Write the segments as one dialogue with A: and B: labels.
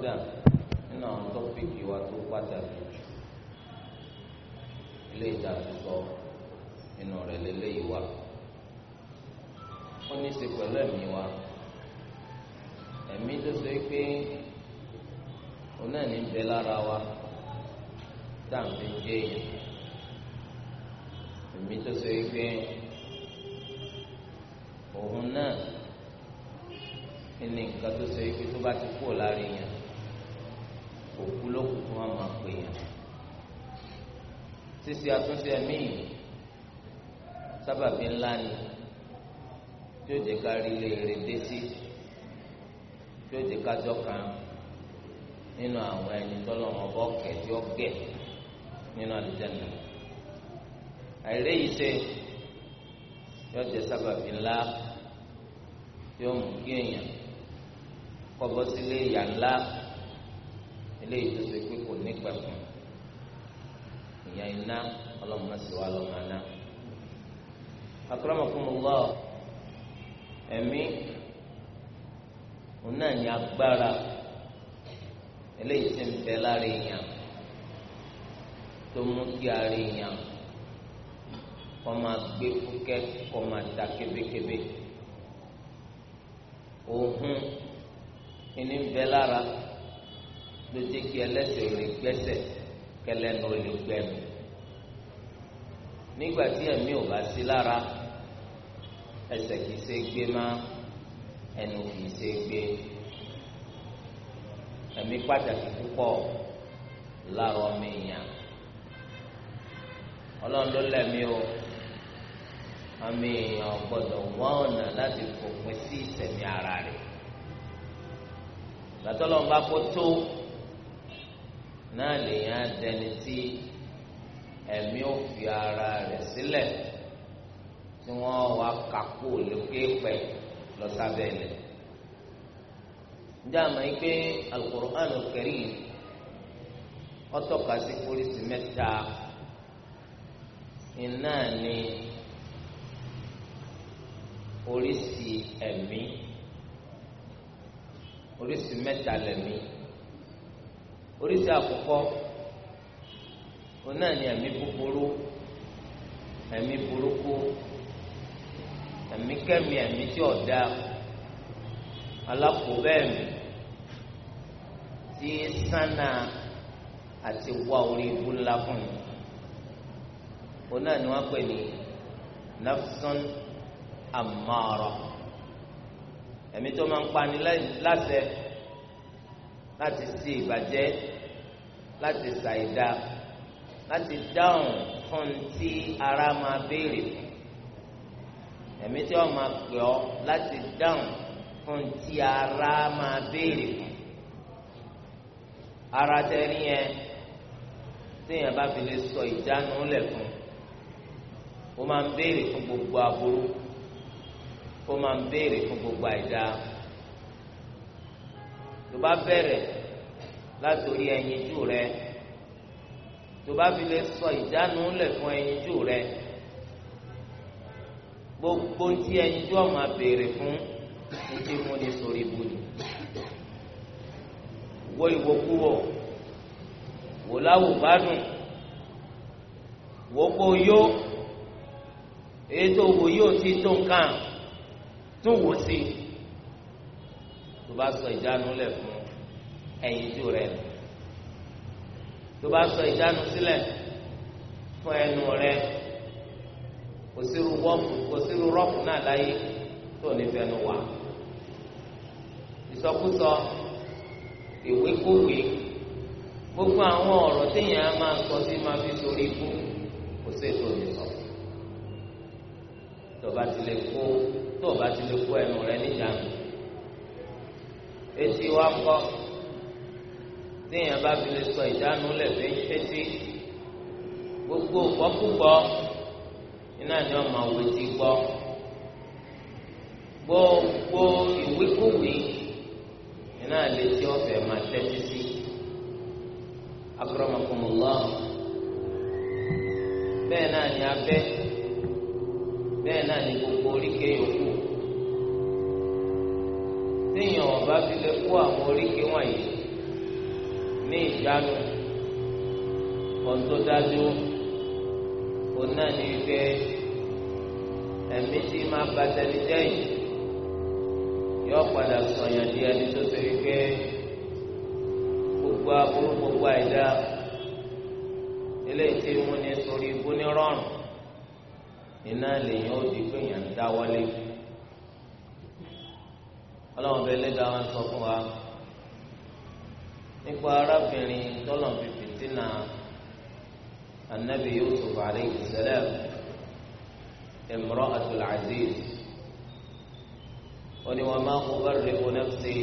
A: kódà nínú àwọn tọ́pìkì wa tó pàtàkì jù ilé ìjà sọ nínú rẹ̀ lélẹ́yìí wa ó ní í ṣe pẹ̀lú ẹ̀mí wa ẹ̀mí tó ṣe pé òun náà ní bẹ lára wa tá à ń fi jẹ èèyàn ẹ̀mí tó ṣe pé òun náà ní nǹkan tó ṣe pé tó bá ti kú lára èèyàn òkú lókù tí wọ́n máa pè yàn ṣíṣe àtúnṣe ẹ̀mí yìí sábàbí ńlá ni tí ó jẹ́ ká rí ilé rere dé sí tí ó jẹ́ ká jọ kan nínú àwọn ẹni tọ́lọ́mọ bọ́ kẹ̀tí ọ̀gẹ̀ nínú àlùjẹ́nà àìrè yìí ṣe yóò jẹ́ sábàbí ńlá tí ó mú kí èèyàn kọ́ bọ́ sílé ìyá ńlá eléyìí tó ṣe pé kò ní pẹ̀kun ìyá iná ọlọ́mọ sì wà lọ́mọ aná. akramakumullah ẹ̀mí òun náà ní agbára eléyìí tí ń bẹ lára èèyàn tó mú kí ara èèyàn kọ́ máa gbé fúkẹ́ kọ́ máa ta kébékébé òhun ìní ń bẹ lára ló jẹ́ kí ẹlẹ́sẹ̀ rè gbẹ́sẹ̀ kẹlẹ́nu rè gbẹ́nu nígbà tí ẹ̀mí ò bá sí lára ẹsẹ̀ kìí ṣe gbé má ẹnu kìí ṣe gbé ẹ̀mí pàtàkì púpọ̀ lára ọmọ èèyàn ọlọ́run ló lẹ́mí o ọmọ èèyàn gbọ́dọ̀ wọ́n ọ̀nà láti fòpin sí ìsẹ̀mí ara rẹ̀ gbàtọ́ lọ́nba kó tó. náà ya dẹni tí ẹ̀mí ò fi ara rẹ̀ sílẹ̀ tí wọ́n wá kakó lókè pẹ̀ lọ sábẹ́ ilẹ̀ njẹ́ àmọ́ yìí pé Al-Qur'an Al-Karim tọ́ka sí polisi mẹ́ta oríṣi àkọ́kọ́ òun ni ẹ̀mí búburú ẹ̀mí burúkú ẹ̀mí kẹ́mi ẹ̀mí tí ọ̀dà alákòóbẹ́ẹ̀mí tí sánà àti wá orí ibú ńlá fún mi òun ni wọ́n pè ní nafsun amara ẹ̀mí tó máa ń pani láṣẹ láti ṣe ìbàjẹ́ láti ṣàìdá láti dáhùn fún tí ara máa béèrè fún ẹ̀mí tí wọ́n máa pè ọ́ láti dáhùn fún tí ara máa béèrè fún ara tẹ́rí yẹn téèyàn bá fi lè sọ ìjánu lẹ̀ fún ó máa ń béèrè fún gbogbo aburú ó máa ń béèrè fún gbogbo àìdá tó bá bẹ̀rẹ̀ látòrí ẹyinjú rẹ tó bá fi lè sọ ìjánu lẹ̀ fún ẹyinjú rẹ gbogbo tí ẹyinjú ọmọ abèrè fún títí mú ní sórí ibu ni wo ìwòkuwò wò láwùgbádùn wò kó yó ètò òwò yóò ti tó nǹkan tún wò sí tó bá sọ ìjánu lẹ̀ fún ẹ̀yìn ju rẹ̀ tó bá sọ ìdánu sílẹ̀ fún ẹnu rẹ̀ kò sírú wọ́ọ̀kù kò sírú rọ́ọ̀kù náà láyé tó ní fẹnu wà ìsọkúsọ ìwékòwé gbogbo àwọn ọ̀rọ̀ téèyàn á máa sọ sí máa fi sórí ikú kò sí ètò ìsọ tọba ti lè kó tọba ti lè kó ẹnu rẹ̀ níjànú etí wa kọ́. téèyàn bá fi lè sọ ìdánù lẹ́fẹ̀ etí gbogbo gbọ́kúgbọ́ iná ni wọ́n máa wò gbọ́ gbogbo ìwíkúwìí iná lè tí ọ̀fẹ́ máa tẹ́tí sí akramakumullah bẹ́ẹ̀ náà ni abẹ́ bẹ́ẹ̀ náà ni gbogbo yòókù
B: téèyàn fi lè kó àwọn
A: ní ìjánu ohun tó dájú òun náà ní wípé ẹ̀mí tí máa ba tẹ̀lé jẹ́ yìí yóò padà sọ̀yàn di ẹni tó ṣe wípé gbogbo aburú gbogbo àìdá eléyìí tí mo ní sórí ikú ní rọrùn iná lèyìn ó di pé yàn ń dáwọ́lé lé dáwọn sọ fún wa nípa arábìnrin tọ́lọ̀ bìbì tínà anabi yusuf alayhi salam imra'atul aziz wani wa ma ubarri'u nafsi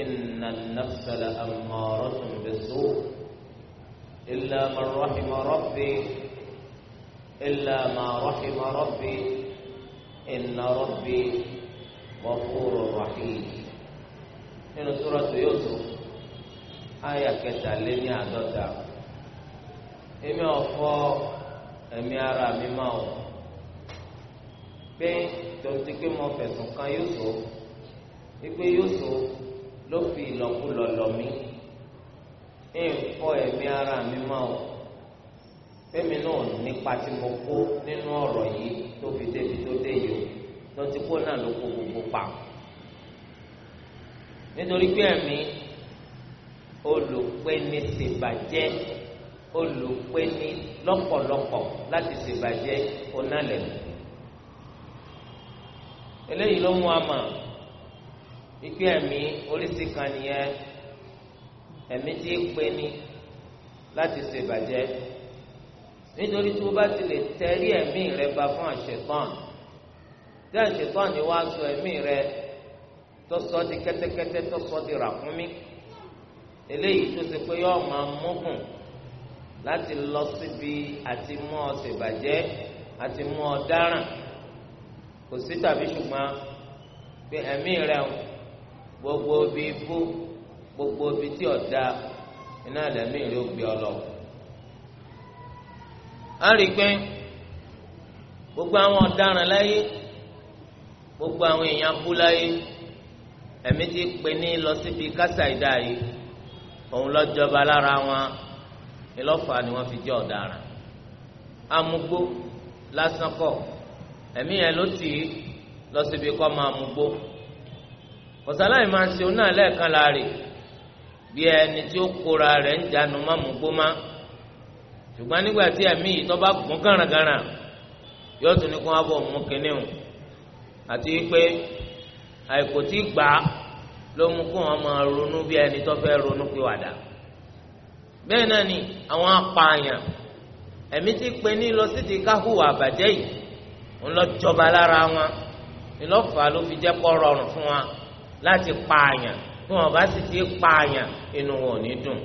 A: inna an-nafsa la ammaratun bis-su' illa man rahima rabbi illa ma rahima rabbi inna rabbi ghafurur rahim nínú suratu yusuf àyà kẹta lé ní àádọ́ta èmi ọ̀fọ́ ẹ̀mí ara mi máa wọ̀ pé tòun ti pé mo fẹ̀sùn kan yóò so wípé yóò so ló fi ìlọ́kulọ̀ lọ̀ mí nǹkọ́ ẹ̀mí ara mi máa wọ̀ fẹ́mi náà nípa tí mo kó nínú ọ̀rọ̀ yìí tó fi débi tó dé yìí o lọ́tí kó náà ló kó gbogbo pa nítorí pé ẹ̀mí olùpẹ́ni ṣèbàjẹ́ olùpẹ́ni lọ́pọ̀lọpọ̀ láti ṣèbàjẹ́ onálẹ̀ eléyìí ló mú àmà ìpè ẹ̀mí oríṣi kan nìyẹn ẹ̀mí tí ń pẹ́ni láti ṣèbàjẹ́ nítorí tí o bá ti lè tẹrí ẹ̀mí rẹ ba fún àṣetán tí àṣetán ni wàá sọ ẹ̀mí rẹ tó sọ di kẹ́tẹ́kẹ́tẹ́ tó sọ di ràkúnmí eléyìí tó ṣe pé yọọ máa mọkùn láti lọ síbi àti mú ọ ṣèbàjẹ́ àti mú ọ dáràn kò sí tàbí ṣùgbọ́n pé ẹ̀mí rẹ gbogbo bíi bú gbogbo ibi tí ọ̀dà iná ẹlẹ́mí rí ó gbé ọ lọ. a rí i pé gbogbo àwọn ọ̀daràn láyé gbogbo àwọn èèyàn bú láyé ẹ̀mí ti pè ní lọ síbi kásá yìí òun lọ́jọba lára wọn ìlọ́fà ni wọ́n fi jẹ́ ọ̀daràn amugbó lásán kọ̀ ẹ̀mí yẹn ló tì í lọ síbi kọ́ máa mugbó kọ̀sáláì máa ṣe òun náà lẹ́ẹ̀kan láàrin bí ẹni tí ó kóra rẹ̀ ń jánu má mugbó má ṣùgbọ́n nígbà tí ẹ̀mí yìí tó bá gún gàràngàrà yóò tún ní kó wá bọ̀ mú kínní o àti pé àìkò tí gbà ló mú kó wọn máa ronú bí ẹni tó fẹ́ ronú pé wàdà bẹ́ẹ̀ náà ni àwọn apààyàn ẹ̀mí ti pe ní lọ sí ti káhùwà àbàjẹ́ yìí ń lọ jọba lára wọn ìlọ́fà ló fi jẹ́ kó rọrùn fún wa láti pààyàn tí wọn bá sì ti pààyàn inú wọn ò ní dùn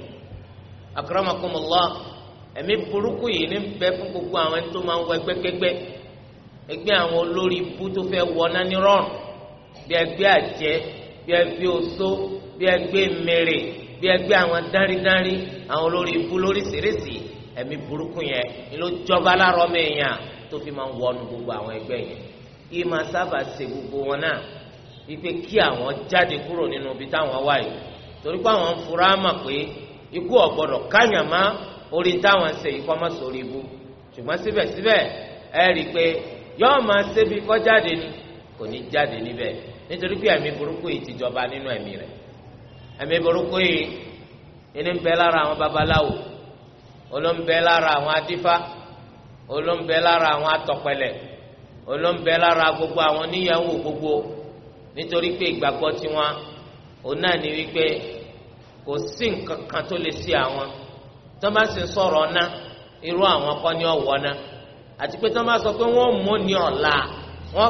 A: akramakumullah ẹ̀mí burúkú yìí ní bẹ fún gbogbo àwọn tó máa ń wọ ẹgbẹ́kẹ́gbẹ́ ẹgbẹ́ àwọn olórí ibú tó fẹ́ wọ náà ní rọrùn bí ẹgbẹ́ àjẹ́ bí ẹgbẹ́ oṣó bí ẹgbẹ́ mèrè bí ẹgbẹ́ àwọn dáridári àwọn olórí ibú lóríṣiríṣi ẹ̀mí burúkú yẹn ni ló jọba lárọ́ mẹ́yàn tó fi máa ń wọnú gbogbo àwọn ẹgbẹ́ yẹn yìí máa sábà ṣe gbogbo wọn náà wípé kí àwọn jáde kúrò nínú ibi táwọn wà yìí torí pé àwọn fura mà pé ikú ọ̀gbọ́dọ̀ káyàn má orí táwọn ṣe yìí kọ́ má sórí ibú ṣùgbọ́n síbẹ̀síbẹ̀ ẹ rí i pé yọ́ọ̀ máa ṣe bí kọ́ jáde ni kò ní jáde níbẹ̀ nítorí pé ẹ̀mí burúkú yìí ti jọba nínú ẹ̀mí rẹ̀ ẹ̀mí burúkú yìí ẹni ń bẹ lára àwọn babaláwo olóńbẹ lára àwọn adífá olóńbẹ lára àwọn atọ̀pẹ̀lẹ̀ olóńbẹ lára gbogbo àwọn oníyàwó gbogbo nítorí pé ìgbàgbọ́ tiwọn òun náà ní wípé kò sí nǹkan kan tó lè ṣe àwọn tó bá sì ń sọ̀rọ̀ ọ̀nà irú àwọn kọ́ ní ọ̀wọ́ náà àti pé tó bá sọ pé wọ́n mú ní ọ̀la wọ́n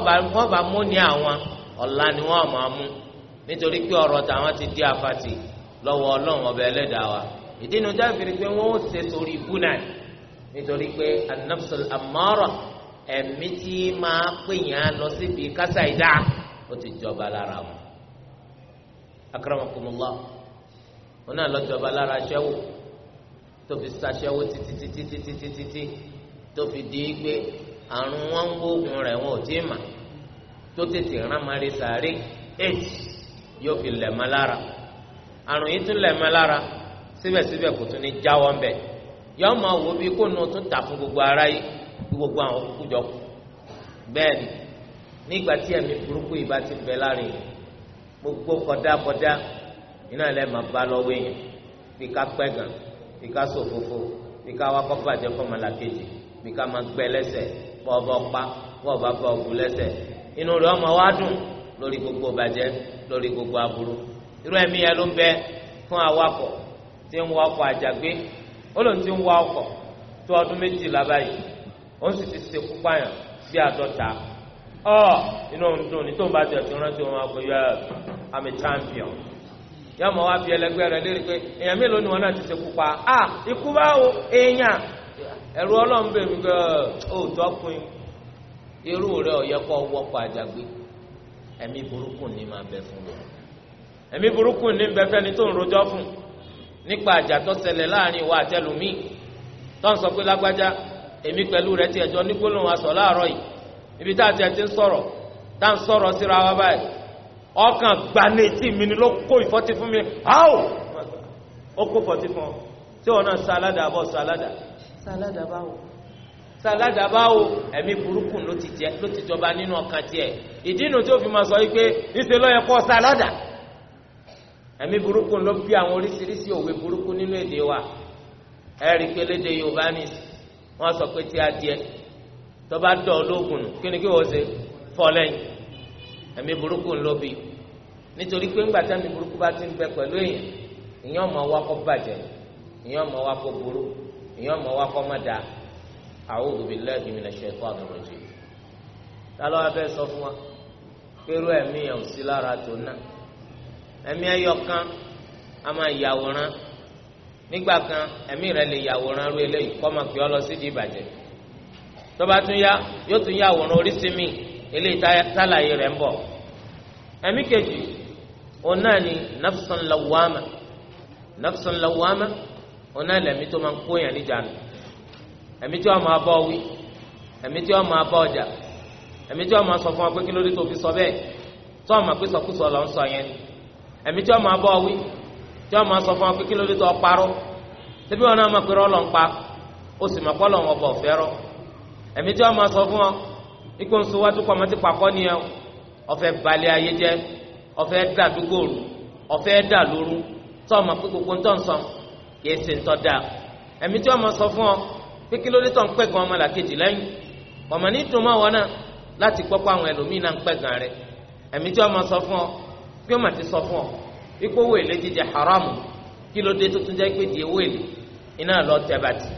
A: bá mú ní àwọn ọ̀la ni wọ́n àmọ́ amú nítorí pé ọ̀rọ̀ tàwọn ti di àfàtì lọ́wọ́ ọlọ́run ọba ẹlẹ́dàá wa ìdí inú jáfìrí pé wọ́n ó ṣe torí ibú náà nítorí pé anafsal amara ẹ̀mí tí máa pèèyàn lọ síbi kásá ìdá ó ti jọba lára wọn. akramakumullah wọn náà lọ jọba lára aṣẹ́wó tó fi ṣaṣẹ́wó títítítítítítí tó fi di pé àrùn wọn ń gbógun rẹ̀ wọn ò tí ì mà tó tètè rán mari sàárè eight yóò fi lẹ̀mọ́ lára àrùn yìí tún lẹ̀mọ́ lára síbẹ̀síbẹ̀ kò tún ní jáwọ́ ńbẹ̀ yọọ máa wo bí kó nu tún tà fún gbogbo ara yìí kí gbogbo àwọn kúkú jọ kù bẹ́ẹ̀ ni nígbà tí ẹ̀mí burúkú yìí bá ti bẹ láàrin yìí gbogbo kọdákọdá iná lẹ máa bá lọ́wọ́ yẹn bí pẹ́ gan bí ká ṣòfófó wá kọ́kọ́ àjẹkọ́ malakeji bí ká máa gbẹ lẹ́sẹ̀ bọ́ ọba ọpa lẹ́sẹ̀ inú rẹ̀ ọmọ wa dùn lórí gbogbo bàjẹ́ lórí gbogbo aburú irú ẹ̀mí yẹn ló ń bẹ fún awakọ̀ tí ń wa ọkọ̀ àjàgbé ó lóun ti ń wa ọkọ̀ tó ọdún méjìlá báyìí òun sì ti ṣekú pààyàn sí àádọ́ta ọ inú òun dùn ní tóun bá tẹ̀ tí rántí òun àgbẹ̀ yọ I'm champion yọọ mọ wa fi ẹlẹgbẹ́ rẹ̀ lérí pé èèyàn mélòó ni wọn náà ti ṣekú pa á ah, ikú báwo èèyàn ẹ̀rù ọlọ́run bèbí gan-an ó tọ́kùn yìí irú rẹ ó yẹ kó wọ́pọ̀ àjàgbé ẹ̀mí burúkú ni máa bẹ fún wọn ẹ̀mí burúkú ni bẹ fẹ́ni tó ń rojọ́ fún nípa àjà tó ṣẹlẹ̀ láàrin ìwà àtẹlùmí tó ń sọ pé lágbájá èmi pẹ̀lú rẹ ti ẹ̀jọ́ nígbóhùn aṣọ láàárọ̀ yìí ibi tá a ti ẹ ti ń sọ̀rọ̀ tá a ń sọ̀rọ̀ síra wa báyìí ọkàn gbanetí mi ni ló kó ìfọ́tí fún mi áò ó kó ìfọ́tí fún ọ tí wọn náà sáládà bọ́ sáládà sáládà báwo sàládàbáwo ẹ̀mí burúkú ló ti jọba nínú ọkàn tiẹ̀ ìdínú tí ó fi máa sọ yìí pé ìṣe lọ́yẹ kọ́ sàládà ẹ̀mí burúkú ló bí àwọn oríṣiríṣi òwe burúkú nínú èdè wa ẹ̀rí pé lédè Yorùbá ni wọ́n sọ pé tí a díẹ̀ tọ́ba dọ̀ lóògùn kí ni kí wọ́n ṣe fọ́ lẹ́yìn ẹ̀mí burúkú ló bí nítorí pé ńgbà tí ẹ̀mí burúkú bá ti ń bẹ pẹ̀lú èèyàn ìyẹn ọmọ wa kọ́ bàjẹ́ ìyẹn ọmọ wa kọ́ burú ìyẹn ọmọ wa kọ́ má dáa a'udhu billahi minash shaitanir rajim ta ló wá fẹ́ sọ fún wa pẹ̀lú ẹ̀mí yẹn ò sí lára tó ná ẹ̀mí ẹyọ kan a máa yàwòrán nígbà kan ẹ̀mí rẹ lè yàwòrán rú eléyìí kọ́ máa pè ọ́ lọ sí di ìbàjẹ́ tó bá tún yá yóò tún yàwòrán oríṣi mi eléyìí tálàyé rẹ̀ ń bọ̀ ẹ̀mí kejì òun náà ni nafsan lawama nafsan lawama òun náà lẹ̀mí tó máa ń kó yàn níjànú ẹ̀mí tí wọ́n máa bọ́ wí ẹ̀mí tí wọ́n máa bọ́ ọjà ẹ̀mí tí wọ́n máa sọ fún ọ pé kí ló dé tó fi sọ bẹ́ẹ̀ tó ọmọ pé sọkúsọ lọ ń sọ yẹn ẹ̀mí tí wọ́n máa bọ́ wí tí wọ́n máa sọ fún ọ pé kí ló tó parọ́ síbí wọn náà máa pè rọ́ọ̀lọ́ ń pa ó sì máa pọ́lọ̀ wọn bọ̀ fẹ́rọ́ ẹ̀mí tí wọ́n máa sọ fún ọ ikú ń sowájú pọ̀ tó ọmọ da ẹ̀mí tí wọ́n máa sọ fún ọ pé kí ló dé tó ń pẹ́ gan ọmọlàkejì lẹ́yìn ọmọ ní ìtumọ̀ wọn náà láti gbọ́ pé àwọn ẹlòmíín náà ń pẹ́ gan rẹ ẹ̀mí tí wọ́n máa sọ fún ọ bí wọ́n máa ti sọ fún ọ wípé owó èlé jíjẹ haramu kí ló dé tó tún jẹ́ pé di owó èlé iná lọ tẹ bàtì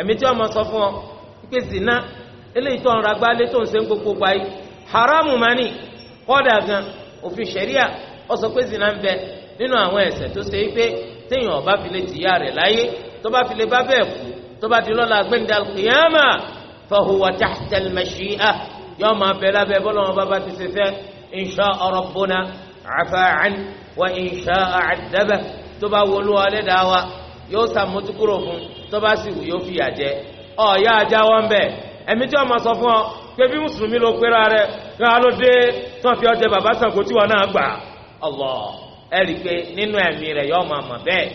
A: ẹ̀mí tí wọ́n máa sọ fún ọ wípé zina eléyìí tó ń ra gbálé tó ń ṣe gbogbo gba yìí haramu mani kọ́dà gan òfin ṣẹ̀ríà ó sọ pé zina ń bẹ nínú àwọn ẹ̀ṣẹ̀ tó ṣe é pé téèyàn ọba file lè tìyà rẹ̀ láyé tó bá fi bá bẹ́ẹ̀ kú tó bá di lọ́la gbẹ̀ndẹ̀ alkiyama fahuwa tahtal mashi'a yóò máa bẹ lábẹ́ bọ́lá wọn bàbá ti ṣe fẹ́ insha rabbuna afa'an wa insha àdàbà tó bá wọlé wa lẹ́dàá wa yóò sàmójúkúrò fún tó bá sì wù yóò fìyà jẹ ọ̀ yá ajá wọn bẹ̀ ẹ̀mí tí wọ́n máa sọ fún ọ pé bí mùsùlùmí ló pera rẹ̀ náà ló dé tó fi ọjẹ bàbá Ṣàngó tí wọn náà gbà Allah ẹ rí i pé nínú ẹ̀mí rẹ̀ yóò máa mọ̀ bẹ́ẹ̀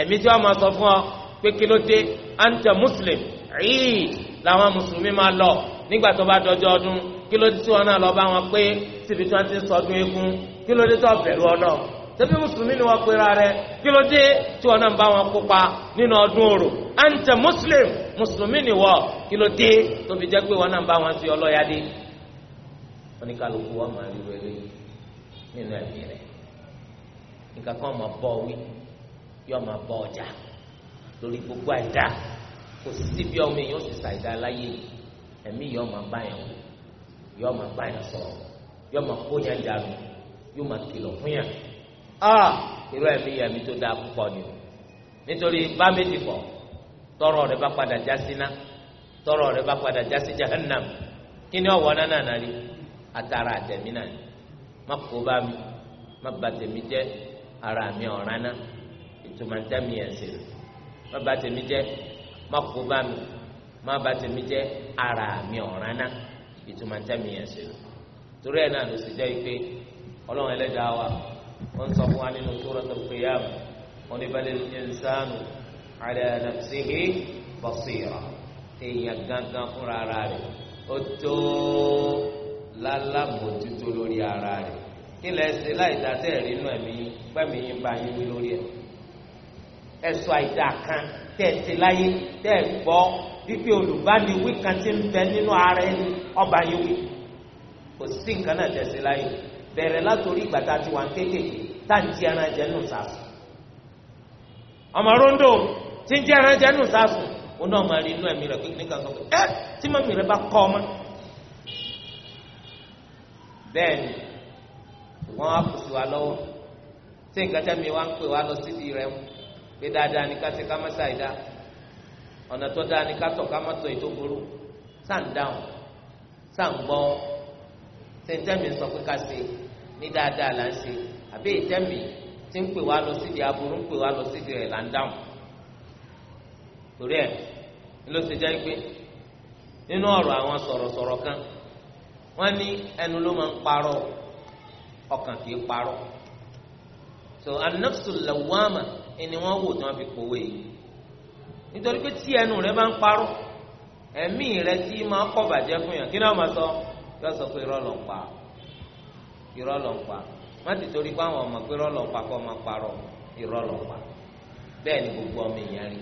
A: ẹ̀mí tí wọ́n máa sọ fún ọ pé kí ló anta muslim ẹ̀yìn làwọn mùsùlùmí máa lọ nígbà tó bá dọjọ́ ọdún kí ló dé tí wọn náà lọ bá wọn pé síbi tí wọn ti ń sọdún eégún kí tó bẹ̀rù ọ náà tẹbi mùsùlùmí ni wọn pera rẹ kí ló dé tí wọn náà bá wọn kópa nínú ọdún orò anta muslim mùsùlùmí ni wọ kí ló dé tó fi jẹ́ pé wọn náà bá wọn sí ọlọ́yàdé oníkàlùkù wọn máa rí wẹlé nínú ẹ̀mí rẹ̀ nǹkan kan máa bọ̀ wí yóò máa bọ̀ ọjà lórí gbogbo àìdá kò sí síbi ọmọ èèyàn sì ṣàìdá láyé ẹ̀mí yọ máa báyàn wò yọ máa báyàn sọ̀rọ̀ yọ máa kó yàn dànù yóò máa kìlọ̀ fún yàn á ah! irú ẹ̀mí yẹn mi tó dáa púpọ̀ ni o nítorí bá méjì pọ̀ tọrọ rẹ bá padà já síná tọrọ rẹ bá padà já sí jahannam kí ni ọ̀wọ́ náà nàá rí atara àtẹ̀mí náà má kó bá mi má ba tèmi jẹ́ ara mi ọ̀ràn náà ìtumọ̀ ntẹ́mi ẹ̀ sí rẹ̀ má bà tèmi jẹ́ má kó bá mi má bà tèmi jẹ́ ara mi ọ̀ràn náà ìtumọ̀ tẹ́mi yẹn ṣe lò torí ẹ̀ náà ló sì jẹ́ pé ọlọ́run ẹlẹ́dàá wa wọ́n sọ fún wa nínú Suratul Qiyam wọ́n ní balil insanu ala nafsihi basira èèyàn gangan fúnra ara rẹ̀ ó tó lálámòjútó lórí ara rẹ̀ kí lẹ́sẹ̀ láì dá tẹ́ẹ̀rí inú ẹ̀mí gbẹ̀mí yín bá yín lórí ẹ̀ ẹ̀sùn àìdá kan tẹ̀sí láyé tẹ̀ gbọ́ wípé olùbániwí kan ti ń bẹ nínú ara ẹni ọba yín wí kò sí nǹkan náà tẹ̀sí láyé bẹ̀rẹ̀ látòrí ìgbà tá a ti wà kéékèèké tá à ń jí ẹran jẹ nù sàásùn ọmọ rondo tí ń jí ẹran jẹ nù sàásùn ó náà máa rí inú ẹ̀mí rẹ̀ pé nìkan sọ pé tí mọ̀mí rẹ̀ bá kọ́ ọmọ bẹ́ẹ̀ wọ́n á kù wa lọ́wọ́ tí nǹkan tẹ́mi wá ń pè wá lọ sídìí rẹ̀ mú pé dáadáa ni ká ṣe ká má ṣàìdá ọ̀nà tó dáa ni ká tọ̀ ká má tọ̀ ètò burú sáà ń dáhùn sáà ń gbọ́ tẹ̀ntẹ́mì sọ pé ká ṣe ní dáadáa là ń ṣe àbí ìtẹ́mì tí ń pè wá lọ sídìí aburú ń pè wá lọ sídìí rẹ̀ là ń dáhùn torí ẹ̀ ló ṣe jẹ́ pé nínú ọ̀rọ̀ àwọn sọ̀rọ̀sọ̀rọ̀ kan wọ́n ní ẹnu ló máa ń parọ́ ọkàn kì í parọ́ so an-nafsul ẹni wọ́n wò tí wọ́n fi pòwe yìí nítorí pé tí ẹnu rẹ bá ń parọ́ ẹ̀mí rẹ tí máa kọ́ bàjẹ́ fún yàn kí náà máa sọ yóò sọ pé irọ́ ló ń pa irọ́ ló ń pa má ti torí pé àwọn ọmọ pé irọ́ ló ń pa kọ́ máa parọ́ irọ́ ló ń pa bẹ́ẹ̀ ni gbogbo ọmọ èèyàn rí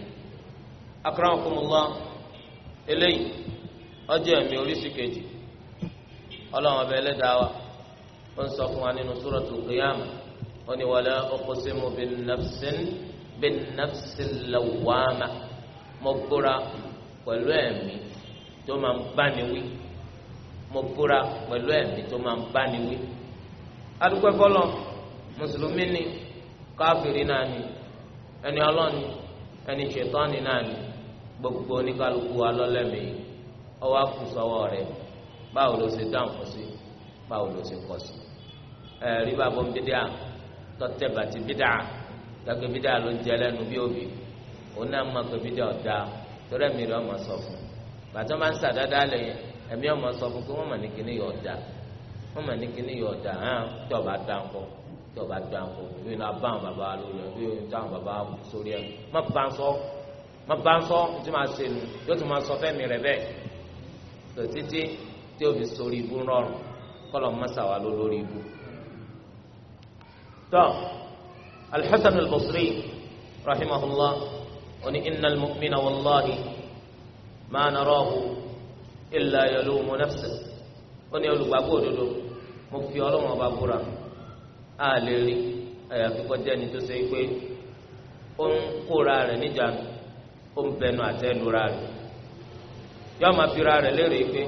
A: akramakumullah eléyìí
B: ọjọ́ ẹ̀mí oríṣi
A: kejì ọlọ́run ọba ẹlẹ́dàá wa ó ń sọ fún wa nínú suratul qiyamah wọ́n ní wala uqsimu bin nafsin bin nafsil lawwama mo gbóra pẹ̀lú ẹ̀mí tó máa ń bá ni wí mo gbóra pẹ̀lú ẹ̀mí tó máa ń bá ni wí. adúpẹ́ fọlọ́ mùsùlùmí ni káfíìrì náà ni ẹni ọlọ́ni ẹni ṣètọ́ni náà ni gbogbo oníkálukú alọ́lẹ́mí ọwọ́ àkùsọ̀wọ́ rẹ̀ báwo ló ṣe dáhùn kọ́ sí báwo ló ṣe kọ́ sí. ẹ̀rí bàbá mi dédé à tọ́tẹ̀ bàtí bídà dàgbé bídà ló jẹ lẹ́nu bí òbí òun náà mọ̀ pé bídà ọ̀dà torí ẹ̀mí rẹ̀ ọmọ sọ fún bàtí wọ́n máa ń sàdáadáa lẹ̀ ẹ̀mí ọmọ sọ fún pé wọ́n mọ̀ ní kíní yọ̀ ọ̀dà wọ́n mọ̀ ní kíní yọ̀ ọ̀dà hàn tí ọba dá ń kọ́ tí ọba dá ń kọ́ bí wọ́n bá àwọn bàbá lórí ẹ̀ bí wọ́n bá àwọn bàbá sórí ẹ̀ má bá ń sọ má bá ń sọ tí tọ́ alḥasan al-basri rahimahullah oní innal mu'mina wàllahi ma narahu illa yalumu nafsa oní olùgbàgbọ́ òdodo mo fi ọlọ́wọ́n ọba búra a lè rí àyàfi kọjá ẹni tó ṣe é pé ó ń kóra rẹ̀ níjànú ó ń bẹnu àtẹ́lura rẹ̀ yọ́ọ́ máa fi ra lérè pé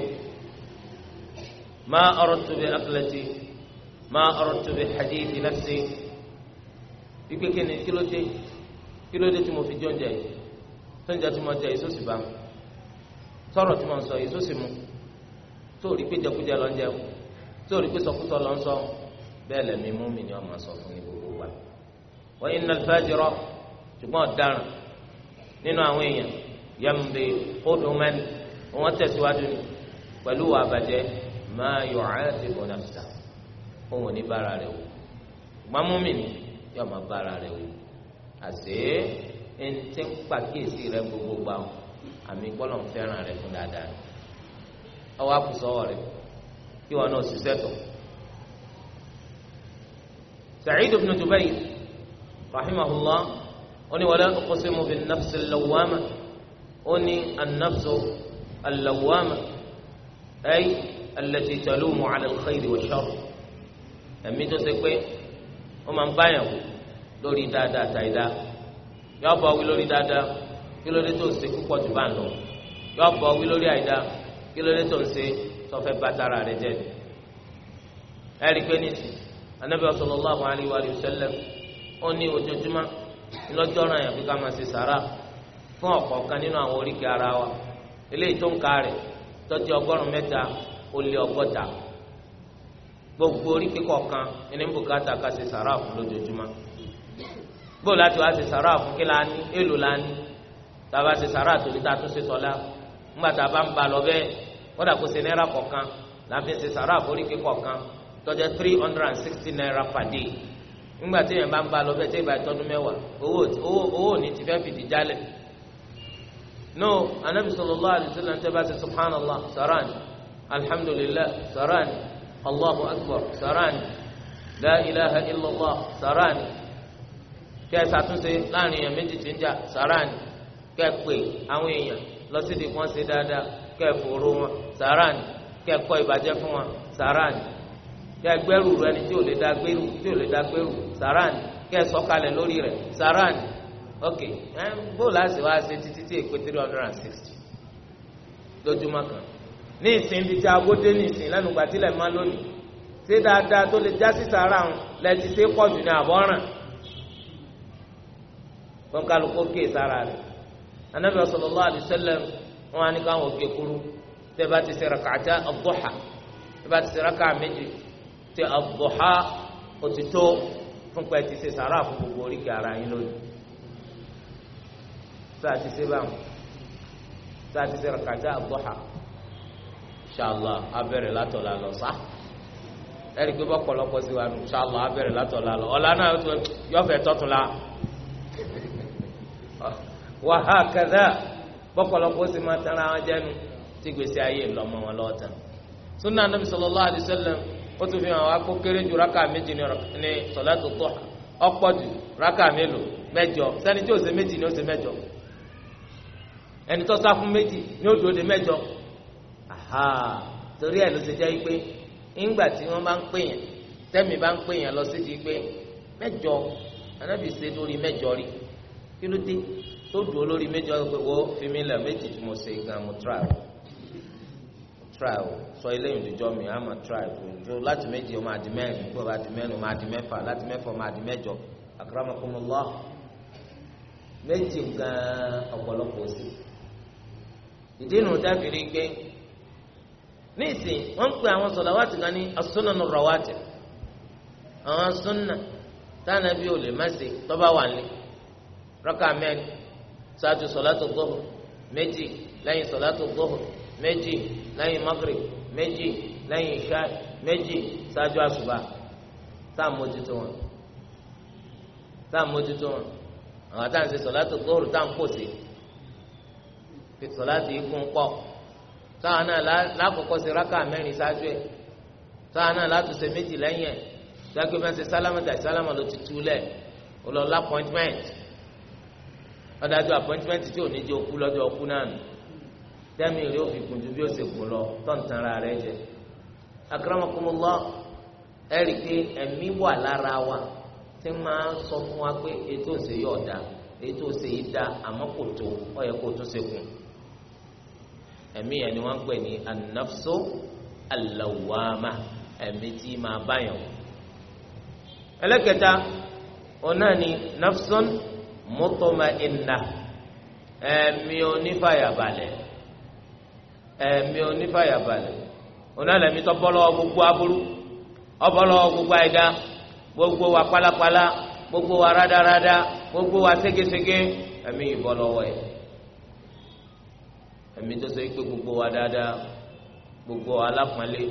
A: ma aradtu bi aqlati ma aradtu bi hadithi nafsi wípé kí ni kí ló dé kí ló dé tí mo fi jẹ oúnjẹ yìí tó ń jẹ tí mo jẹ èso sì bá mi sọ̀rọ̀ tí mo ń sọ èso sì mu tó rí pé jẹkújẹ lọ ń jẹ tó rí pé sọkútọ lọ ń sọ bẹ́ẹ̀ lẹ́nu mi ni ọmọ sọ fún mi gbogbo wa
B: wa innal fajira
A: ṣùgbọ́n ọ̀daràn nínú àwọn èèyàn yambi kódùmẹ́ni wọ́n tẹ̀síwájú pẹ̀lú àbàjẹ́ máa yọ̀ ẹ́ ti bọ̀ náà òun ò ní bára rẹ̀ wò gbámúmi ni yóò máa bára rẹ̀ wò àṣé ẹnitẹ́ pàkíyèsí rẹ̀ gbogbo gbà wọn àmì gbọ́dọ̀ ń fẹ́ràn rẹ̀ fún dáadáa ọwọ́ àkùsọ́wọ́ rẹ̀ kí wọn náà ṣiṣẹ́ tó. Sa'id ibn Jubayr rahimahullah ó ní wala uqsimu bin nafsi al-lawwama ó ní an-nafsu al-lawwama ay ẹ̀mí tó ṣe pé ó máa ń báyàn wò lórí dáadáa tàìdá yọ bọ̀ wí lórí dáadáa kí ló dé tó ń ṣe púpọ̀ jù bá ń lọ yọ bọ̀ wí lórí àìdá kí ló dé tó ń ṣe tọ́fẹ́ bá tara rẹ̀ jẹ́ ẹ rí i pé nísì ara wa eléyìí tó ń ka rẹ̀ tọ́jú ọgọ́rùn-ún mẹ́ta ó gbogbo oríkèé kọ̀ọ̀kan ẹni bùkátà ká ṣe sàrà fún lójoojúmọ́ bó láti wá ṣe sàrà fún kí láni èlò láni tàbá ṣe sàrà tó níta tó ṣe sọlá ńgbà tá a bá ń ba lọ bẹ́ẹ̀ kódà kó ṣe náírà kọ̀ọ̀kan láfi ṣe sàrà fún oríkèé kọ̀ọ̀kan tó jẹ́ three hundred and sixty naira per day ńgbà tí èèyàn bá ń ba lọ bẹ́ẹ̀ tí ìbá ìtọ́dún mẹ́wàá owó òní ti fẹ́ fìdí jálẹ̀ no anabi sallallahu alaihi wasallam tẹ́ bá ṣe subhanallah sàrà ni alhamdulillah sàrà ni allahu akbar sarani la ilaha illallah sarani kẹ ẹ ṣàtúnṣe láàrin èèyàn méjì tí ń jà sarani kẹ ẹ pè àwọn èèyàn lọ sí di wọn ṣe dáadáa kẹ ẹ fòrò wọn sarani kẹ ẹ kọ ìbàjẹ́ fún wọn sarani kẹ ẹ gbẹ́rù rẹ ni tí ò lè dá gbẹ́rù tí ò lè dá gbẹ́rù sarani kẹ ẹ lórí rẹ sarani ok ẹ bóòlù àṣewà ṣe títí tí èpè three hundred and sixty lójúmọ́ kan ní ìsìn bíi ti agódé ní ìsìn lẹ́nu gbàtílẹ̀ má lónìí ṣé dáadáa tó lè jásí sàárà ń lẹ ti ṣe pọ̀ jù ní àbọ̀ràn kọ́ńkálukó kéè sára rẹ̀ anabi sallallahu alaihi wasallam wọn á ní káwọn òkè kúrú tẹ bá ti ṣe rak'ata ad tẹ bá ti ṣe rak'a méjì tẹ ad-duha òtítọ́ fúnpa ẹ ti ṣe sàárà fún gbogbo oríkì ara yín lónìí sáà ti ṣe báwọn sáà ti ṣe rak'ata ad inshallah abẹ́rẹ́ látọ̀la lọ sá ẹ̀rí pé bọ́pọ̀lọpọ̀ sí wa inshallah abẹ́rẹ́ látọ̀la lọ ọ̀la náà yọ̀fẹ̀ tọ́tùla wa hakadha bọkọlọpọ sí ma tẹ́ra wọn jẹ́nu tí gbèsè ayé lọ́mọ wọn lọ́ọ̀tàn sunna anabi sallallahu alayhi wa sallam ó fi hàn wá kó kéré raka méjì ọ̀pọ̀ ju raka mélòó mẹ́jọ tí torí ẹ̀ ló ṣe jẹ́ pé ńgbà tí wọ́n bá ń pè yẹn tẹ́mi bá ń pè yẹn lọ sí ti pé mẹ́jọ anábì ṣe lórí mẹ́jọ rí kí ló dé tó dùn lórí mẹ́jọ pé wo fi mí lẹ̀ méjì tí mo ṣe gan mo tra o tra o sọ eléyìí ìdíjọ́ mi á máa tra o láti méjì o máa di mẹ́rin kó o bá di mẹ́rin o máa di mẹ́fà láti mẹ́fà o máa di mẹ́jọ akramakumullah méjì gan ọ̀pọ̀lọpọ̀ sí ìdí nu dábìrì gbé níìsín wọ́n ń pè àwọn sọ̀làwátì kan ní asúnànù rọ̀wátì àwọn asúnà tánàbí ò lè má ṣe tọ́ba wà ní rọ́kà mẹ́rin ṣáájú sọ̀látò gbóhùn méjì lẹ́yìn sọ̀látò gbóhùn méjì lẹ́yìn mọ́gìrì méjì lẹ́yìn ìṣá méjì ṣáájú àṣùbà tá a mójútó wọn tá a mójútó wọn àwọn gbóhùn tá ń pòsè sọ̀látò ikú ń pọ̀ táwọn náà lákòókò ṣe rákà mẹ́rin ṣáájú ẹ̀ táwọn náà látò ṣe méjì lẹ́yìn ẹ̀ dágbé bá ṣe sálámà tàì sálámà ló ti tú lẹ̀ ó lọ lá appointment ọ̀dájú appointment tí ò ní jẹ́ òkú lọ́jọ́ òkú náà nù tẹ́mi rí òfin kùn ju bí ó ṣe kù lọ tọ́ǹtàn ara rẹ̀ jẹ akramakumullah ẹ̀rí pé ẹ̀mí wà lára wa tí máa sọ fún wa pé ètò òṣèyí ọ̀dà ètò òṣèyí dá àmọ́ kò tó ó yẹ kó ṣe kù. ẹ̀mí yẹn ni wọ́n ń pè ní anafso alawama ẹ̀mí tí máa báyọ̀ wọ́n. ẹlẹ́kẹta ọ̀nà ni nafson mọ́tọ́mà ìnà ẹ̀mí onífàyàbalẹ̀ ẹ̀mí onífàyàbalẹ̀ ọ̀nà lẹ́mí tó bọ́lọ́ gbogbo aburú ọbọ̀lọ́ gbogbo àìdá gbogbo wa pálapàla gbogbo wa radarada gbogbo wa ségesège ẹ̀mí ìbọ̀lọ́wọ́ yìí. ẹ̀mí tó ṣe pé gbogbo wa dáadáa gbogbo wa lápọ́nlé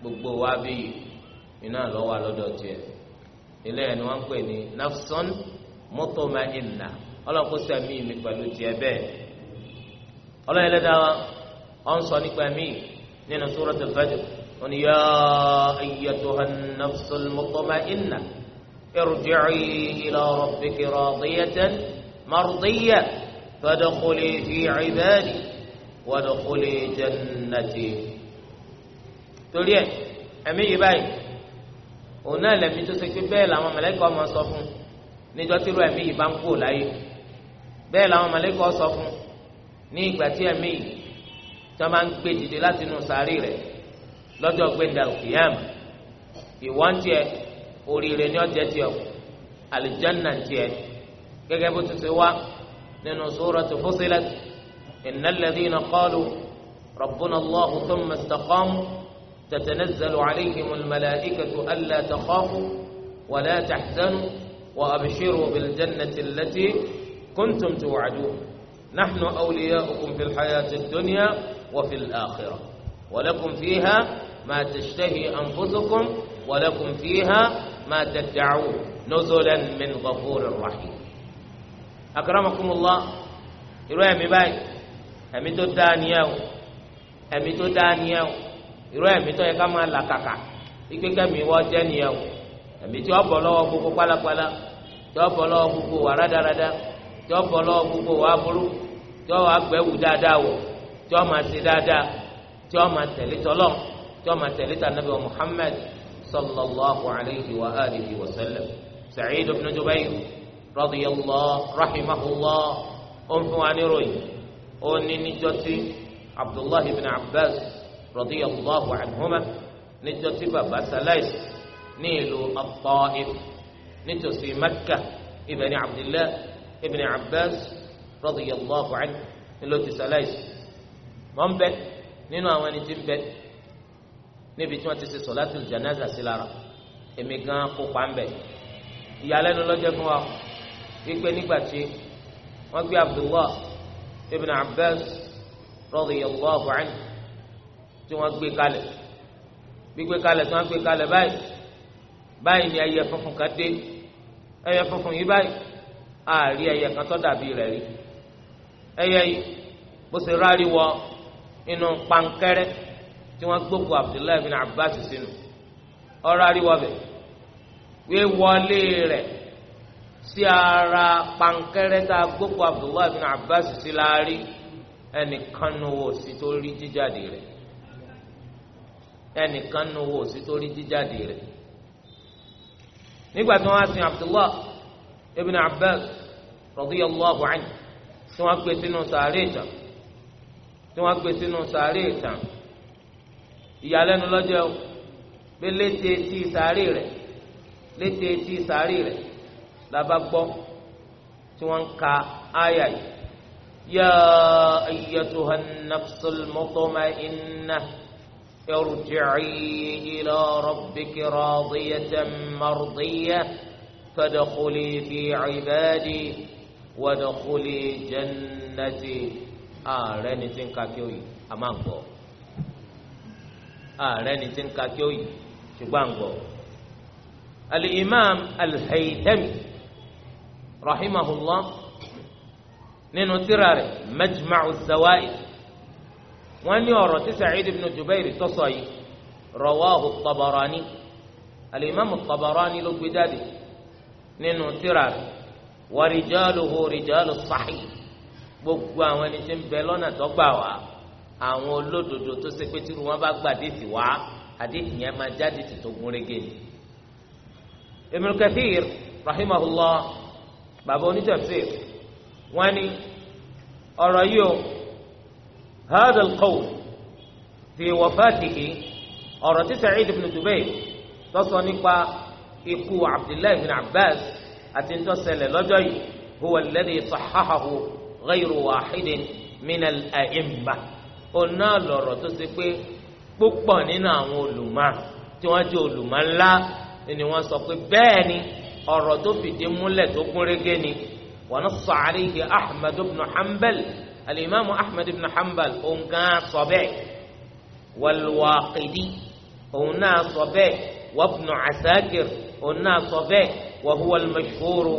A: gbogbo wa bíyì iná lọ́wọ́ lọ́dọ̀ tiẹ̀ eléyà ni wọ́n ń pè ní nafsan mutma'inna ọlọ́kùn sẹ́mi mi pẹ̀lú tiẹ̀ bẹ́ẹ̀ ọlọ́yẹ lẹ́dá wa ọ̀n sọ nípa mi nínú suratul Fajr wọn yá ayyatuhan nafsul mutma'inna irji'i ila rabbiki radiyatan mardiyya fadkhuli fi ibadi wàdókòlè jẹnàtì torí ẹ ẹ̀mí yìí báyìí òun náà lẹ̀mí tó ṣe pé bẹ́ẹ̀ làwọn mẹlẹkọ ọmọ sọ fún níjọ́ tí irú ẹ̀mí yìí bá ń kú láyé bẹ́ẹ̀ làwọn mẹlẹkọ sọ fún ní ìgbà tí ẹ̀mí yìí tí wọn máa ń gbé dìde láti inú sàárì rẹ̀ lọ́jọ́ gbẹdà òkèèyàn ìwọ́n oríire ni ọjẹ tiẹ̀ àlìjánà tiẹ̀ gẹ́gẹ́ bó ti ṣe wá nínú sóràtú Fussilat. إن الذين قالوا ربنا الله ثم استقاموا تتنزل عليهم الملائكة ألا تخافوا ولا تحزنوا وأبشروا بالجنة التي كنتم توعدون نحن أولياؤكم في الحياة الدنيا وفي الآخرة ولكم فيها ما تشتهي أنفسكم ولكم فيها ما تدعون نزلا من غفور رحيم أكرمكم الله إرواية مبايت ẹ̀mí tó dáa ni ẹ o ẹ̀mí tó dáa ni ẹ o irú ẹ̀mí tó yẹ ká máa là kàkà ikpe kẹ́mi wọ́n jẹ́ ni ẹ o ẹ̀mí tí wọ́n bọ̀ lọ́wọ́ gbogbo pálapàla tí wọ́n bọ̀ lọ́wọ́ gbogbo wà rádaràda tí wọ́n bọ̀ lọ́wọ́ gbogbo wà burú tí wọ́n wà gbẹ́wù dáadáa wò tí wọ́n máa dáadáa tí wọ́n máa tẹ̀lé tí wọ́n máa tẹ̀lé tànàbí wa sallallahu alayhi wa alihi wa sallam Sa'id ibn Jubayr rahimahullah ó ń ó ní níjọ́ tí abdullahi ibn abbas radiyallahu anhuma níjọ́ tí baba salais ní ìlú at-Taif nítòsí makka ibẹ̀ ni abdullah ibn abbas radiyallahu anhu nílò ti salais mọ̀ ń bẹ nínú àwọn ẹni tí ń bẹ níbi tí wọ́n ti ṣe sọ̀látùl janaza sí lára èmi gan kópa ń ìyàlẹ́nu ló fún wa wípé nígbà tí wọ́n gbé abdullah ibn abbas radiyallahu anhu tí wọ́n gbé kalẹ̀ gbígbé kalẹ̀ tí wọ́n gbé kalẹ̀ báyìí báyìí ni ẹyẹ funfun kan dé ẹyẹ funfun yìí báyìí àárí ẹyẹ kan tó dàbí rẹ̀ rí ẹyẹ yìí bó ṣe rárí wọ inú pankẹ́rẹ́ tí wọ́n gbókò abdullahi ibn abbas sínú ọ̀rárí wọ bẹ̀ wíwọlé rẹ̀ sí ara pankẹ́rẹ́ tá a gbókò Abdullahi bin Abbas sí láàrí ẹnìkan nu wo sí tó rí jíjáde rẹ̀ ẹnìkan nu wo sí tó rí jíjáde rẹ̀ nígbà tí wọ́n á sin Abdullahi ibn Abbas radiyallahu anhu tí wọ́n gbé sínú sàárè ìtàn tí wọ́n gbé sínú sàárè ìtàn ìyàlẹ́nu lọ́jọ́ pé létí etí sàárè rẹ̀ létí etí sàárè rẹ̀ la bá gbọ́ tí wọ́n ń ka àyà yìí yá ayyatuha nafsul mutma'innah irji'i ila rabbiki radiyatan mardiyah fadkhuli fi ibadi wadkhuli jannati ààrẹ ni ti ń ka kí a máa ń gbọ́ ààrẹ ni ti ń ka kí ṣùgbọ́n à ń gbọ́ al-imam rahimahullah nínú tírà rẹ̀ majma'u zawaid wọ́n ní ọ̀rọ̀ tí Sa'id ibn Jubair tó sọ yìí rawahu Tabarani al-Imam Tabarani ló gbé jáde nínú tírà rẹ̀ wa rijaluhu rijalu sahih gbogbo àwọn ẹni tí ń bẹ lọ́nà tó gbà àwọn olódodo tó ṣe pé tí wọn bá gbà déètì wá àdéhùn yẹn máa jáde tó gúnrégé ni Ibn Kathir rahimahullah bàbá onítafsir wọ́n ní ọ̀rọ̀ yìí o hadha al-qawl fi wafatihi ọ̀rọ̀ tí Sa'id ibn Jubayr tó sọ nípa ikú Abdullahi ibn Abbas àti tó ṣẹlẹ̀ lọ́jọ́ yìí huwa alladhi sahhahahu ghayru wahidin min al-a'immah ọ̀nà lọ̀rọ̀ tó ṣe pé púpọ̀ nínú àwọn olùmọ̀ tí wọ́n jẹ́ olùmọ̀ ńlá ni wọ́n sọ pé bẹ́ẹ̀ ni ọ̀rọ̀ tó fìdí múlẹ̀ tó kún régé ni wa nassa alayhi ahmed ibn hanbal alimami ahmed ibn hanbal òun gan sọ bẹ́ẹ̀ walwaqidi òun náà sọ bẹ́ẹ̀ wabnu asakir òun náà sọ bẹ́ẹ̀ wa huwa almashhuru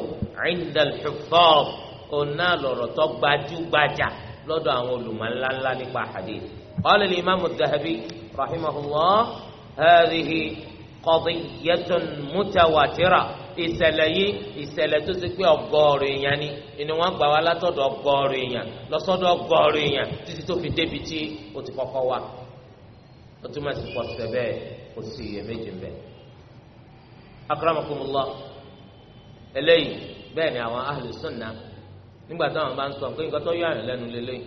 A: inda alhuffaz òun náà lọ̀rọ̀ tó gbajúgbajà lọ́dọ̀ àwọn olùmọ̀ nípa hadith qala al-imam adh-dhahabi rahimahullah hadhihi qadiyyatun ìṣẹ̀lẹ̀ yìí ìṣẹ̀lẹ̀ tó ti pé ọgọ́rùn èèyàn ni ìní wọn gbà wá látọ̀dọ̀ ọgọ́rùn èèyàn lọ́sọ́dọ̀ ọgọ́rùn èèyàn títí tó fi débi tí ó ti kọ́kọ́ wà ó túmọ̀ sí pọ̀ síbẹ̀ bẹ́ẹ̀ kò sí iyèméjì ń bẹ̀. akramakumullah eléyìí bẹ́ẹ̀ ni àwọn ahlu sunna nígbà táwọn bá ń sọ pé nǹkan tó yọ àrùn lẹ́nu lélẹ́yìí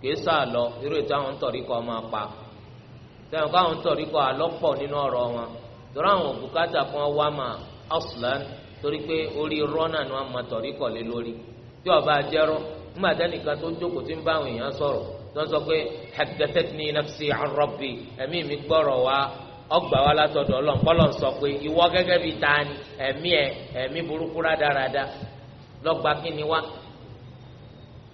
A: kìí sáà lọ irú ètò àwọn tọ̀rí kọ́ máa pa sẹ́wọ̀n káwọn tọ̀rí kọ́ àlọ́pọ̀ nínú ọ̀rọ̀ wọn aslan torí pé orí rọ́nà ni wọ́n máa tọ̀rí kọ̀lé lórí tí ọba àjẹrọ nígbà tẹnìkan tó ń jókòó tí ń bá àwọn èèyàn sọ̀rọ̀ tó ń sọ pé haddathatni nafsi an rabbi ẹ̀mí mi gbọ́rọ̀ wá ọgbà wa látọ̀dọ̀ ọlọ́run kọ́lọ̀ sọ pé ìwọ gẹ́gẹ́ bíi ta ni ẹ̀mí ẹ̀ ẹ̀mí burúkú rádaràda lọ́gba kí ni wá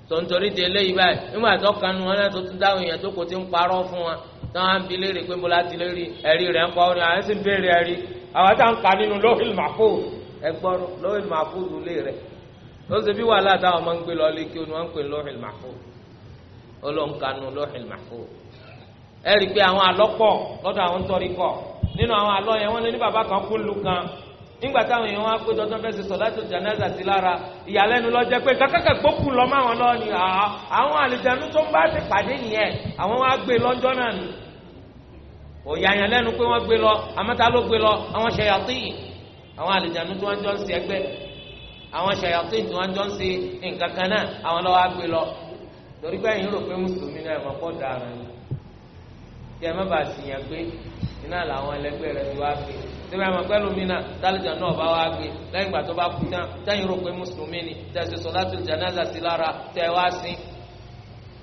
A: tontori ti eléyìí báyìí nígbà tó kanu wọn náà tó tún dáhùn èèyàn tó kò ti ń parọ́ fún wa táwọn á ń bi léèrè pé mo láti léèrè ẹ̀rí rẹ̀ ń pa ọ́ ni àwọn sì ń béèrè ẹ̀rí àwọn tá à ń kà nínú lóhìl mahfuz ẹgbọ́n lóhìl mahfuz lulẹ̀ rẹ̀ ó ṣe bí wàhálà táwọn máa ń gbé lọ́ọ́lé kí wọ́n ń pè lóhìl mahfuz olóńkanu lóhìl mahfuz ẹ rí i pé àwọn àlọ́ lọ́dọ̀ àwọn tọ́rí kọ̀ nínú àwọn àlọ́ yẹn wọ́n lé ní bàbá kan kú lu nígbà táwọn èèyàn wá pé dandan fẹsẹ sọláàtò jànáza sí lára ìyàlẹ́nu lọ jẹ́ pé kákàkà gbókùn lọ máwọn lọ ni àwọn àlejànú tó ń bá ti pàdé nìyẹn àwọn wá gbé lọ́jọ́ náà ni kò yàyàn lẹ́nu pé wọ́n gbé lọ àmọ́ta ló gbé lọ àwọn ṣayàtìn àwọn àlìjànú tí wọ́n jọ ń ṣe ẹgbẹ́ àwọn ṣayàtìn tí wọ́n jọ ń ṣe nǹkan kan náà àwọn lọ́wọ́ á gbé lọ torí pé ẹ̀yin rò pé mùsùlùmí náà ẹ̀mọ́ pọ̀ dára ni kí ẹ má bàa sì yàn pé iná làwọn ẹlẹgbẹ́ rẹ ti wá gbé síbi àwọn pẹ́lú mi náà tálíjà náà bá wá gbé lẹ́yìn ìgbà tó bá kú tán tẹ́yìn rò pé mùsùlùmí ni tẹ̀sí sọ̀látù jánásà sí lára tẹ́ wá sí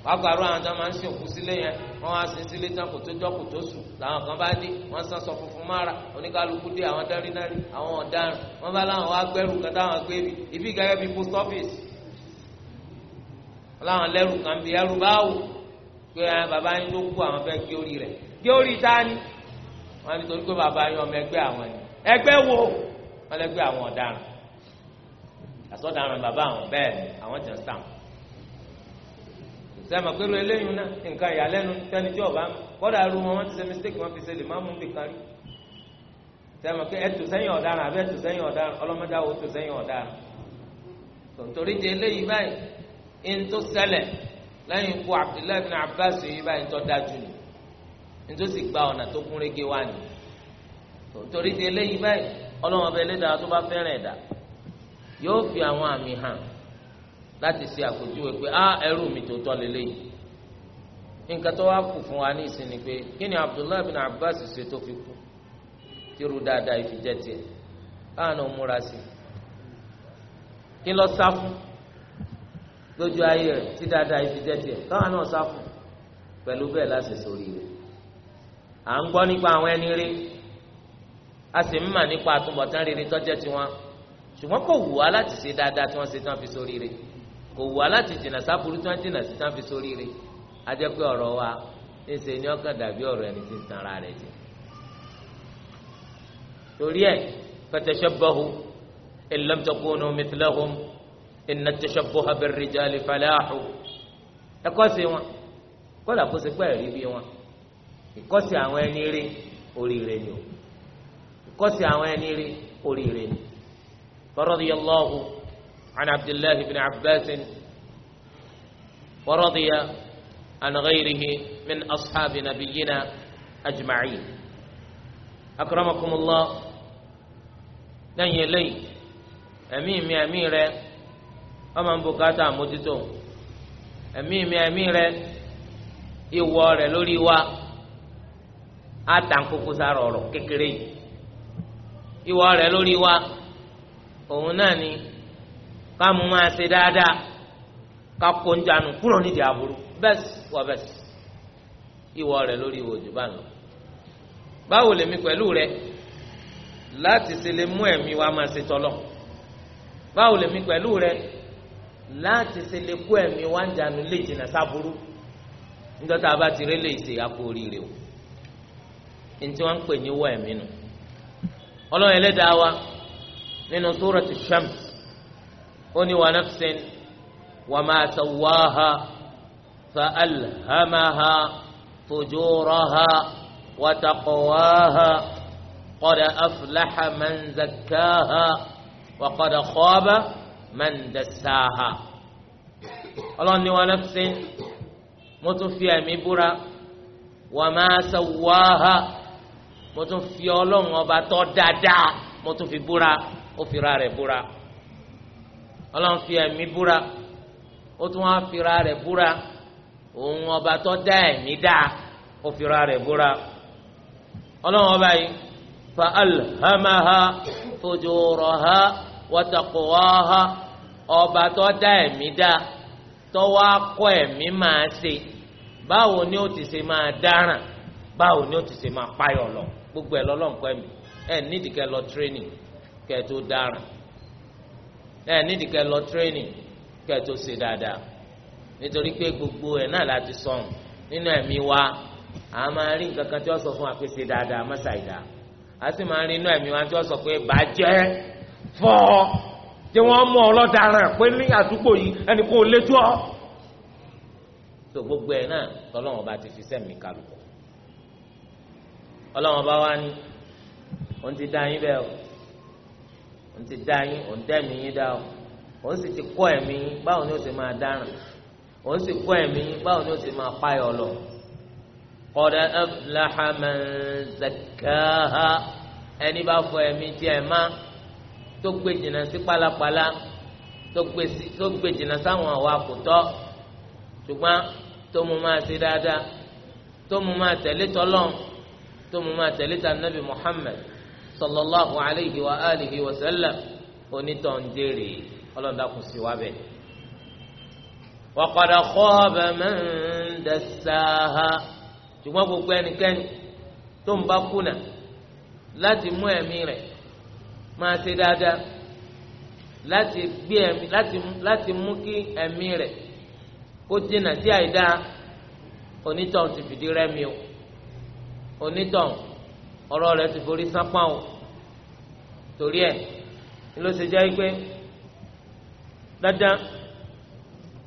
A: wàá gbàrú àwọn tó máa ń sìnkú sílé yẹn wọ́n wá sin sílé tán kò tó jọ́ kò tó sùn làwọn kan bá dé wọ́n sàn sọ funfun mára oníkálukú dé àwọn dárínárí àwọn ọ̀daràn wọ́n bá láwọn wá gbẹ́rù kan táwọn gbé bi ibi gẹ́gẹ́ bíi post office láwọn lẹ́rù kan bíi ẹrù báwò pé ah, bàbá yín ló kú àwọn fẹ́ gé orí rẹ̀ gé orí tání wọ́n ní torí pé bàbá yín ọmọ ẹgbẹ́ àwọn ni ẹgbẹ́ wo wọ́n lẹ́gbẹ́ àwọn ọ̀daràn àsọ̀daràn bàbá àwọn bẹ́ẹ̀ ni àwọn jẹ̀ ń sẹ́mi pẹ̀lú eléyìí náà nǹkan ìyàlẹ́nu tí ọba kọ́dà ru wọn wọ́n ti ṣe mistake wọ́n fi ṣe lè má mú mi kárí sẹ́mi etu ẹ ọda sẹ́yìn ọ̀daràn àbẹ́ tò sẹ́yìn ọ̀daràn ọlọ́mọdé àwọn tò sẹ́yìn ọ̀daràn tòtòrí di eléyìí báyìí ń tó ṣẹlẹ̀ lẹ́yìn ikú Abdullahi Abbas yìí ni ń tó sì gba ọ̀nà tó kún régé wá ni di eléyìí báyìí tó bá fẹ́ràn ẹ̀dá yóò fi àwọn láti ṣe àpèjúwe pé á ah, ẹrú mi tó tọ́ lélẹ́yìí nǹkan tó wá kù fún wa ní ìsinmi pé kí ni Abdullahi bin Abbas ṣe tó fi kú tírú dáadáa ìfijẹ tiẹ̀ káàánú múra sí kí lọ sá fún lójú ayé rẹ̀ tí dáadáa ìfijẹ tiẹ̀ káàánú sá fún pẹ̀lú bẹ́ẹ̀ láti sórí rẹ̀ à ń gbọ́ nípa àwọn ẹni rí a sì ń mà nípa àtúbọ̀tán rere tọ́jẹ́ tiwọn ṣùgbọ́n kò wù wá láti ṣe dáadáa tí wọ́n ṣe tán fi sórí rẹ̀ kò wù wá láti jìnnà sáfúrú tí wọ́n jìnnà sí tán fi sórí rẹ̀ á jẹ́ pé ọ̀rọ̀ wa ẹsẹ ni ọkàn dàbí ọ̀rọ̀ ẹni tí ń tan ara rẹ̀ jẹ torí ẹ fatashabbahu in lam takunu mithlahum inna at-tashabbuha bir ẹkọsí wọn kọlà kó sepẹ rí bí wọn ìkọsí àwọn ẹni rí oríire ni ìkọsí àwọn ẹni rí oríire ni faradiyallahu. عن عبد الله بن عباس ورضي عن غيره من أصحاب نبينا أجمعين أكرمكم الله لن يلي أمين يا امير أمام بكاتا مجتو أمين يا امير يوار rẹ lórí wa àtàǹkókò sára ọ̀rọ̀ kékeré ìwọ rẹ lórí wa òun náà ni ká mú máa ṣe dáadáa ká kó ń jánu kúrò nídìí aburú bẹ́ẹ̀sì wọ bẹ́ẹ̀sì ìwọ rẹ lórí ìwò òjò bá lọ. báwo lèmi pẹ̀lú rẹ láti ṣe lè mú ẹ̀mí wa máa ṣe tọ́lọ̀ báwo lèmi pẹ̀lú rẹ láti ṣe lè kó ẹ̀mí wa ń jánu lè jìnnà sáburú nítorí tá ti rí lè ṣe àpò oríire o ntí wọn ń pè ní wọ ẹ̀mí ọlọ́run ẹlẹ́dàá wa nínú ti ó ní wa nafsin wa ma sawaha fa alhamaha fujuraha wa taqwaha qad aflaha man zakkaha wa qad khaba man dassaha ọlọ́run ní wa nafsin mo tún fi ẹ̀mí búra wa ma sawaha mo tún fi ọlọ́run ọba tọ́ dáadáa mo tún fi búra ó fi ra rẹ̀ búra ọlọ́run fi ẹ̀mí búra ó tún wá fira rẹ̀ búra òun ọba tó dá ẹ̀mí dá ó fira rẹ̀ búra ọlọ́run ọba yìí fa alhamaha fujuraha wa taqwaha ọba tó dá ẹ̀mí dá tó wá ẹ̀mí máa ṣe báwo ni ó ti ṣe máa dáràn báwo ni ó ti ṣe máa payọ̀ lọ gbogbo ẹ̀ lọ́lọ́nkọ́ ẹ̀mí ẹ̀ nídìí kẹ́ lọ tírénì kẹ́ tó dáràn ẹ nídìí kẹ lọ tírénì kẹ tó ṣe dáadáa nítorí pé gbogbo ẹ náà láti sọhùn nínú ẹ̀mí wa a máa rí nǹkan kan tí wọ́n sọ fún wa pé ṣe dáadáa má ṣàìdá a sì máa rí inú ẹ̀mí wa tí wọ́n sọ pé bàjẹ́ fọ́ tí wọ́n mọ ọlọ́daràn pé ní àdúgbò yìí ẹni kò létú ọ. tó gbogbo ẹ̀ náà tọ́lọ́wọ́n bá ti fi sẹ́mi kálukú ọlọ́wọ́n bá wá ní òun ti dá yín bẹ́ẹ̀ o òun ti dá yín òun dẹ́mi yín dá o òun sì ti kọ́ ẹ̀mí yín báwo ni ó ti máa dáràn òun sì kọ́ ẹ̀mí yín báwo ni ó ti máa páyọ̀ lọ. qad aflaha man zakkaha ẹni bá fọ ẹ̀mí tí ẹ̀ má tó gbé jìnnà sí pálapàla tó gbé jìnnà sáwọn àwa kò tọ́ ṣùgbọ́n tó mu máa ṣe dáadáa tó mu máa tẹ̀lé tọ́lọ́n tó mu máa tẹ̀lé tànàbì Muhammad sallallahu alayhi wa alihi wa sallam onítàn jèrè ọlọ́dàkùn sí wa bẹ̀. wa qad khaba man dassaha ṣùgbọ́n gbogbo ẹnikẹ́ni tó ń bá kùnà láti mú ẹ̀mí rẹ̀ máa ṣe dáadáa láti gbé ẹ̀mí láti láti mú kí ẹ̀mí rẹ̀ kó dènà sí àìdáa onítàn ti fìdí rẹ́mi o onítàn ọ̀rọ̀ rẹ̀ ti forí sápá o torí ẹ̀ ni ló ṣe jẹ́ pé dáadáa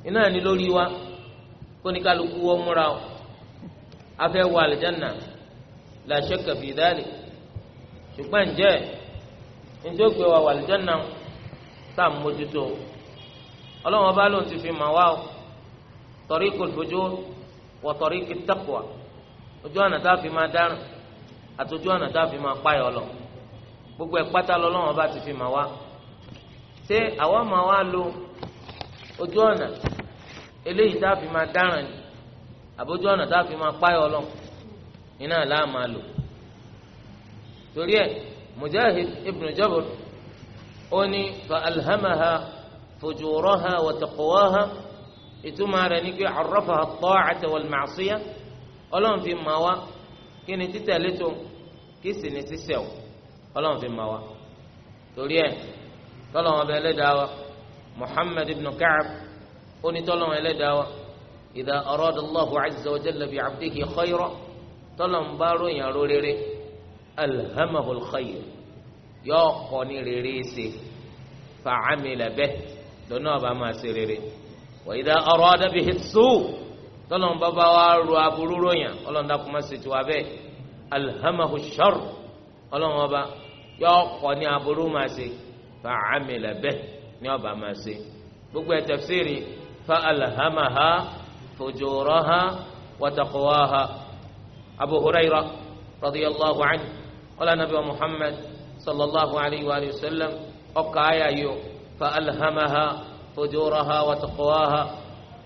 A: iná ni lórí wa kó ní kálukú wọ́n múra o afẹ́ wọ àlìjáná la shakka fi dhalik ṣùgbọ́n ǹjẹ́ ǹjẹ́ ó gbé wa wọ àlìjáná tá a mójútó ọlọ́wọ́n bá lóun ti fi mà wá o tariqul fujur wa tariqit taqwa ojú ọ̀nà tá a fi máa dáràn àtòjú ọ̀nà tá a fi máa páyọ̀ lọ gbogbo ẹ̀ pátá lọ́lọ́wọ́n bá ti fi máa wá ṣé àwọn máa wá lo ojú ọ̀nà eléyìí tá a fi máa dáràn ni àbójú ọ̀nà tá a fi máa páyọ̀ lọ iná làá máa lò torí ẹ̀ Mujahid ibn Jabr ó ní fa alhamaha fujuraha wa taqwaha ìtumọ̀ rẹ̀ pé arrafaha at-ta'ata ọlọ́run fi máa wá kí ni títẹ̀lé tó kí sì ni sísẹ o ọlọ́run fi mọ̀ wa torí ẹ tọ́lọ́run ọba ẹlẹ́dàá wa muhammad ibn ka'ab onítọ́lọ́run ẹlẹ́dàá wa idha arada allahu azza wa jalla bi abdihi khayra tọ́lọ́run bá ròyìn àrò rere alhamahu alkhayr yóò kọ́ ní rere ṣe fa'amila bih lọ́nà ọba máa ṣe rere wa idha arada bihi as bá bá wa ro aburú ròyìn ọlọ́run dákú má ṣe alhamahu shar ọlọ́run ọba yóò kọ́ ní aburú máa ṣe fa amila bih ní ọba máa ṣe gbogbo ẹ̀ tafsiri fa alhamaha fujuraha wa taqwaha radiyallahu anhu ọlọ́run nabi wa muhammad sallallahu alayhi wa sallam ọkà ayà yìí fa alhamaha fujuraha wa taqwaha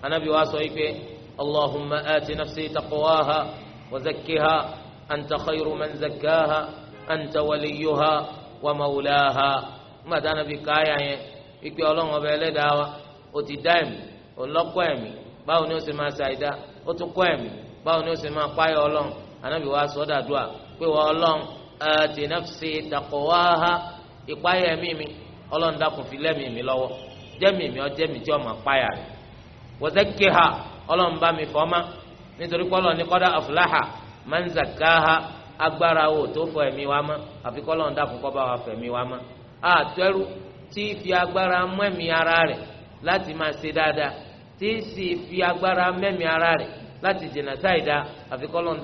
A: anabi wa sọ yìí pé allahumma ati nafsi taqwaha wa anta khayru man zakkaha anta waliyuha wa mawlaha ńgbàtà nàbí káyà yẹn ìpè ọlọ́run ọba ẹlẹ́dàá wa ó ti dá ẹ̀mí ọlọ́kọ́ ẹ̀mí báwo ni ó sì máa ṣàìdá ó tún kọ́ ẹ̀mí báwo ni ó sì máa páyà ọlọ́run anábì wa sọ dàdúà pé wọ́n ọlọ́run àti nafsi taqwaha ìpáyà ẹ̀mí mi ọlọ́run dákun fi lẹ́mìí mi lọ́wọ́ jẹ́mìí mi ọ jẹ́mìí tí ọ máa páyà rẹ̀ wa zakkiha ọlọ́run bá mi fọ́ ma nítorí pé ọlọ́run ní kọ́dá aflaha man zakaha agbára wo tó fọ ẹ̀mí wa mọ́ àfi kọ́lọ́ ń dàkún kọ́ bá wa fọ ẹ̀mí wa mọ́ àtẹ́rù tí fi agbára mẹ́mí ara rẹ̀ láti máa ṣe dáadáa tí sì fi agbára mẹ́mí ara rẹ̀ láti jìnnà sáìdá àfi kọ́lọ́ ń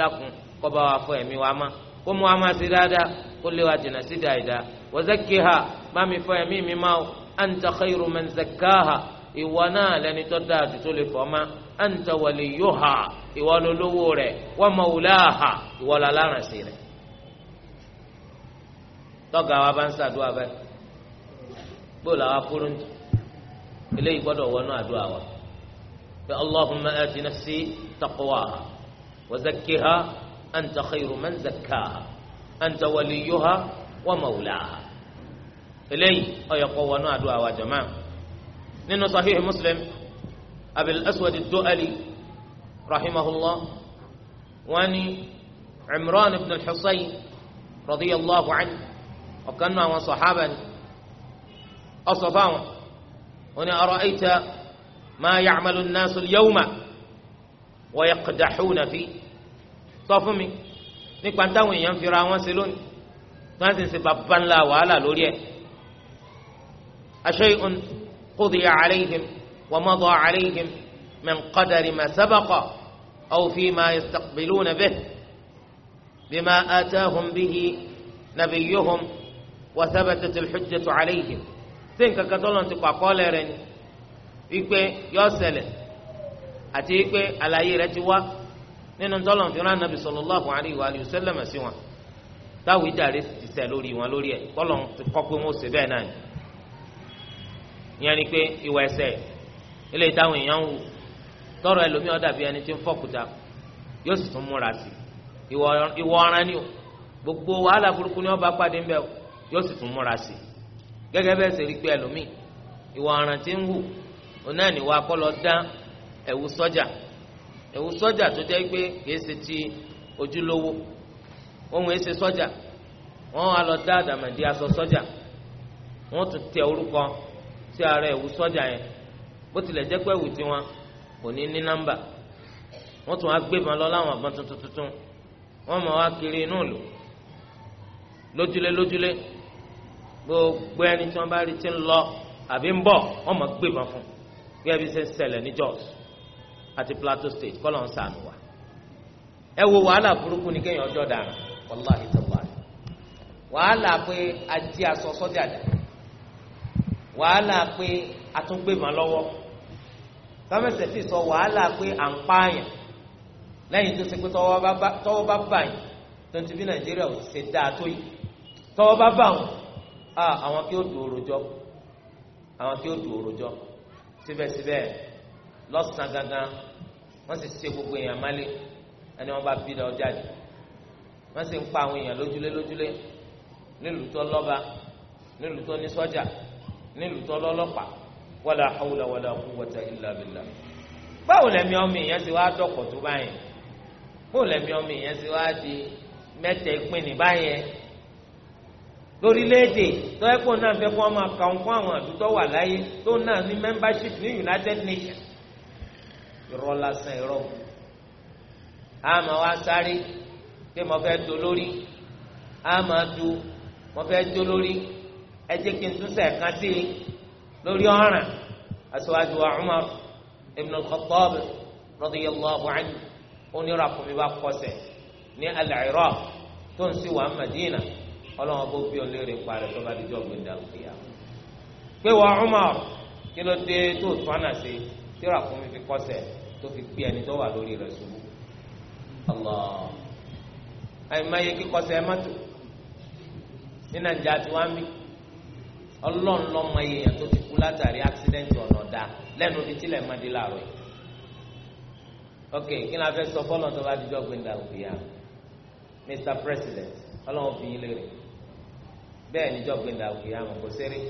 A: kọ́ bá wa fọ ẹ̀mí wa mọ́ kó mu ama si dáadáa kó lè wa jìnnà sí dáadáa wazakkiha bá mi fọ ẹ̀mí mi máa anta khayru man ìwọ náà lẹni tó dáa tó lè fọ ma anta waliyuha ìwọ lolówó rẹ̀ wa maulaha ìwọ lálàrànṣe rẹ̀ tọ́gà wa bá ń ṣàdúrà bẹ́ẹ̀ bóòlù àwa kúrú ń eléyìí gbọ́dọ̀ wọnú àdúrà wa pé allahumma ati nafsi taqwaha wa zakkiha anta khayru man zakkaha anta waliyuha wa maulaha eléyìí ó yẹ wọnú àdúrà wa jama nínú sahih muslim. أبي الأسود الدؤلي رحمه الله واني عمران بن الحصين رضي الله عنه وكان مع صحابا أصفاهم هنا أرأيت ما يعمل الناس اليوم ويقدحون فيه صفمي nípa táwọn èèyàn fira wọn ṣe lónìí wọn sì ń ṣe bàbá ńlá wàhálà lórí ẹ aṣọ ìhun kó di ومضى عليهم من قدر ما سبق أو فيما يستقبلون به بما آتاهم به نبيهم وثبتت الحجة عليهم سنك كتولن تقع قولرن ikpe yọ ṣẹlẹ̀ àti ikpe àlàyé rẹ̀ ti wá nínú tọlọn fi rán nabi sallallahu alayhi wa alihi wa sallam sí wọn táwọn ìdàrí ti ṣẹ lórí wọn lórí ẹ kọlọn ti kọ pé wọn ò ṣe bẹ́ẹ̀ náà ni ìyẹn ni pé ìwà ẹ̀ṣẹ̀ ilé ìtàwọn èèyàn ń wò tọrọ ẹlòmíràn dàbí ẹni tí ń fọkùtà yóò sì tún múra sí ìwọ ọ̀ràn ni o gbogbo wàhálà burúkú ni wọn bá pàdé ń bẹ o yóò sì tún múra sí gẹ́gẹ́ bẹ́ẹ̀ sì rí pé ẹlòmíì ìwọ ọ̀ràn tí ń wù ó náà ní wa kọ́ lọ dán ẹ̀wù sọ́jà ẹ̀wù sọ́jà tó jẹ́ pé kìí ṣe ti ojúlówó ohun èsè sọ́jà wọ́n wá lọ dá àdàmàdì aṣọ sọ́jà wọ́n tún tẹ orúkọ sí ara ẹ̀wù sọ́jà yẹn bó tilẹ̀ jẹ́ pé ẹ̀wù tiwọn kò ní ní nọ́mbà wọ́n tún á gbébọn lọ láwọn àgbọn tuntun tuntun wọ́n mọ̀ wá kiri inú lò lójúlé lójúlé gbogbo ẹni tí wọ́n bá rí ti ń lọ àbí ń bọ̀ wọ́n mọ̀ gbébọn fún gẹ́gẹ́ bí ṣe ń ṣẹlẹ̀ ní Jos àti Plateau State kọ́ lọ́n sànù wá ẹ wo wàhálà burúkú ni kéèyàn ọjọ́ dára wàláhi tàbá wàhálà pé ajé aṣọ sọ́jà dà wàhálà pé atúngbèmọ̀ lọ́wọ́ kámẹ́sẹ̀ sì sọ wàhálà pé à ń pààyàn lẹ́yìn tó ṣe pé tọ́wọ́ bá bàyàn tó ń ti bí nàìjíríà ò ṣe dáa tó yìí tọ́wọ́ bá bà wọ́n àwọn kí ó dùn òròjọ́ àwọn kí ó dùn òròjọ́ síbẹ̀síbẹ̀ lọ́sàn-án gangan wọ́n sì ṣe gbogbo èèyàn málé ẹni wọ́n bá bí lọ jáde wọ́n sì ń pa àwọn èèyàn lójúlé lójúlé nílùú tó lọ́ba nílùú tó ní sọ́jà nílùú tó lọ́lọ́pàá wala hawla wala quwwata illa billah báwo lẹ́mi ọmọ èèyàn ti wá dọ̀kọ̀ tó báyẹn báwo lẹ́mi ọmọ èèyàn ti wá di mẹ́tẹ̀ pín ní báyẹn lórílẹ̀‐èdè tó yẹ kó náà fẹ́ kó ọmọ kàn kó àwọn àdúgbò wà láyé tó náà ní membership ní United Nations irọ́ lásán irọ́ àmọ́ wa sáré pé mo fẹ́ do lórí àmọ́ du mo fẹ́ do lórí ẹ jẹ́ kí n tún sẹ̀ sí i lórí ọ̀ràn aṣáájú wa Umar ibn al-Khattab radiyallahu anhu onírà kùnmi bá kọsẹ̀ ní al-Iraq tó ń sì wà Madina ọlọ́wọ́n bó bí ọlẹ́rìí parẹ́ tó bá dijọ́ gbẹ̀dà òkèèyà pé wa Umar kí ló dé tó tọ́nà sí tíra kùnmi fi kọsẹ̀ tó fi gbé ẹni tó wà lórí rẹ̀ ṣubú Allah àyìnbáyé kíkọsẹ̀ mọ́tò ní Nàìjíríà ti wá ń bí ọlọ́run lọ́mọ èèyàn tó ti kú látàrí accident ọ̀nà ọ̀dà lẹ́nu ibi tílẹ̀ mọ́dé láàrọ̀ yìí ok kí ni a fẹ́ sọ fọ́lọ́n tó bá dijọ́ gbẹ̀ndà òkèèyà Mr President ọlọ́run fi yín lérè bẹ́ẹ̀ níjọ́ gbẹ̀ndà òkèèyà mọ̀ kò sẹ́rí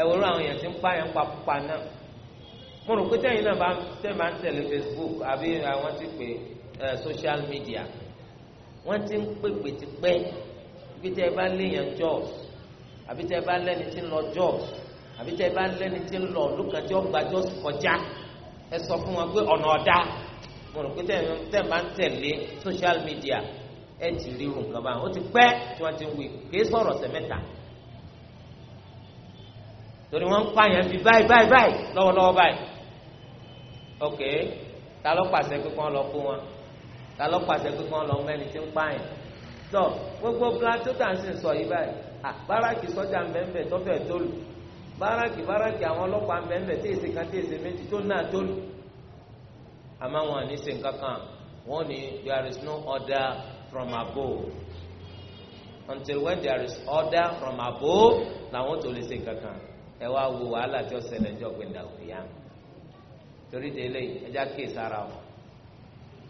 A: ẹ wòrán àwọn èèyàn ti ń pààyàn papà náà mo rò pé tẹ́yìn náà bá tẹ́ máa ń tẹ̀lé Facebook àbí àwọn ti pè ẹ social media wọ́n ti ń pèpè tipẹ́ ibi tẹ́ ẹ bá léèyàn jọ́ọ̀sì àbí tẹ́ bá lẹ́ni tí ń lọ jọ́ọ̀s àbí tẹ́ bá lẹ́ni tí ń lọ lókàjọ́ gbàjọ́ kọjá ẹ sọ fún wọn pé ọ̀nà ọ̀dá mo rò pé tẹ́ bá ń tẹ̀lé social media ẹ ti rí irun kan báwọn ó ti pẹ́ tí wọ́n ti wí kìí sọ̀rọ̀ ọ̀sẹ̀ mẹ́ta torí wọ́n ń pààyàn fi báyìí báyìí báyìí lọ́wọ́lọ́wọ́ báyìí ok ta ló pàṣẹ pé kán lọ kó wọn ta ló pàṣẹ pé kán lọ mẹ́ni tí ń pààyàn tó gbogbo plateau tá à ń sìn sọ yìí báyìí báràkì sọ́jà mbẹ́mbẹ́ tọ́fẹ̀ tó báràkì báràkì àwọn ọlọ́pàá mbẹ́mbẹ́ tí èsì kan tí èsì méjì tó náà tó àmọ́ wọn ní sè kankan wọn ní there is no order from above until when there is order from above làwọn tó lè sè kankan ẹ wá wo wàhálà tí ó ṣẹlẹ̀ ní ọ̀gbìn dàgbìyà torí délé ẹja kéè sára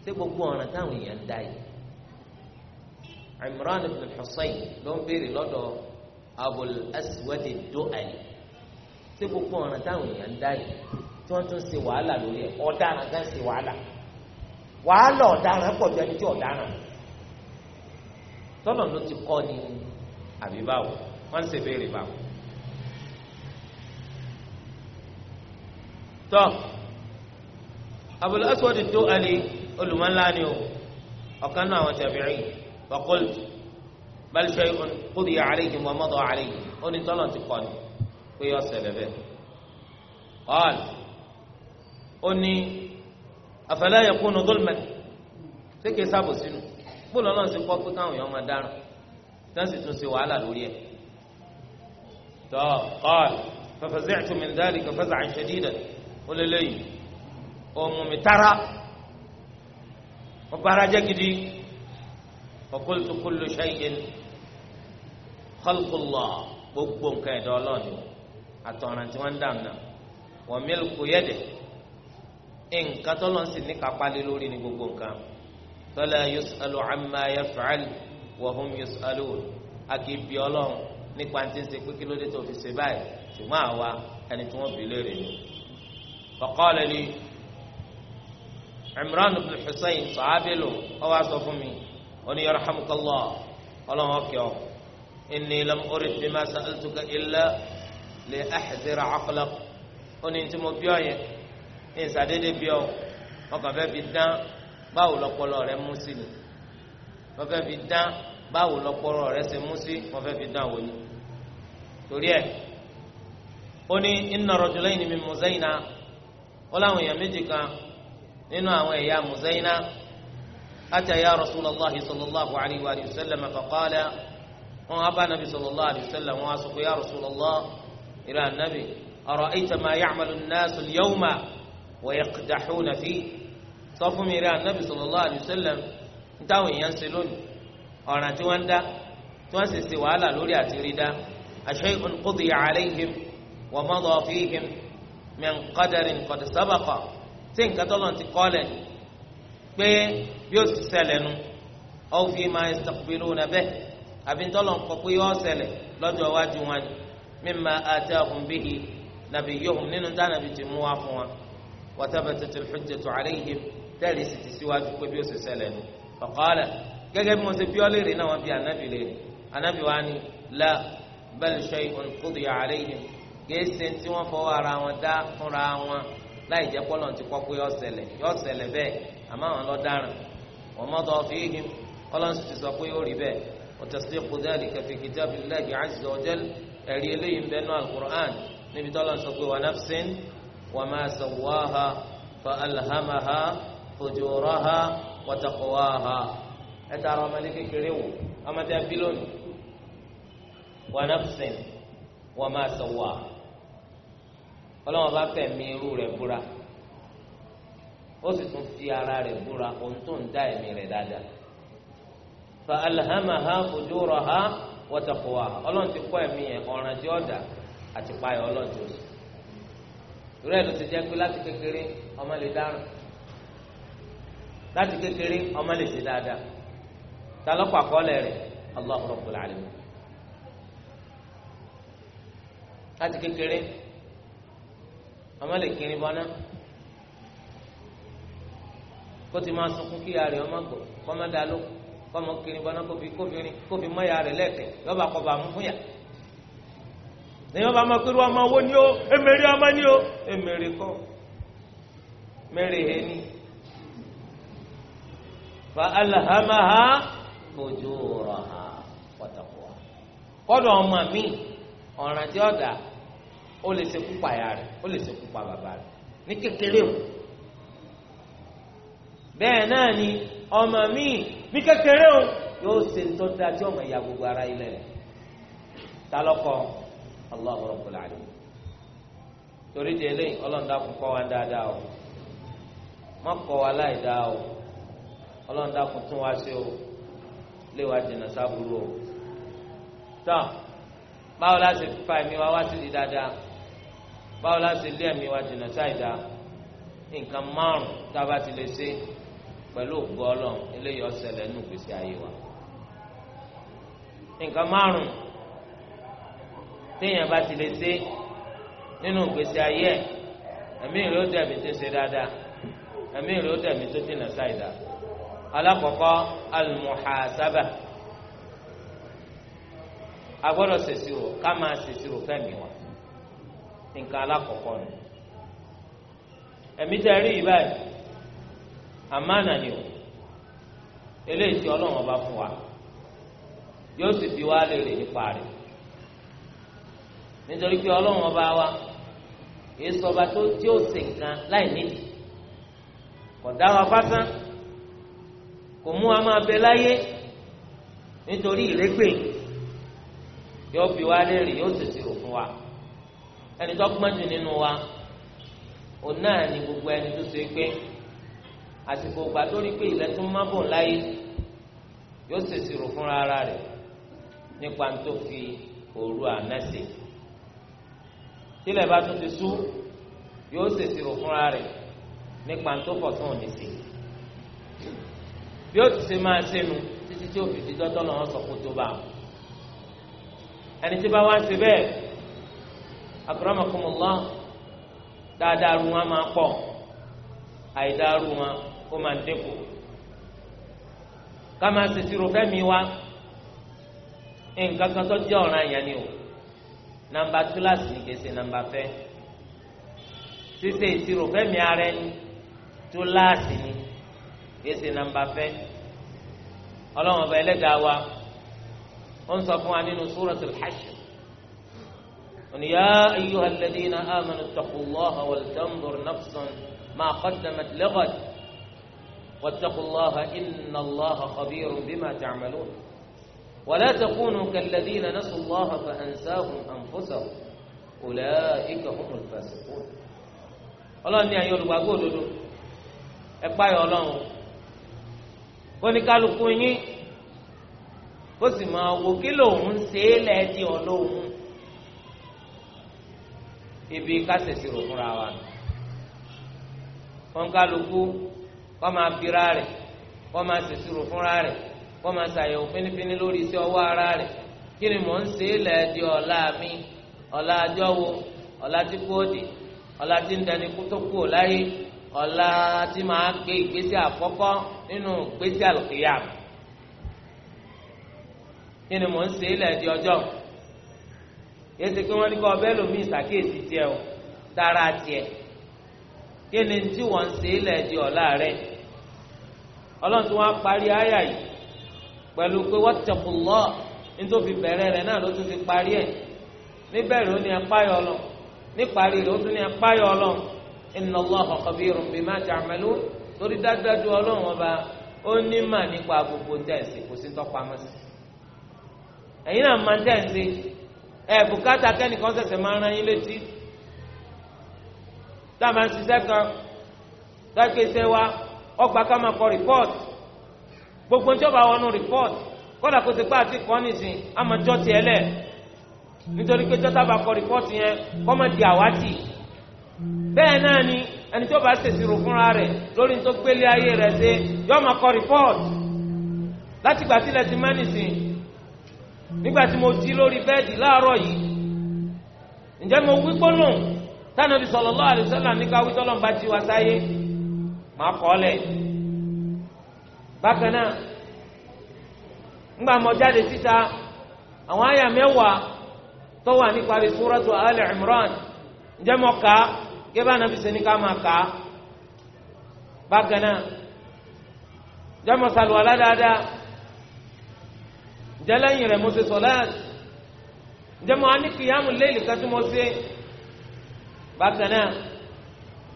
A: ṣé gbogbo ọ̀ràn táwọn èèyàn ń dá yìí Imran ibn al-Husayn ló ń béèrè lọ́dọ̀ Abul Aswad ad-Du'ali tí gbogbo ọ̀ràn táwọn èèyàn ń dá yìí tí wọ́n tún ṣe wàhálà lórí ẹ̀ ọ̀daràn gan ṣe wàhálà wàhálà ọ̀daràn pọ̀ ju ẹni tí ọ̀daràn tọ́nà ló ti kọ́ ni àbí báwo wọ́n ń ṣèbéèrè báwo. tọ́ Abul Aswad ad-Du'ali ni o ọ̀kan náà àwọn tẹ̀bìrì yìí. فقلت بل شيء قضي عليهم ومضى عليهم أني طلعت قال ويا سلبه قال أني أفلا يكون ظلما سكي سابو سنو بولا الله سيقوى كتاو يوم دارو تنسي تنسي وعلا لوليه قال ففزعت من ذلك فزعا شديدا قل لي أم ترى وبرجة جديد وقلت كل شيء خلق الله gbogbo nǹkan ẹ̀dá ọlọ́ọ̀ni àtọ̀ràn tí wọ́n ń dànù náà wa milku yadihi nǹkan tó lọ́n sì ní kápálí lórí ni gbogbo nǹkan fala yus'alu amma yaf'al wa hum yus'alun akébi ọlọ́run nípa ti ń ṣe pé kí ló dé tó fi ṣe báyìí ṣùgbọ́n àwa ẹni tí wọ́n fi léèrè ni. faqala li Imran ibn Husayn sàábẹ́lò ọwọ́ aṣọ fún mi wọn ni yarhamukallah ọlọ́run ọkẹ́ ọ inni lam orid bima sa'altuka illa li ahdira aqlak ó ní tí mo bí ọ yẹn ní ìsàdédé bí ọ ọkàn fẹ́ fi dán báwo lọ́pọlọ rẹ mú sí ni wọ́n fẹ́ fi dán báwo lọ́pọlọ rẹ ṣe mú sí wọ́n fẹ́ fi dán wò ni torí ẹ̀ ó ní inna rajulaini min Muzayna ó láwọn èèyàn méjì kan nínú àwọn ẹ̀yà Muzayna. أتى يا رسول الله صلى الله عليه وآله وسلم فقال وأبا النبي صلى الله عليه وسلم وأسق يا رسول الله إلى النبي أرأيت ما يعمل الناس اليوم ويقدحون فيه صفهم إلى النبي صلى الله عليه وسلم táwọn èèyàn ń ṣe lónìí ọ̀ràn tí wọ́n ń dá tí wọ́n sì ṣe wàhálà lórí àti rí dá shay'un qudiya pé bí ó sì ṣẹlẹ̀ nu aw fima yastaqbiluna bih àbí ntọ́lọ̀ nǹkan pé yọ ṣẹlẹ̀ lọ́jọ́ iwájú wọn ni mimma atahum bihi nabiyyuhum nínú tánàbí ti mú wá fún wa wa thabatat al-hujjatu tẹ́lẹ̀ sì ti síwájú pé bí o sì nu gẹ́gẹ́ bí mo ṣe léèrè náà wọ́n bí anábì léèrè anábì wa ni la bal tí wọ́n fọwọ́ ara wọn dá fúnra wọn láì jẹ́ ti kọ́ pé bẹ́ẹ̀ àmọ́ àwọn lọ́daràn wọ́n mọ́ tọ́ fi him ọlọ́run sì ti sọ pé ó rí bẹ́ẹ̀ wọ́n ti sẹ́ kó dáàlì kẹfì kìjáàbì lẹ́yìn àìsàn ọjọ́ ẹ̀rí eléyìí ń bẹ́ẹ̀ náà alukur'an níbi tí ọlọ́run sọ pé wà nafsin wà máa sawwaha fa alhamaha fujuraha wa taqwaha ẹ taara ọmọdé kékeré wò ọmọdé abilóni wà nafsin wà máa sawwaha ọlọ́run bá fẹ̀mí irú rẹ̀ búra ó sì tún fi ara rẹ̀ búra òun tó ń dá ẹ̀mí rẹ̀ dáadáa. fa alhamaha fujuraha wa taqwaha ọlọ́run ti kọ́ ẹ̀mí yẹn ọ̀ràn tí ó dà àti payọ̀ ọlọ́jọ́ sí. ìrẹ́ ló ti jẹ́ pé láti kékeré ọmọ lè dáràn láti kékeré ọmọ lè ṣe dáadáa ta àkọọ́lẹ̀ rẹ̀ Allah Rabbul Alamin. láti kékeré ọmọ lè kiri bọ́ná kó ti máa sunkún kí ìyá rẹ̀ ọmọ gbọ́ kọ́ má dáa lóko kọ́ mọ kiri bọ́ná kófi kófìrin kófi mọ́ ìyá rẹ̀ yọba kọ́ bá mú fún yà. ní yọba máa pẹ́rù ọmọ owó ni ó èmèrè ọmọ ni ó èmèrè kọ́ mẹ́rẹ̀ ẹ̀ ní. fa alhamaha fujuraha wattaqwa. kọ́dọ̀ ọmọ mi ọ̀ràn tí ọ̀dà ó lè ṣekú pa ìyá rẹ̀ ó lè ṣekú pa bàbá rẹ̀ ní kékeré o. bẹ́ẹ̀ náà ni ọmọ mi, mi kékeré o yóò ṣe tó da ọmọ ìyá gbogbo ara ilẹ̀ rẹ̀ ta lọ́kọ Allahu Rabbul torí di ọlọ́run o má kọ́ wa láì o ọlọ́run dákun tún o lé wa jìnnà sábúrú o tán báwo la fa ẹ̀mí wa wá sí di dáadáa báwo la lé ẹ̀mí wa jìnnà sáì ti lè ṣe pẹ̀lú ògbọ́ ọlọ́run eléyìí ọ̀sẹ̀lẹ̀ nù gbèsè ayé wa. nǹkan márùn-ún téèyàn bá ti lè ṣe nínú gbèsè ayé ẹ̀ ẹ̀mí rẹ̀ ó dẹ̀mí tó ṣe dáadáa ẹ̀mí rẹ̀ ó dẹ̀mí tó dènà ṣáìdá. alákọ̀ọ́kọ́ al-muhasaba a gbọ́dọ̀ ṣèṣirò ká máa ṣèṣirò fẹ́mi wa nǹkan alákọ̀ọ́kọ́ ni ẹ̀mí tẹ́ rí ìbáyìí. àmánà ni o eléyìí ọlọ́run ọba fún wa yóò sì fi wá léèrè nípa rẹ̀ ọba wa èso ọba tó tí ó ṣe nǹkan láì nídìí kò dá wa fásán kò mú wa máa bẹ láyé nítorí ìrégbè yóò fi wá léèrè yóò sì fún wa ẹni tó ni gbogbo ẹni tó ṣe àsìkò gbà tó rí pé ilẹ̀ tún mábò láyé yóò ṣèṣirò fúnra ara rẹ̀ nípa tó fi òru àná ṣe tílẹ̀ bá tún ti sú yóò ṣèṣirò fúnra rẹ̀ nípa tó pọ̀ tún òní ṣe bí ó ti ṣe máa ṣẹnu títí tí ó fi di dọ́tọ́ náà sọ kó tó bá wọn ẹni tí bá wá ń ṣe bẹ́ẹ̀ akramakumullah dáadáa ru wọn máa pọ̀ àìdáa ru wọn ó máa dínkù ká máa ṣèṣirò fẹ́mi wa nǹkan kan tó jẹ́ ọ̀ràn yẹn ni o nàmbà kíláàsì ní kèsè nàmbà fẹ́ ṣíṣe ìṣirò fẹ́mi ara ẹni kíláàsì ní kèsè nàmbà fẹ́ ọlọ́run ọba ẹlẹ́dàá wa ó ń sọ fún wa nínú suratul Hashr òní yá ayyuhal ladina amanu ittaqullaha wal tanzur nafsun ma qaddamat lighad. واتقوا الله إن الله خبير بما تعملون ولا تكونوا كالذين نسوا الله فأنساهم أنفسهم أولئك هم الفاسقون الله أني أيول وأقول له أبايا الله كوني قالوا كوني كوسما وكلهم سيلاتي ولوهم ibi kasɛsi ro fúnra wa fúnka lóko kó máa bira rẹ̀ kó máa ṣèṣirò fúnra rẹ̀ kó máa ṣàyẹ̀wò fínífíní lórí iṣẹ́ ọwọ́ ara rẹ̀ kí ni mò ń ṣe é di ọ̀la mi ọ̀la ajọ́ wo ọ̀la tí kú òdì ọ̀la tí ń dẹni kú tó kú ò ọ̀la tí máa gbé ìgbésẹ̀ àkọ́kọ́ nínú ìgbésẹ̀ àlùkìyàmù kí ni mò ń ṣe é lẹ́ẹ̀dì ọjọ́ yẹ ti pé wọ́n ní kọ́ ọbẹ̀ lómi ìsàkíyèsí tiẹ̀ o dára tiẹ̀ kí ni tí wọ́n ń ṣe é lẹ́ẹ̀dì ọ̀la rẹ̀ ọlọ́run tí wọ́n parí àyà yìí pẹ̀lú pé wattaqullah nítorí fi bẹ̀rẹ̀ rẹ̀ náà ló tún fi parí ẹ̀ níbẹ̀rẹ̀ ó ní apáyọ̀ níparí rẹ̀ ó tún ní apáyọ̀ torí dájúdájú ọlọ́run ọba ó ní mà nípa gbogbo tẹ̀sí kò sí tọ́pamọ́ sí ẹ̀yin náà máa tẹ̀sí ẹ̀ bùkátà kẹ́nìkan máa rán yín létí ọgbà ká máa kọ report gbogbo tí ó bá wọnú report kódà kó ti pa àti kọ́ nìsín àmọ́jọ́ tiẹ̀ lẹ̀ nítorí pé jọ́tà bá kọ report yẹn kọ́ máa di àwátì bẹ́ẹ̀ náà ni ẹni tí ó bá ṣèṣirò fúnra rẹ̀ lórí tó gbélé ayé rẹ̀ ṣe yọ́ máa kọ report láti gbà sílẹ̀ ti máa nìsín nígbà tí mo jí lórí bẹ́ẹ̀dì láàárọ̀ yìí ǹjẹ́ mo wí gbóná tánàbí sallallahu alaihi wasallam ní ká wí máa kọ́ ọ lẹ̀ bákan náà ńgbà mọ jáde síta àwọn àyà mẹ́wàá tó wà níparí súrọ́tù alẹ́ Imran ǹjẹ́ mọ kà á gẹ́gẹ́ ànábi sẹ́ni ká máa kà á bákan náà ǹjẹ́ mọ sàlùwàlá dáadáa ǹjẹ́ lẹ́yìn rẹ̀ mo ṣe sọ̀láàtì ǹjẹ́ mo á léèlì kan tí mo ṣe bákan náà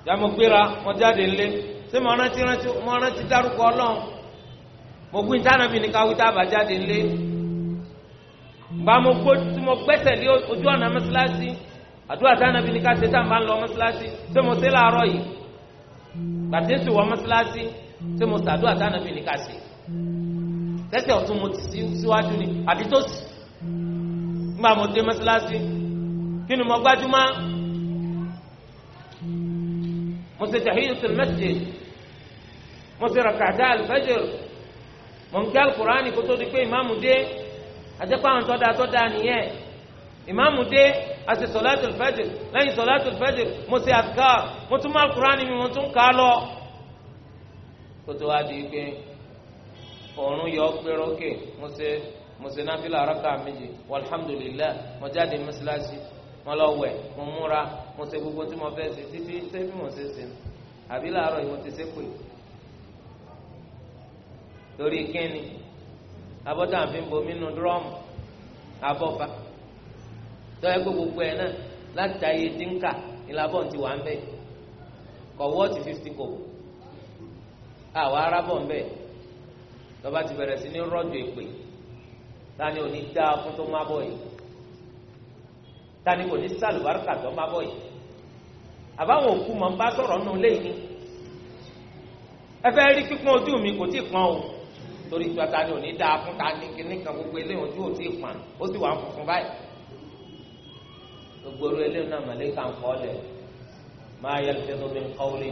A: ǹjẹ́ mo gbéra mo ńlẹ́ ṣé mo rántí rántí mo rántí dárúkọ ọlọ́run mo gbé ìtànàbí ní káwí tá a bá jáde ńlé gba mo gbó tí mo gbẹ́sẹ̀ lé ojú ọ̀nà mọ́sálásí àdúrà tànàbí ní ká ṣe tá a máa ń lọ mọ́sálásí ṣé mo ṣe láàárọ̀ yìí gbàtí ń sì wọ mọ́sálásí ṣé mo ṣàdúrà tànàbí ní ká ṣe tẹ́sẹ̀ ọ̀tún mo ti síwájú ni àbí tó sì nígbà mo dé mọ́sálásí kí ni mo gbájúmọ́ mo ṣe tahiyatul masjid mo ṣe rakata alfajr mo ń kí alukur'ani kó tó di pé ìmáàmù dé àjẹpọ̀ àwọn tọ́da tọ́da nìyẹn ìmáàmù dé a ṣe sọ̀látùl fajr lẹ́yìn sọ̀látùl fajr mo ṣe adkar mo tún mú alukur'ani mi mo tún kà á lọ kó tó wá di pé òórùn yọ pérókè mo ṣe mo ṣe náfìlà rákà méjì walhamdulillah mo jáde mọ́ṣáláṣí mo lọ wẹ̀ mo múra mo ṣe gbogbo tí mo fẹ́ ṣe títí ṣé bí mo ṣe ṣe mi àbí làárọ̀ yìí mo ti ṣe pè torí kíni abọ́tà fi ń bomi nu dúrọ́ọ̀mù abọ́fà tọ́yẹ pé gbogbo ẹ̀ náà láti ayé tí ń kà ìlàbọ̀ ti wà ń bẹ̀ kọ̀wọ́ ti fifty kò àwọn arábọ̀ ń bẹ̀ lọ́ba ti bẹ̀rẹ̀ sí ní rọ́jò èpè tani ò ní fún tó má bọ̀ yìí tani kò ní sàlùbáríkà tó máa bọ̀ yìí àbáwọn òkú mọ̀ ń bá sọ̀rọ̀ nù léyìn ni ẹ fẹ́ rí pípọ́n ojú mi kò tí ì pọ́n o torí ìjọ ta ni ò ní dáa fún ta ni kíní gbogbo eléyìí ojú ò tí ì pọ́n ó sì wà ń funfun báyìí gbogbo orí eléyìí náà màlẹ́kà ń kọ́ lẹ̀ máa yẹ lùfẹ́ tó fi ń kọ́wé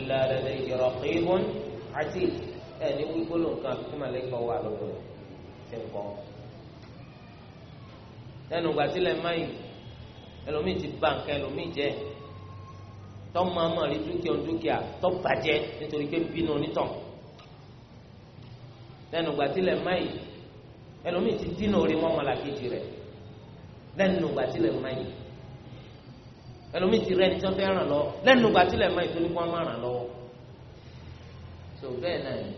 A: ilà rẹ̀ ìrọ̀ kéwọn àti ẹ̀ ní gbígbóló nǹkan àti kí màlẹ́kà wà lọ́dọ̀ ṣe ń kọ́ lẹ́nu ìgbà tílẹ̀ máyìn ẹlòmíì ti bà nǹkan ẹlòmíì jẹ́ tọ́mọ àmọ́ rí dúkìá dúkìá tọ́ bàjẹ́ nítorí pé bínú onítàn lẹ́nu ìgbà tílẹ̀ máyìn ẹlòmíì ti dínà orí mọ́mọ́lá kejì rẹ̀ lẹ́nu ìgbà tílẹ̀ máyìn ẹlòmíì ti rẹ ẹni tí wọn fẹ́ ràn lọ lẹ́nu ìgbà tí lẹẹma ètò nípa máa ràn lọ́wọ́ tó bẹ́ẹ̀ náà ni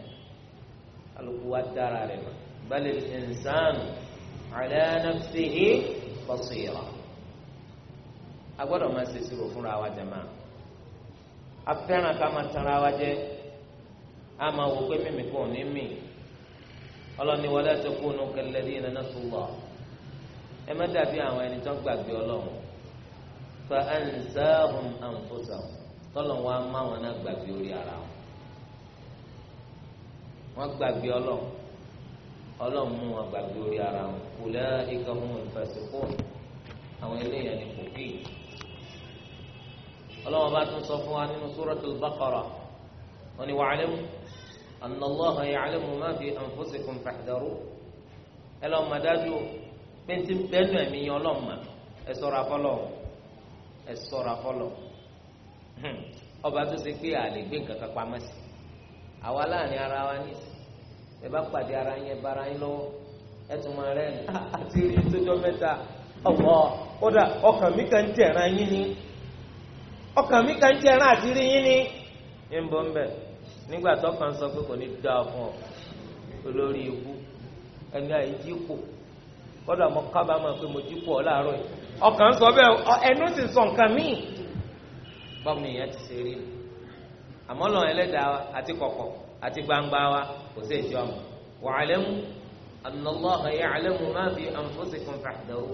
A: alùpùpù wa dára rẹ mọ balẹ ẹnzánù ala nafsihi basira a gbọ́dọ̀ máa ṣe ìṣirò fúnra wa jẹ máa a fẹ́ràn ká máa tanra wa jẹ a máa wò pé kò ní ẹ má dàbí àwọn ẹni fa wọn wọn náà gbàgbé orí ara wọn gbàgbé ọlọ́run mú wọn gbàgbé orí ara wọn kò lẹ́yà ikọ̀ mú ìfẹsẹ̀kọ́ àwọn eléyàn ni kò bí. ọlọ́run bá tún sọ fún wa nínú suratul Baqara wọn ni wa'lamu anna Allaha ya'lamu ma fi anfusikum fahdharu ẹ lọ́ọ́ máa dájú pé bẹ́ẹ̀nu ẹ̀mí yẹn ọlọ́run ẹ sọ̀rọ̀ afọ́lọ́ ẹ sọ̀rọ̀ afọ́lọ́ ọba tó ṣe pé àlè gbé nǹkan kan pamọ́ sí àwa láàrin ara wa nísìnyí ẹ bá ara yẹn bara yín lọ́wọ́ ẹ tún máa rẹ́ àti rí tójọ́ mẹ́ta ọ̀wọ́ kódà ọkàn mi kàn ni ọkàn mi kàn ni ẹ ń bọ́ ń bẹ̀ nígbà tó kàn sọ pé kò ní dá fún ọ olórí ẹni kódà mo kábàámọ̀ pé mo ọ yìí ọkàn sọ àti gbangba wa kò sí èjì ọmọ wa'lamu anna Allaha ya'lamu ma fi anfusikum fahdharu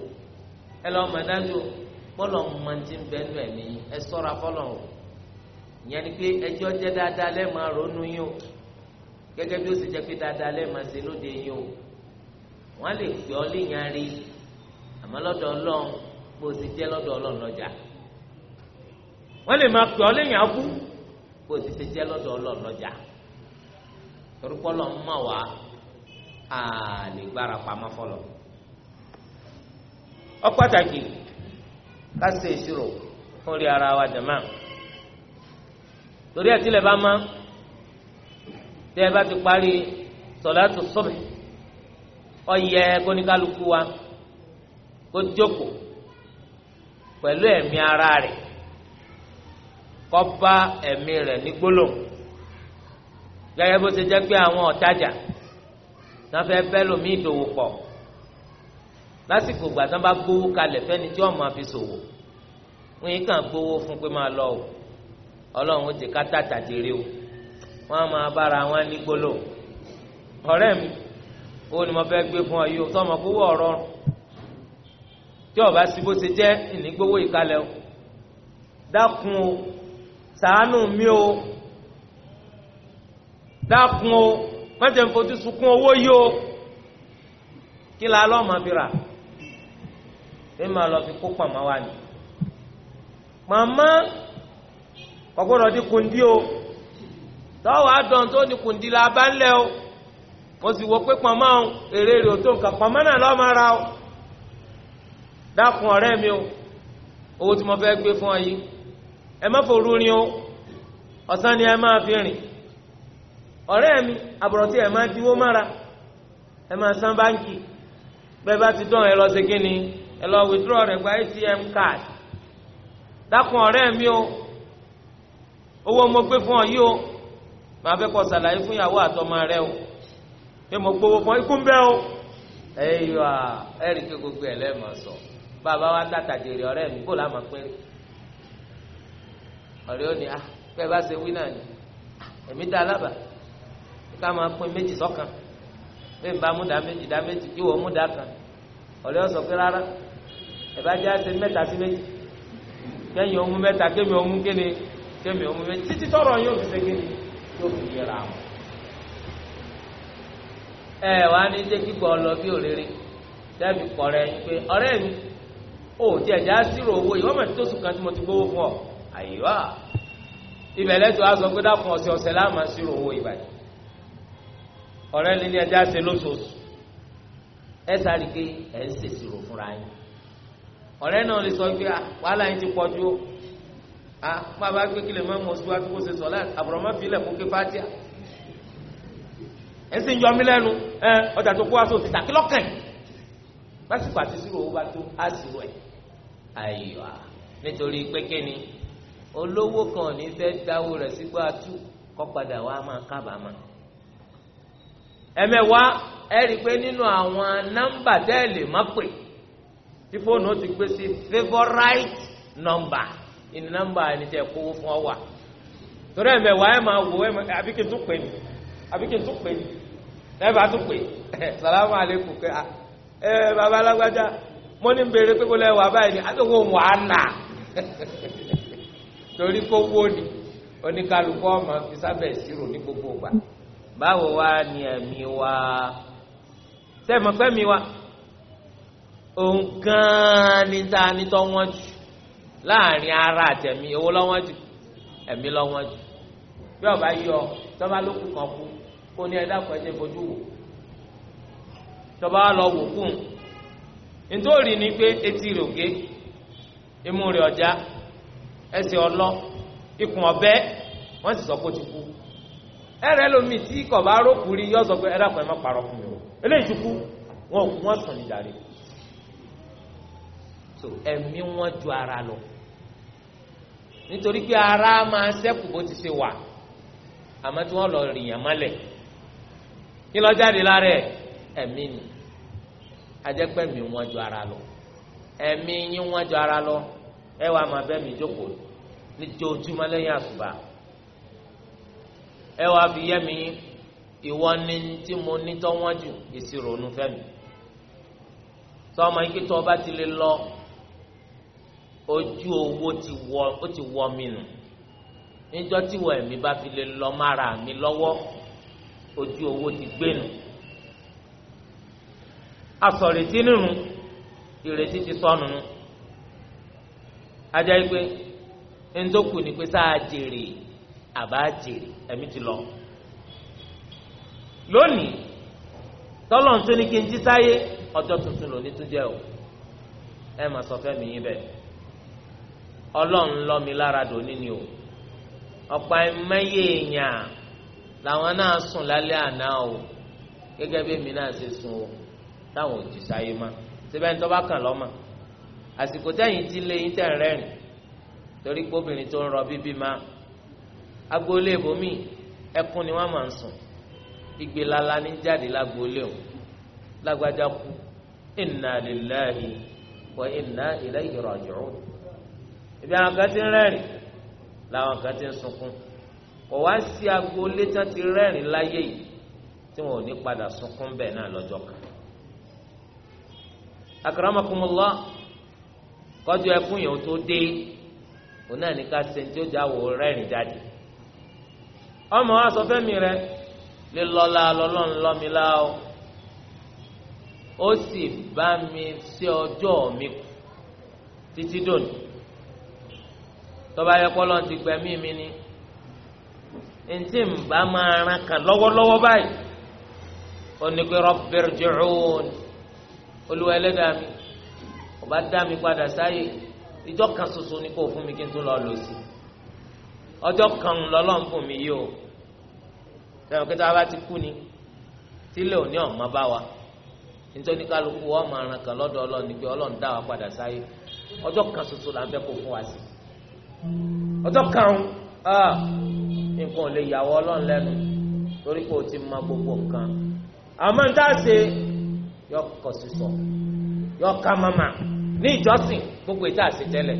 A: ẹ lọ mọ dájú bọlọ mọtí ń bẹ nù ẹmí ẹ ṣọ́ra fọlọ o ìyẹn ni pé ẹjọ jẹ dáadáa lẹ máa ronú yín o gẹ́gẹ́ bí ó sì jẹ pé dáadáa lẹ máa ṣe lóde yín o wọn lè gbé ọ léyìn arí àmọ́ lọ́dọ̀ Ọlọ́run bó sì jẹ lọ́dọ̀ Ọlọ́run lọjà wọn lè máa gbé ọ léyìn akú bó sì ṣe jẹ lọ́dọ̀ Ọlọ́run lọjà. torúkọ lọ ń wa, wá a lè gbára pamọ́ ọ pàtàkì ká ṣe ìṣirò ara wa torí ẹ tilẹ̀ bá mọ́ ti parí sọ̀látù sọ́bì ọ̀yẹ kóníkálukú wa kó pẹ̀lú ẹ̀mí ara rẹ̀ n'igbolo. gẹ́gẹ́ bó ṣe jẹ́ pé àwọn ọ̀tajà náà fẹ́ bẹ́ lómi ìdòwò pọ̀ lásìkò ìgbà tán bá gbowó kalẹ̀ fẹ́ni tí ọmọ fi ṣòwò wọn yìí kàn gbowó fún pé máa lọ o ọlọ́run ó ti kátà tàjèrè o wọn á máa wọn ní ọ̀rẹ́ mi ó gbé fún ọ yìí gbowó ọ̀rọ̀ tí ọba sí bó ṣe jẹ́ o dákun o dákun o mọ̀jẹ̀ ń sunkún owó yìí o kí la fi rà lọ fi kó pàmò wa ni màmá ọgbọ́dọ̀ o tọ́wọ́ àdán tó ní kundi la bá ń lẹ̀ o mo sì wọ pé pàmò àwọn èrè rè tó nǹkan pàmò náà ra o dákun ọ̀rẹ́ mi o owó tí mo fẹ́ gbé fún ọ yìí ẹ má o ọ̀sán ni ẹ ọ̀rẹ́ mi àbọ̀rọ̀tí ẹ̀ máa diwó mára ẹ máa san báńkì bẹ́ẹ̀ bá ti dán ẹ lọ ṣe kí ni ẹ lọ withdraw rẹ̀ gba ATM card dákun ọ̀rẹ́ mi o owó mo gbé fún ọ yìí o màá fẹ́ kọ́ ṣàlàyé fún ìyàwó àtọmọ rẹ o pé mo gbowó fún ikú ń bẹ́ o ẹ̀yọ́ ẹ̀rì gbogbo ẹ̀ lẹ́ẹ̀mọ̀ sọ bàbá wa tàtàjèrè ọ̀rẹ́ mi kó láàmú péré ọ̀rẹ́ ò ní a ah, bẹ́ẹ̀ bá ṣe wí náà ni èmi ah, dá alábàá ká máa pín méjì sọ́kan bí n bá mú dá méjì dá méjì kí wọ́n mú dá kan ọ̀rẹ́ ọ̀sọ̀ pé rárá ẹ̀bá jẹ́ ẹsẹ̀ mẹ́ta sí méjì kẹ́yìn ọmú mẹ́ta kémi ọmú kéne kémi ọmú méjì títí tọrọ yóò fi ṣe kéne yóò fi yẹra àwọn. ẹ wàá ní jẹ́ kíkọ́ lọ bí òrèrè dẹ́bi kọ̀ rẹ̀ pé ọ̀rẹ́ mi ò tí ẹ̀já sírò owó yìí wọ́n mọ̀ tó sùn kan tí mo ti gbówó fún ọ àyíwá ibẹ̀ lẹ́tọ̀ọ́ ọ̀rẹ́ ni ní ẹja ṣe lóṣooṣù ẹ sáré pé ẹ ń ṣèṣirò fúnra yín ọ̀rẹ́ náà lè sọ pé ah, wàhálà yín ti pọ̀jù o ah, a bàbá pé kí lè má mọ̀ síwájú kó ṣe sọ̀lá àbùrọ̀mọ́ filẹ̀ kó ké fátíà ẹ sì ń yọ mí lẹ́nu ẹ ọjà tó kó wá sóò síta lọ́kàn lásìkò àti sírò owó bá tó á sírò ẹ̀ àyà nítorí pé kíni olówó kan ò ní fẹ́ dáwó rẹ̀ sígbà tú kọ́ padà wá máa kábàámà. ẹ̀mẹ̀wá ẹ rí i pé nínú àwọn nọ́mbà tẹ́ẹ̀lì má pè tí fóònù ó ti gbé sí favourite number ìní nọ́mbà ẹni tẹ́ kówó fún ọ wà torí ẹ̀mẹ̀wá ẹ máa wò ẹ máa àbí tún pè ní àbí tún pè ní ẹ bá tún pè salamu aleykum kẹ ẹ alágbájá mo ní bèrè pé kó lẹ wà báyìí ni àti wà á nà torí kó wó ni gbogbo báwo wá ni ẹ̀mí wa sẹ́mi pẹ́ mi wa òun gan-an ní ta ní tọ́ wọ́n jù láàrin ara àtẹ̀mí owó lọ́wọ́n jù ẹ̀mí lọ́wọ́n jù bí ọba yọ tọ́ba ló kù kàn kú kó ní ẹ̀dá kan ẹ̀jẹ̀ fojú wò tọ́ba lọ wò kùn nítorí ni pé etí rẹ̀ imú rẹ̀ ọ̀já ẹsẹ̀ ọlọ́ ikùn ọ̀bẹ wọ́n sì sọ pé ó ti kú ẹrẹ lomi tí kò bá rókù rí yọ sọ pé ẹrẹ àpò ẹ má parọ́ fún mi o eléyìí tukú wọn òkú wọn sùn níjàre so ẹ̀mí wọn ju ara lọ nítorí pé ara máa ṣẹ́kù bó ti ṣe wà àmọ́ tí wọ́n lọ rìyàn mọ́lẹ̀ kí lọ jáde lára ẹ̀ ẹ̀mí ni ajẹ́pẹ́ mi wọn ju ara lọ ẹ̀mí yín wọn ju ara lọ ẹ wàá máa bẹ́ mi jókòó ní jojúmọ́ lẹ́yìn àsùbà ẹ wàá fi yẹ mi ìwọ ni tí mo ní tọ́wọ́n jù ìṣirò ònú fẹ́mi tọ́mọ yìí tó ọba ti lè lọ ojú owó ti wọ ó ti wọ mi nù níjọ́ tí wọ ẹ̀mí bá fi lè lọ mára mi lọ́wọ́ ojú owó ti gbé nù asọ̀rètí nínú ìrètí ti sọnù nù ajá yìí pé ńdókù ni pé sáà jèrè àbá jèrè ẹ̀mí ti lọ lónìí tọ́lọ̀ ń tó kí n jí sáyé ọjọ́ tuntun lòní tún jẹ́ o ẹ mà sọ mi yín bẹ́ẹ̀ ọlọ́run mi lára ni o ẹ̀mẹ́yẹ èèyàn lálẹ́ àná o gẹ́gẹ́ bí èmi náà ṣe o táwọn ò jí tí agboolé ibòmíì ẹkún ni wọ́n máa ń sùn igbe lala ní jáde lágboolé o lágbájá kú inna lillahi wa inna ilayhi raji'un ibi àwọn kan ti ń rẹ́rìn làwọn kan ti ń sunkún kò wá sí agboolé tán ti rẹ́rìn láyé yìí tí wọn ò ní padà sunkún bẹ́ẹ̀ náà lọ́jọ́ kan akaramakumullah kọjú ẹkún yẹn tó dé òun náà ní ká sentí ó já wò rẹ́rìn jáde ọmọ wa sọ fẹ́mi rẹ lílọ́lá lọ́lọ́run lọ́mílá o ó sì bá mi sí ọjọ́ mi kù títí dòní tọ́ba yẹ kọ́ lọ́n ti gbẹ̀mí mi ni ntí n bá máa ran kan lọ́wọ́lọ́wọ́ báyìí ó ní pé Rabbir ji'un olúwa ẹlẹ́dàá mi ọba dá mi padà sáyè ìjọ kan ṣoṣo ni kò fún mi kí n tún lọ lò sí ọjọ́ kan lọ́lọ́run fún mi yìí o. sẹ́wọ̀n kí táwa ti kú ni tílẹ̀ òní ọ̀mọ́ bá wa nítorí kálukú lọ́dọ̀ ọlọ́run pé ọlọ́run dá padà sáyé ọjọ́ kan là ń fẹ́ kó fún ọjọ́ kan nǹkan ò lè yàwọ́ lẹ́nu torí pé o gbogbo nǹkan àmọ́ n táà ṣe yọ sísọ yọ ká gbogbo tẹ́lẹ̀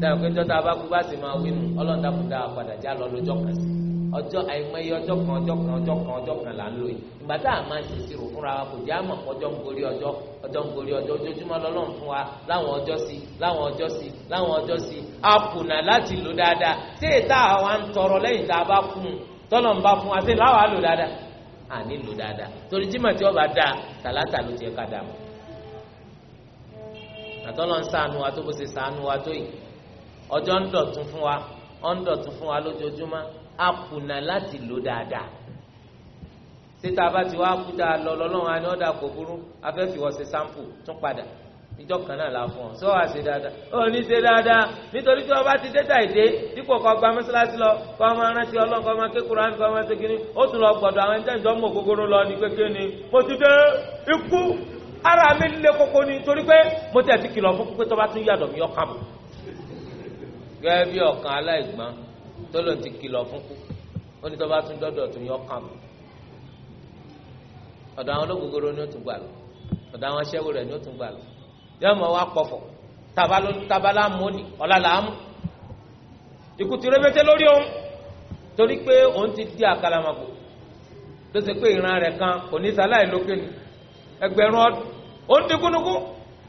A: sẹ́wọ̀n pé jọ́ta bá kú bá sì máa wí nù ọlọ́ọ̀dà kù dáa padà já lọ lọ́jọ́ kan sí ọjọ́ àìmọye ọjọ́ kan ọjọ́ kan ọjọ́ kan ọjọ́ kan là ń lò yìí ìgbà tá a máa ń ṣèṣì rò fúnra wa kò jẹ́ àmọ̀ ọjọ́ ń gorí ọjọ́ ọjọ́ ń gorí ọjọ́ ojoojúmọ́ lọ́lọ́run fún wa láwọn ọjọ́ sí láwọn ọjọ́ sí láwọn ọjọ́ sí a kùnà láti lò dáadáa ṣé ètà àwa ń tọrọ lẹ́yìn tá a bá fún un tọ́lọ̀ ń bá fún wa ṣé láwa lò dáadáa à ní lò dáadáa torí jímọ̀ tí wọ́n bá dáa tàlátà ló ti ẹ̀ka dààmú àtọ́lọ́ ń ṣàánú wa tó bó ṣe ṣàánú wa tó yìí ọjọ́ ń dọ̀tún fún wa ọ ń fún wa lójoojúmọ́ a kùnà láti lò dáadáa síta bá ti wá kúta lọ lọ́lọ́run á ní ọ̀dà kò burú afẹ́fìwọ́ ṣe sáǹpù tún padà ìjọ kan náà la fún ọ sọ wá ṣe dáadáa ó ní ṣe dáadáa nítorí tí ọba ti dẹ́ta ìdè dípò kọ gba mọ́ṣáláṣí lọ kọ ọmọ aránsẹ́ ọlọ́run kọ ọmọ kékeré àti kọ ọmọ ṣẹ́kínní ó tún lọ gbọ̀dọ̀ àwọn ẹni tẹ́jọ́ mọ̀ gógóró lọ ní kékeré ni mo ti dé ikú ara mi lé koko ni torí pé mo tẹ̀ ti kìlọ̀ fún pípé tó bá tún yàdọ̀ mi ọkà mọ̀ gẹ́gẹ́ bí ọ̀kan aláìgbọ́n tó lòun ti kìlọ̀ fún kú ó ní tó bá tún dọ́dọ̀ tún yọ ọkà mọ̀ ọ̀dọ̀ àwọn olóògógóró ni ó tún gbà lọ ọ̀dọ̀ àwọn aṣẹ́wó rẹ̀ ni ó tún gbà lọ yóò mọ̀ pọ̀fọ̀ tabalá ni ọ̀la là ikú ti rẹ́bẹ́tẹ́ lórí òun torí pé òun ti di àkàlàmàgbò ẹgbẹ̀rún ọdún ó ń di gúnugún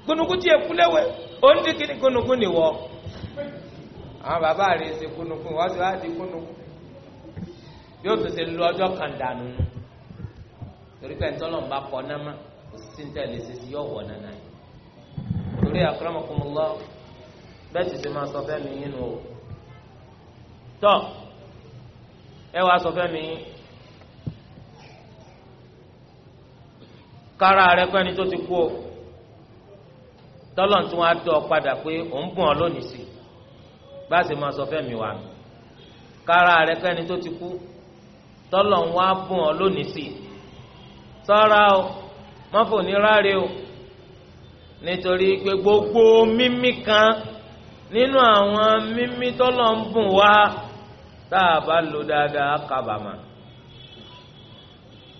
A: gúnugún tí èkú lẹ́wẹ̀ ó ń di kíní gúnugún nìwọ àwọn bàbá rẹ̀ ṣe gúnugún wọ́n ti wá di gúnugún yóò tún ṣe lu ọjọ́ kan dànù torí pé ntọ́lọ̀ ń kọ́ ná má kò sí ní tẹ̀lé ṣe mi yín o tọ́ ẹ wàá sọ mi yín. kára rẹ pẹ́ni tó ti kú o tọ́lọ̀ tí wọ́n á dọ̀ padà pé òun bùn ọ́ lónìí sí bá a sì máa sọ fẹ́mi wa kára rẹ pẹ́ni tó ti kú tọ́lọ̀ ń wá bùn ọ́ lónìí sí sọ́ra o mọ́fò ní ráre o nítorí pé gbogbo mímí kan nínú àwọn mímí tọ́lọ̀ ń bùn wá tá a bá lò dáadáa kábàámà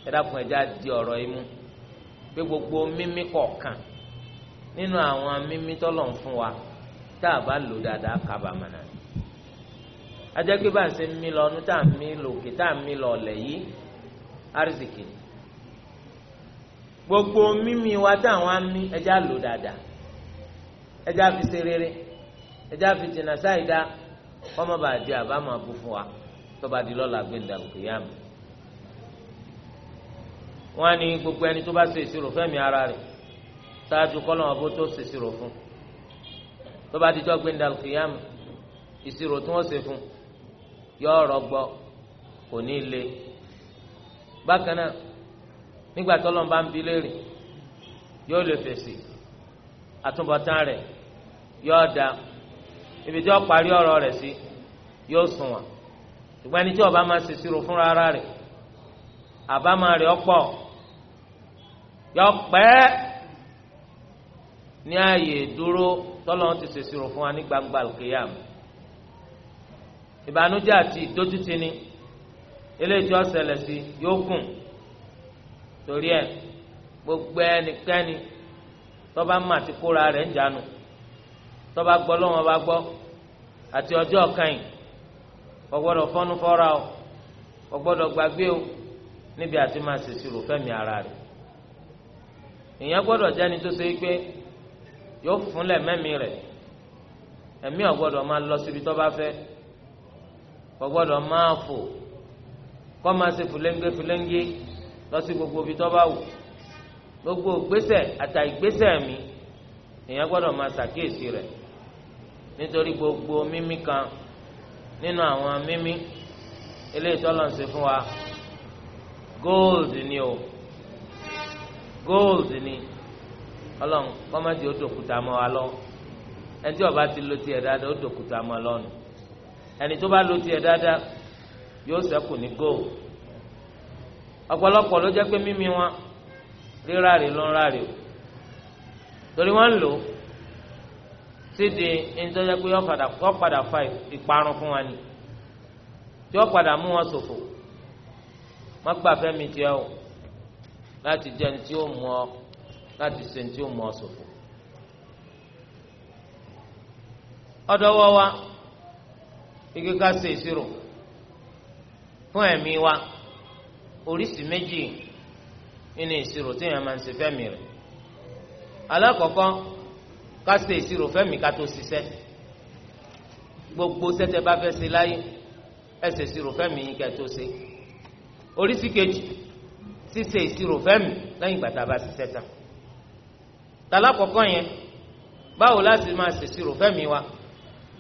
A: ẹ dákun ẹ já di ọ̀rọ̀ yìí pé gbogbo mímí kọ̀ọ̀kan nínú àwọn mímí tọ́lọ̀ ń fún wa tá a bá lò dáadáa kábàámọ̀ náà ajẹ́ pé bá ń ṣe mí lọ ọdún tá a mí lò òkè yìí gbogbo mímí wa táwọn mí ẹja lò dáadáa ẹja fi ṣe rere ẹja fi jìnnà di fún wa di wọ́n ní gbogbo ẹni tó bá ṣe ìṣirò fẹ́mi ara rẹ̀ ṣáájú kọ́lọ́n ọ̀bọ tó ṣe ìṣirò fún tó bá dijọ́ gbé ndàlù kìyàmù ìṣirò tí wọ́n ṣe fún yọ ọ̀rọ̀ gbọ́ kò ní le bákan náà nígbà tó lọ́n bá ń bi léèrè yóò lè fèsì àtúbọ̀tán rẹ̀ yóò da ibi tí wọ́n parí ọ̀rọ̀ rẹ̀ sí yóò sùn wọ́n ṣùgbọ́n ẹni tí ó máa ṣe ìṣirò fúnra ara rẹ̀ àbámọ̀ rẹ̀ ọ̀pọ̀ yọ pẹ́ ní ààyè dúró tọ́lọ́ ti ṣèṣirò fún wa ní gbangba òkèèyàn ìbànújẹ́ àti ìdójútì ni eléyìí tí ó ṣẹlẹ̀ sí yóò kùn torí ẹ̀ gbogbo ẹnikẹ́ni tọ́ba mọ̀ àti kóra rẹ̀ ń jánu tọ́ba gbọ́ lọ́wọ́ bá gbọ́ àti ọjọ́ kẹ́yìn kò gbọ́dọ̀ fọ́nú fọ́ra o kò gbọ́dọ̀ gbàgbé o níbi àti máa ṣèṣirò fẹ́mi ara rẹ̀ èèyàn gbọ́dọ̀ jáni tó ṣe pé yóò fúnlẹ̀ mẹ́mí rẹ̀ ẹ̀mí ò gbọ́dọ̀ máa lọ síbi tó bá fẹ́ kò gbọ́dọ̀ máa fò kó máa ṣe fúlẹ́ńgé fúlẹ́ńgé lọ sí gbogbo ibi tó bá wù gbogbo ìgbésẹ̀ àtà ìgbésẹ̀ mi èèyàn gbọ́dọ̀ máa ṣàkíyèsí rẹ̀ nítorí gbogbo mímí kan nínú àwọn mímí eléyìí tọ́lọ̀ ń ṣe fún wa gold ni o gold ni ọlọ́run kọ́mẹ́tì ó dòkúta mọ́ wa lọ ẹni tí ọba ti lo tiẹ̀ dáadáa ó dòkúta mọ́ lọ́nu ẹni tó bá lo tiẹ̀ dáadáa yóò ṣẹ́kù ní gold ọ̀pọ̀lọpọ̀ ló jẹ́ pé mímí wọn rírà rè ló ń rà rè o torí wọ́n ń lò ó sídi ẹni tó jẹ́ pé wọ́n padà fa ìparun fún wa ni tí wọ́n padà mú wọn ṣòfò wọ́n gbà fẹ́mi tiẹ̀ o láti jẹ́ ẹni tí ó mú ọ láti ṣe ẹni tí ó mú ọ ṣòfò. ọ̀dọ̀ wọ́ wa ike ká ṣe ìṣirò fún ẹ̀mí wa oríṣi méjì nínú ìṣirò tí èèyàn máa ń ṣe fẹ́mi rẹ̀ alákọ̀ọ́kọ́ ká ṣe ìṣirò fẹ́mi ká tó ṣiṣẹ́ gbogbo sẹ́tẹ̀ bá fẹ́ ṣe láyé ẹ ṣe ìṣirò fẹ́mi yín ká tó ṣe oríṣi kejì ṣíṣe ìṣirò fẹ́mi lẹ́yìn ìgbà tá a bá ṣiṣẹ́ tán tàlá kọ̀ọ̀kan yẹn báwo láti máa ṣèṣirò fẹ́mi wa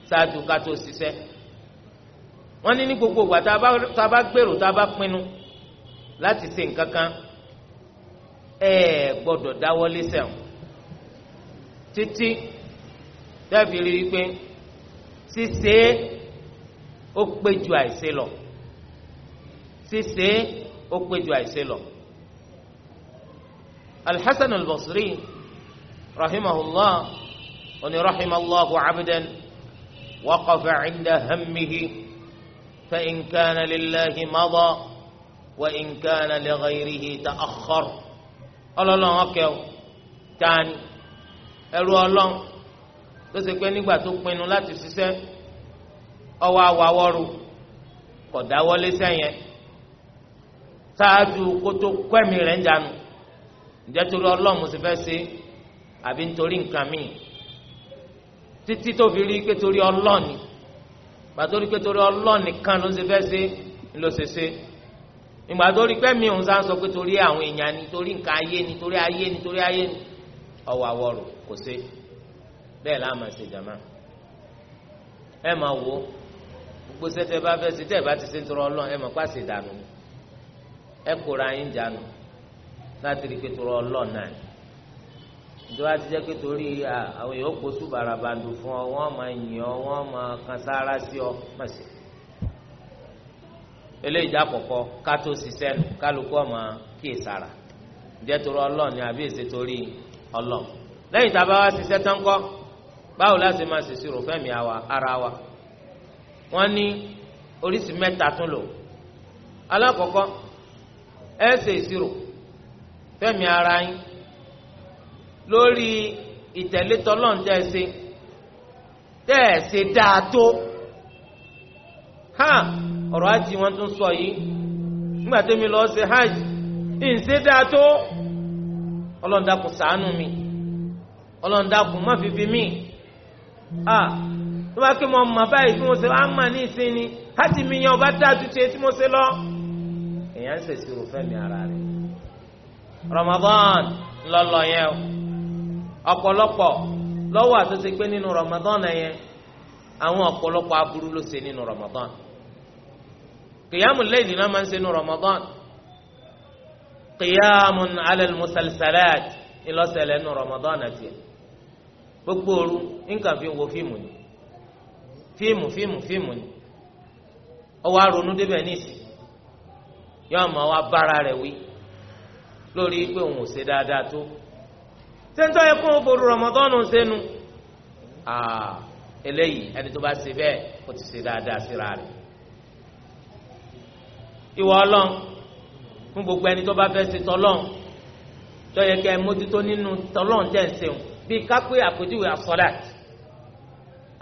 A: ṣáájú ká tó ṣiṣẹ́ wọ́n ní ní gbogbo ìgbà tá a bá gbèrò tá a bá pinnu láti ṣe nǹkan kan ẹ gbọ́dọ̀ dáwọ́lé sẹ́wọ̀n títí dẹ́bi rí i pé ṣíṣe ó pé ju àìṣe lọ ṣíṣe ó pé ju àìṣe lọ alḥasan albasri rahimahullah oni rahimallahu abdan waqafa cinda hammihi fa in kana lillahi mada wa in kana lighayrihi ta'akhkhar ọlọ́lọ́n ọkẹ́ o tani ẹrú ọlọ́n ló ṣe pé nígbà tó pinnu láti ṣiṣẹ́ ọwọ́ awàwọ́rù kọ̀ dáwọ́lé sẹ́yìn ṣáájú kótó kọ́ ẹ̀mí rẹ̀ ń dànù ǹjẹ́ torí ọlọ́run mo sì fẹ́ ṣe àbí nítorí nǹkan míì títí tó fi rí pé torí ọlọ́ọ̀ni gbàtó rí pé torí ọlọ́ọ̀ni kan ló ṣe fẹ́ ṣe ló ṣe ṣe ìgbà tó rí pé mi ò ń sá sọ pé torí àwọn èèyàn ni torí nǹkan ayé ni torí ayé ni torí ayé ni ọwọ́ àwọ̀rò kò ṣe bẹ́ẹ̀ la máa ṣe jàmá ẹ máa wo gbogbo sẹ́tẹ̀ bá fẹ́ ṣe tẹ́ ẹ bá ti ṣe ń tọrọ ọlọ́ọ̀ ẹ máa pàṣẹ ìdànù ẹ kóra yín jànù láti rí i pé tó rọ ọlọ́ọ̀ náà ìjọba ti jẹ́ pé torí àwọn èèyàn kó sùn bàràbàǹdù fún ọ wọ́n máa yìn ọ wọ́n máa kan sára sí ọ mọ̀sí. eléyìí jẹ́ àkọ́kọ́ ká tó ṣiṣẹ́ nù kálukú ọmọ kíì sára ìjẹ́ torí ọlọ́ọ̀ ni àbí èsè torí ọlọ́ọ̀. lẹ́yìn tá wá ṣiṣẹ́ tán kọ́ báwo láti máa ṣèṣirò fẹ́mi ara wa. wọ́n ní oríṣi mẹ́ta tún lò alákọ̀ọ́kọ́ ẹ ṣe ìṣirò fẹ́mi ara yín lórí ìtẹ̀lé tọ́lọ́n tẹ́ ẹ ṣe tẹ́ ẹ ṣe dáa tó hàn ọ̀rọ̀ hajj wọn tún sọ yìí nígbà tẹ́mi lọ́ọ́ ṣe hajj ìṣe dáa tó ọlọ́run dákun ṣàánú mi ọlọ́run dákun má fi fi mí à tó bá ké mo mọ̀ báyìí tí mo ṣe wá mà ní ìsinmi hajj mi yẹn ọba dáa ju tiẹ̀ tí mo ṣe lọ èèyàn ń ṣèṣirò fẹ́mi ara rẹ̀. Ramadan lọlọ yẹn o ọ̀pọ̀lọpọ̀ lọ́wọ́ àtúnṣe pé nínú Ramadan yẹn àwọn ọ̀pọ̀lọpọ̀ aburú ló ṣe nínú Ramadan kìyàmù lẹ́yìn náà máa ń ṣe nínú Ramadan kìyàmù alẹ́ musalsalat ńlọ́sẹ̀lẹ̀ nínú Ramadan àti ẹ̀ gbogbo ooru nǹkan fi wo fíìmù ni fíìmù fíìmù fíìmù ni ọwọ́ àrònú débẹ̀ ní ìsìn bára wí. lórí pé òun ò ṣe dáadáa tó sẹ́ńtọ́ yẹ kó o forú rọmọdọ́nù sẹ́nu eléyìí ẹni tó bá ṣe bẹ́ẹ̀ ó ti ṣe dáadáa síra rẹ̀ ìwọ ọlọ́n fún gbogbo ẹni tó bá fẹ́ ṣe tọ́lọ́n tó yẹ kẹ́ ẹ mójútó nínú tọ́lọ́n tẹ̀ ń ṣeun bíi kápẹ́ àpèjúwe àsọ̀láàtì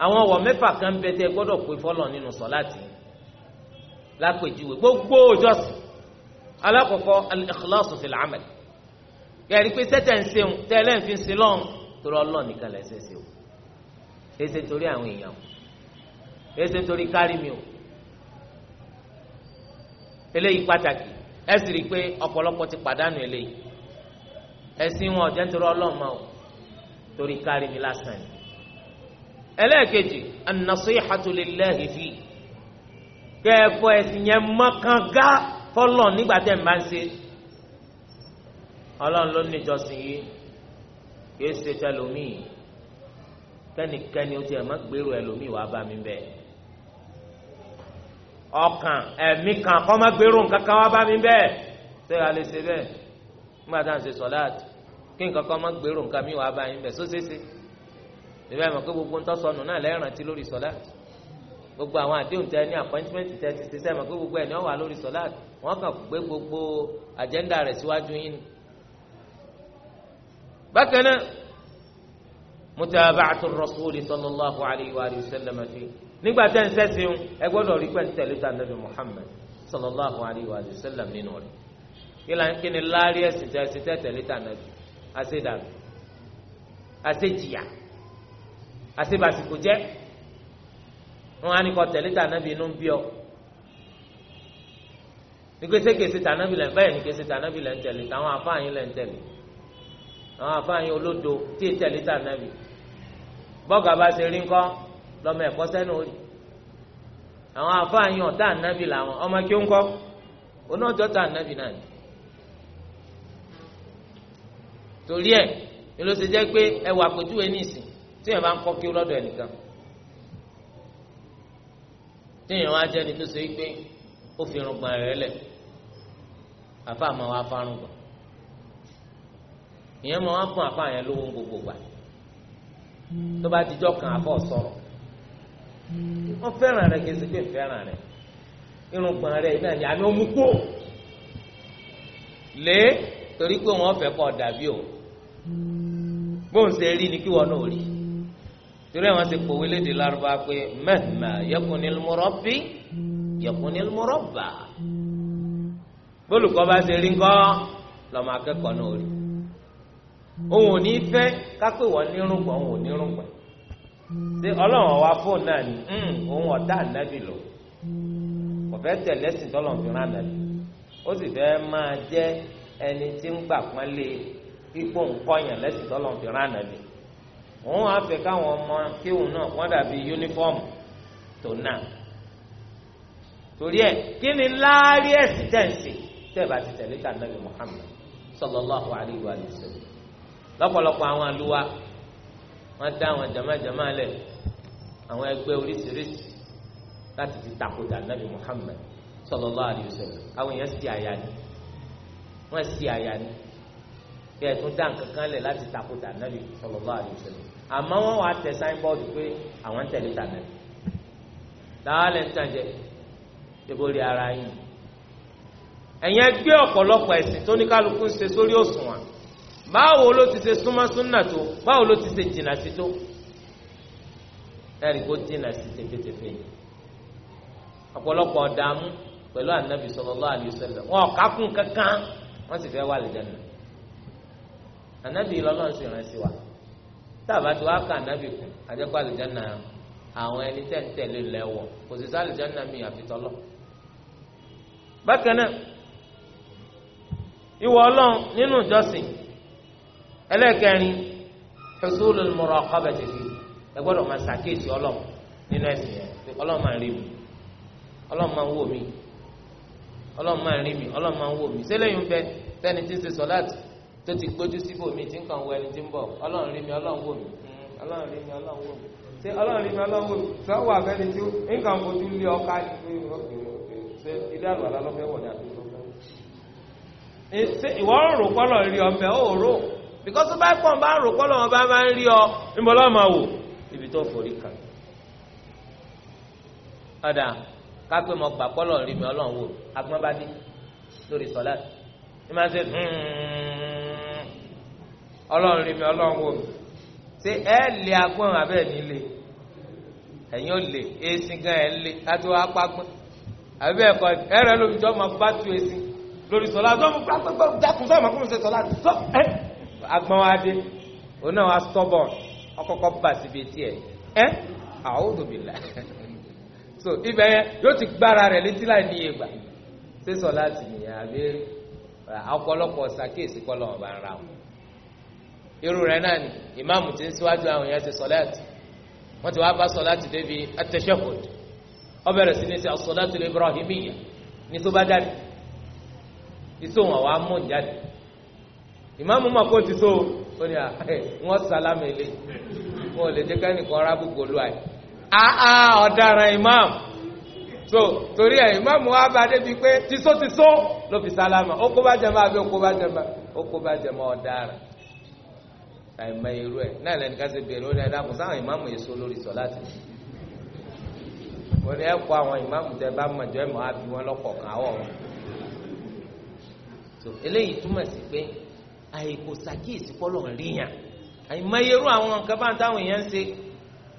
A: àwọn ọ̀wọ̀ mẹ́fà kan bẹ tẹ́ gbọ́dọ̀ pé fọ́lọ̀ nínú sọ̀láàtì lápèjúwe gbogbo òjọ́sìn alákọ̀ọ́kọ́ al-ikhlasu fil amal yàrá pé sẹ́tẹ̀ ń ṣeun tẹ́lẹ̀ ń fi ṣe lọ́n torí ọlọ́ọ̀ nìkan lẹ́sẹ̀ ṣe o èsè torí àwọn èèyàn o èsè torí kárí mi o eléyìí pàtàkì ẹ sì rí i pé ọ̀pọ̀lọpọ̀ ti pàdánù eléyìí ẹ̀sìn wọn ọ̀jẹ̀ nítorí ọlọ́ọ̀ mọ́ o torí kárí lásán ni ẹlẹ́ẹ̀kejì an-nasihatu fi kẹ́ ẹ fọ ẹ̀sìn yẹn mọ́kàngá fọlọ́ nígbà tẹ̀ ń bá ń ṣe ọlọ́run ló ní ìjọsìn yìí kìí ṣe tẹlómìí kẹ́nikẹ́ni ó tiẹ̀ má gbèrò ẹlòmíì wàá bá mi bẹ́ẹ̀ ọkàn ẹ̀mí kan kọ́ má gbèrò nǹkan kan wàá bá mi bẹ́ẹ̀ ṣé a lè ṣe bẹ́ẹ̀ nígbà tá à ń ṣe sọ̀láàtì kí nǹkan kan má gbèrò nǹkan mi wàá bá yín bẹ́ẹ̀ sóṣèṣe ìbẹ́ mọ̀ pé gbogbo ń tọ́sọ̀nù náà lẹ́ẹ̀rántí lórí sọ̀láàtì gbogbo àwọn àdéhùn tẹ ní appointment tẹ ti ṣe sẹ́mi pé gbogbo ẹ̀ ní ọ̀wà lórí sọ́láàtì wọ́n kàn gbé gbogbo agenda rẹ̀ síwájú yín ni. bákan náà mutaba'atu rasuli sallallahu alayhi wa sallam fi nígbà tẹ́ ń sẹ́sìn ẹ gbọ́dọ̀ rí pẹ́ ń tẹ̀lé ta nabi muhammad sallallahu alayhi wa sallam nínú rẹ̀ kí la kí ni láàrí ẹ̀sìn tẹ́ ẹ̀sìn tẹ́ tẹ̀lé ta nabi àṣedàlù àṣejìyà àṣebàṣìkò jẹ́ wọn á ní kọ tẹ̀lé tànàbí inú bí ọ ìgbésẹ̀ kèsì tànàbí lẹ̀ bẹ́ẹ̀ ni kèsì tànàbí lẹ̀ ń tẹ̀lé táwọn afáàyín lẹ̀ ń tẹ̀lé àwọn afáàyín olódo tí ì tẹ̀lé tànàbí bọ́ọ̀gà bá ṣe rí ńkọ́ lọ́mọ ẹ̀kọ́ sẹ́nu orí àwọn afáàyàn ọ̀tá ànábì làwọn ọmọ kí ń kọ́ onájọ́ tá ànábì náà ni. torí ẹ̀ ni ṣe jẹ́ pé ẹwà àpèjúwe ní ìsìn tí èèyàn bá ń kọ́ kí ó lọ́dọ̀ ẹnìkan téèyàn wá jẹni tó ṣe é pé ó fi irùngbọ̀n rẹ̀ lẹ̀ àfa àmọ́ wa fárùngbọ̀n ìyẹn máa wá àfa yẹn lówó gbogbo gbà tó bá ti jọ kàn àfọ̀ sọrọ wọ́n fẹ́ràn rẹ̀ kì í ṣe pé rẹ náà o bóun ṣe rí ni kí torí àwọn ti pòwe léde lárúbá pé mẹ́hìnmá yakunil murabbi yakunil murabba
B: bólùkọ́ bá ṣe rí ńkọ́
A: lọ́mọ akẹ́kọ̀ọ́ náà rí òun ò ní fẹ́ kápẹ́ wọ́n nírùngbọ̀n òun ò nírùngbọ̀n ṣé ọlọ́run ọ̀wá fóònù náà ni hmm, òun ànábì lò kò fẹ́ tẹ̀lé tọ́lọ̀ fi rán ànábì ó sì fẹ́ máa jẹ́ ẹni tí ń gbà pọ́nlé lẹ́sìn tọ́lọ̀ fi rán ànábì. òun á fẹ́ káwọn ọmọ kéwù náà wọ́n dàbí yúnífọ́ọ̀mù tó náà torí ẹ kí ni láàrí ẹ̀sìn tẹ̀sí tẹ̀bà ti tẹ̀lé tà nàbì Muhammad sallallahu alayhi wa sallam lọ́pọ̀lọpọ̀ àwọn àlùwà wọ́n dá àwọn jamajama lẹ̀ àwọn ẹgbẹ́ oríṣiríṣi láti fi takòtà nàbì Muhammad sallallahu alayhi wa sallam àwọn èèyàn sì àyà ni wọ́n sì àyà ni kí ẹ tún dá nǹkan kan lẹ̀ láti takòtà nàbì sallallahu alayhi wa sallam àmọ́ wọ́n wàá tẹ sáínbọ́ọ̀dù pé àwọn ń tẹ̀lé tàbí làálẹ̀ ń tàjẹ́ ṣébórí ara yìí ẹ̀yìn ẹgbẹ́ ọ̀pọ̀lọpọ̀ ẹ̀sìn tó ní kálukú ń ṣe sórí òṣùwọ̀n báwo ló ti ṣe súnmọ́ súnà tó báwo ló ti ṣe jìnnà sí tó ẹ̀rí kó jìnnà sí tẹfẹtẹfẹ yìí ọ̀pọ̀lọpọ̀ ọ̀dààmú pẹ̀lú ànábì sallallahu alaihi wasallam wọn ọ̀ka kankan wọ́n sì fẹ́ wà lẹ́jẹ̀ náà ànábì lọ́lọ́run sì rán sí wa. tábà tí wàá kà nábì kù àjẹpọ̀ àlùjáná àwọn ẹni tẹ̀ lẹ́wọ̀ kò sì sálùjáná mi àfitọ́lọ́. bákan náà ìwọ ọlọ́run nínú ìjọsìn ẹlẹ́kẹrin husulul muraqabati fi ẹ gbọ́dọ̀ máa ṣàkíyèsí ọlọ́run nínú ẹ̀sìn yẹn ọlọ́run máa ń rí mi ọlọ́run máa ń wò mí ọlọ́run máa ń rí mi ọlọ́run máa ń wò mí sẹ́lẹ̀ yìí ń bẹ tí ń ṣe tó ti gbójú síbò mi tí nǹkan wọ ẹni tí ń bọ̀ ọlọ́run rí mi ọlọ́run wò mí ọlọ́run rí mi ọlọ́run wò mí ṣé ọlọ́run rí mi ọlọ́run wò mí sọ wà fẹ́ni tí nǹkan fojú lé ọká ní ṣe ilé àlùbàlá lọ́fẹ́ wọ̀ ní àdúgbò ṣe ìwọ rò pọ́lọ̀ rí ọmọ ẹ̀ ó rò bíkọ́ tó bá pọ̀ bá rò pọ́lọ̀ wọn bá máa ń rí ọ níbo lọ́ọ́ máa wò ibi tó forí kàn ọ̀dà kápẹ́ mọ gbà pọ́lọ̀ rí mi ọlọ́run wò agbọ́n bá dé lórí sọ́lá ẹ̀ máa ń ṣe
B: hmm,
A: ọlọ́run rí mi ọlọ́run wò mí ṣé ẹ lè agbọ́n abẹ́ mi lè ẹ̀yin ò lè èsì gan ẹ̀ lè kátó wá pápẹ́ àbí ẹ̀kọ́ ẹ̀rọ lóbi tí wọ́n máa bá tu èsì lórí sọlá tó ń gbà pẹ́pẹ́ dákun sọ́ọ̀ máa kún ṣe sọlá tó ẹ̀ agbọ́n wa dé òun náà wá stọ́bọ̀n ọkọ̀kọ̀ bà síbi tiẹ̀ ẹ̀ a'udhu billah so ibẹ̀ yẹn yóò ti gbára rẹ̀ létí láì níye gbà ṣé sọlá ti nìyẹn àbí ọ̀pọ̀lọpọ̀ ṣàkíyèsí kọ́ lọ́wọ́ ń ra wọn irú rẹ̀ náà ni ìmáàmù ti ń síwájú àwọn èèyàn ti sọ̀láàtì wọ́n ti wá bá sọ̀láàtì débi at-tashahhud ó bẹ̀rẹ̀ sí ní sẹ́ as-salatu al-ibrahimiyya ní tó bá jáde ìtò wọn wàá mú jáde ìmáàmù mọ̀ kó ti tó ó ní à wọ́n sálámù ilé wọn ò lè jẹ́ kẹ́nìkan rá gbogbo lu àyè àá ọ̀daràn ìmáàmù so torí ẹ̀ ìmáàmù wa bá débi pé tìsótìsó ló fi sálámù ó kó bá jẹ́ máa bí ó kó bá jẹ́ máa ó kó bá jẹ́ máa ọ̀daràn àìmọ irú ẹ̀ náà lẹ́nu ká ṣe bèrè ó ní ẹ̀dá kò sáwọn ìmáàmù èso lórí sọ láti wọ́n ní ẹ̀kọ́ àwọn ìmáàmù tẹ bá mọ̀jọ́ ẹ̀ mọ́ àbí wọn lọ́kọ̀ kan àwọ̀ wọn. tó eléyìí túmọ̀ sí pé àìkò sàkíyèsí pọ́lọ̀ ń ríyàn àìmọ irú àwọn nǹkan bá ń táwọn èèyàn ń ṣe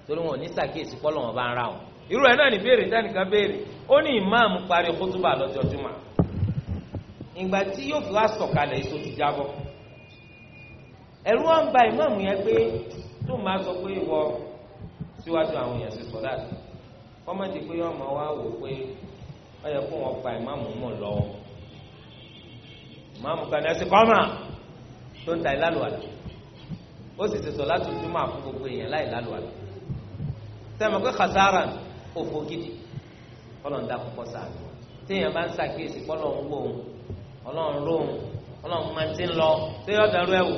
A: torí wọn ò ní sàkíyèsí pọ́lọ̀ wọn bá ń ra wọn. irú ẹ̀ náà ní béèrè tẹ́nìkan béèrè ó ní ìmáàmù parí kótóbà lọ́jọ́ jùmọ̀ ìgbà ẹ̀rú wọn ba ìmáàmù yẹn pé tó máa sọ pé ìwọ síwájú àwọn èèyàn sí sọdá kọ́mọ̀tì pé ọmọ wa wò pé ó yẹ kó wọn pa ìmáàmù mọ̀ lọ́wọ́ ìmáàmù kan ní ẹsẹ̀ kọ́mà tó ń ta ìlàlùwàlà ó sì ti sọ láti ojúmọ́ àfún gbogbo èèyàn láì lálùwàlà sẹ́mi pé kàtàrà òfò gidi ọlọ́run dá púpọ̀ sáà téèyàn bá ń ṣàkíyèsí kọ́lọ́run wò ó ọlọ́run rò ó ọlọ́run máa ti ń lọ sí ọ̀dàrú ẹ̀wò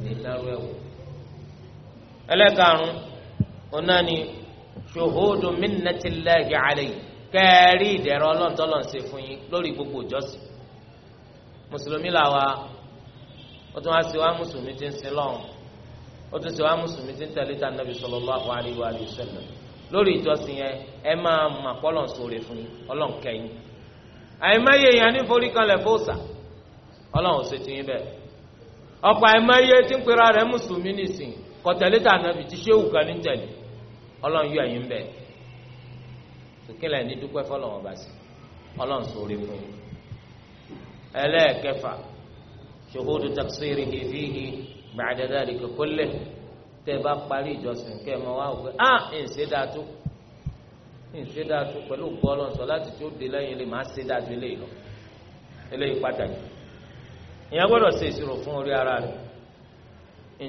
A: kò ní dárú ẹ̀ wò. ẹlẹ́karùn-ún ọ̀nà ni ṣòhódù minnatillahi alayhi kẹ́ẹ̀rí ìdẹ̀rọ̀ ọlọ́ntọ́lọ́n ṣe fún yín lórí gbogbo ìjọsìn mùsùlùmí làwa ó tún wá sí wa mùsùlùmí ti ń sin lọ́hùn ó tún sí wa mùsùlùmí ti ń tẹ̀lé ta nàbì sallallahu alaihi wa sallam lórí ìjọsìn yẹn ẹ máa mà pọ́lọ̀ fún yín ọlọ́n kẹ́yìn àìmáyé yẹn ní forí kanlẹ̀ fóòsà ọlọ́run ò ṣe yín bẹ́ẹ̀ ọ̀pọ̀ àìmọye tí ń pera rẹ̀ mùsùlùmí nìsín kọ̀tẹ̀lé nàbì tí ṣéwù kan ní tẹ̀lé ọlọ́run yọ ẹ̀yìn bẹ́ẹ̀ tòkìlẹ̀ ní dúpẹ́ fọlọ́wọ́n bá sí ọlọ́run fún ẹlẹ́ẹ̀kẹfà gbàdàdà tẹ́ bá parí ìjọsìn kẹ́ ẹ mọ wá òkè á ah, ṣe dáa tó ń ṣe dáa tó láti ìyẹn gbọ́dọ̀ ṣe ìṣirò fún orí ara rẹ̀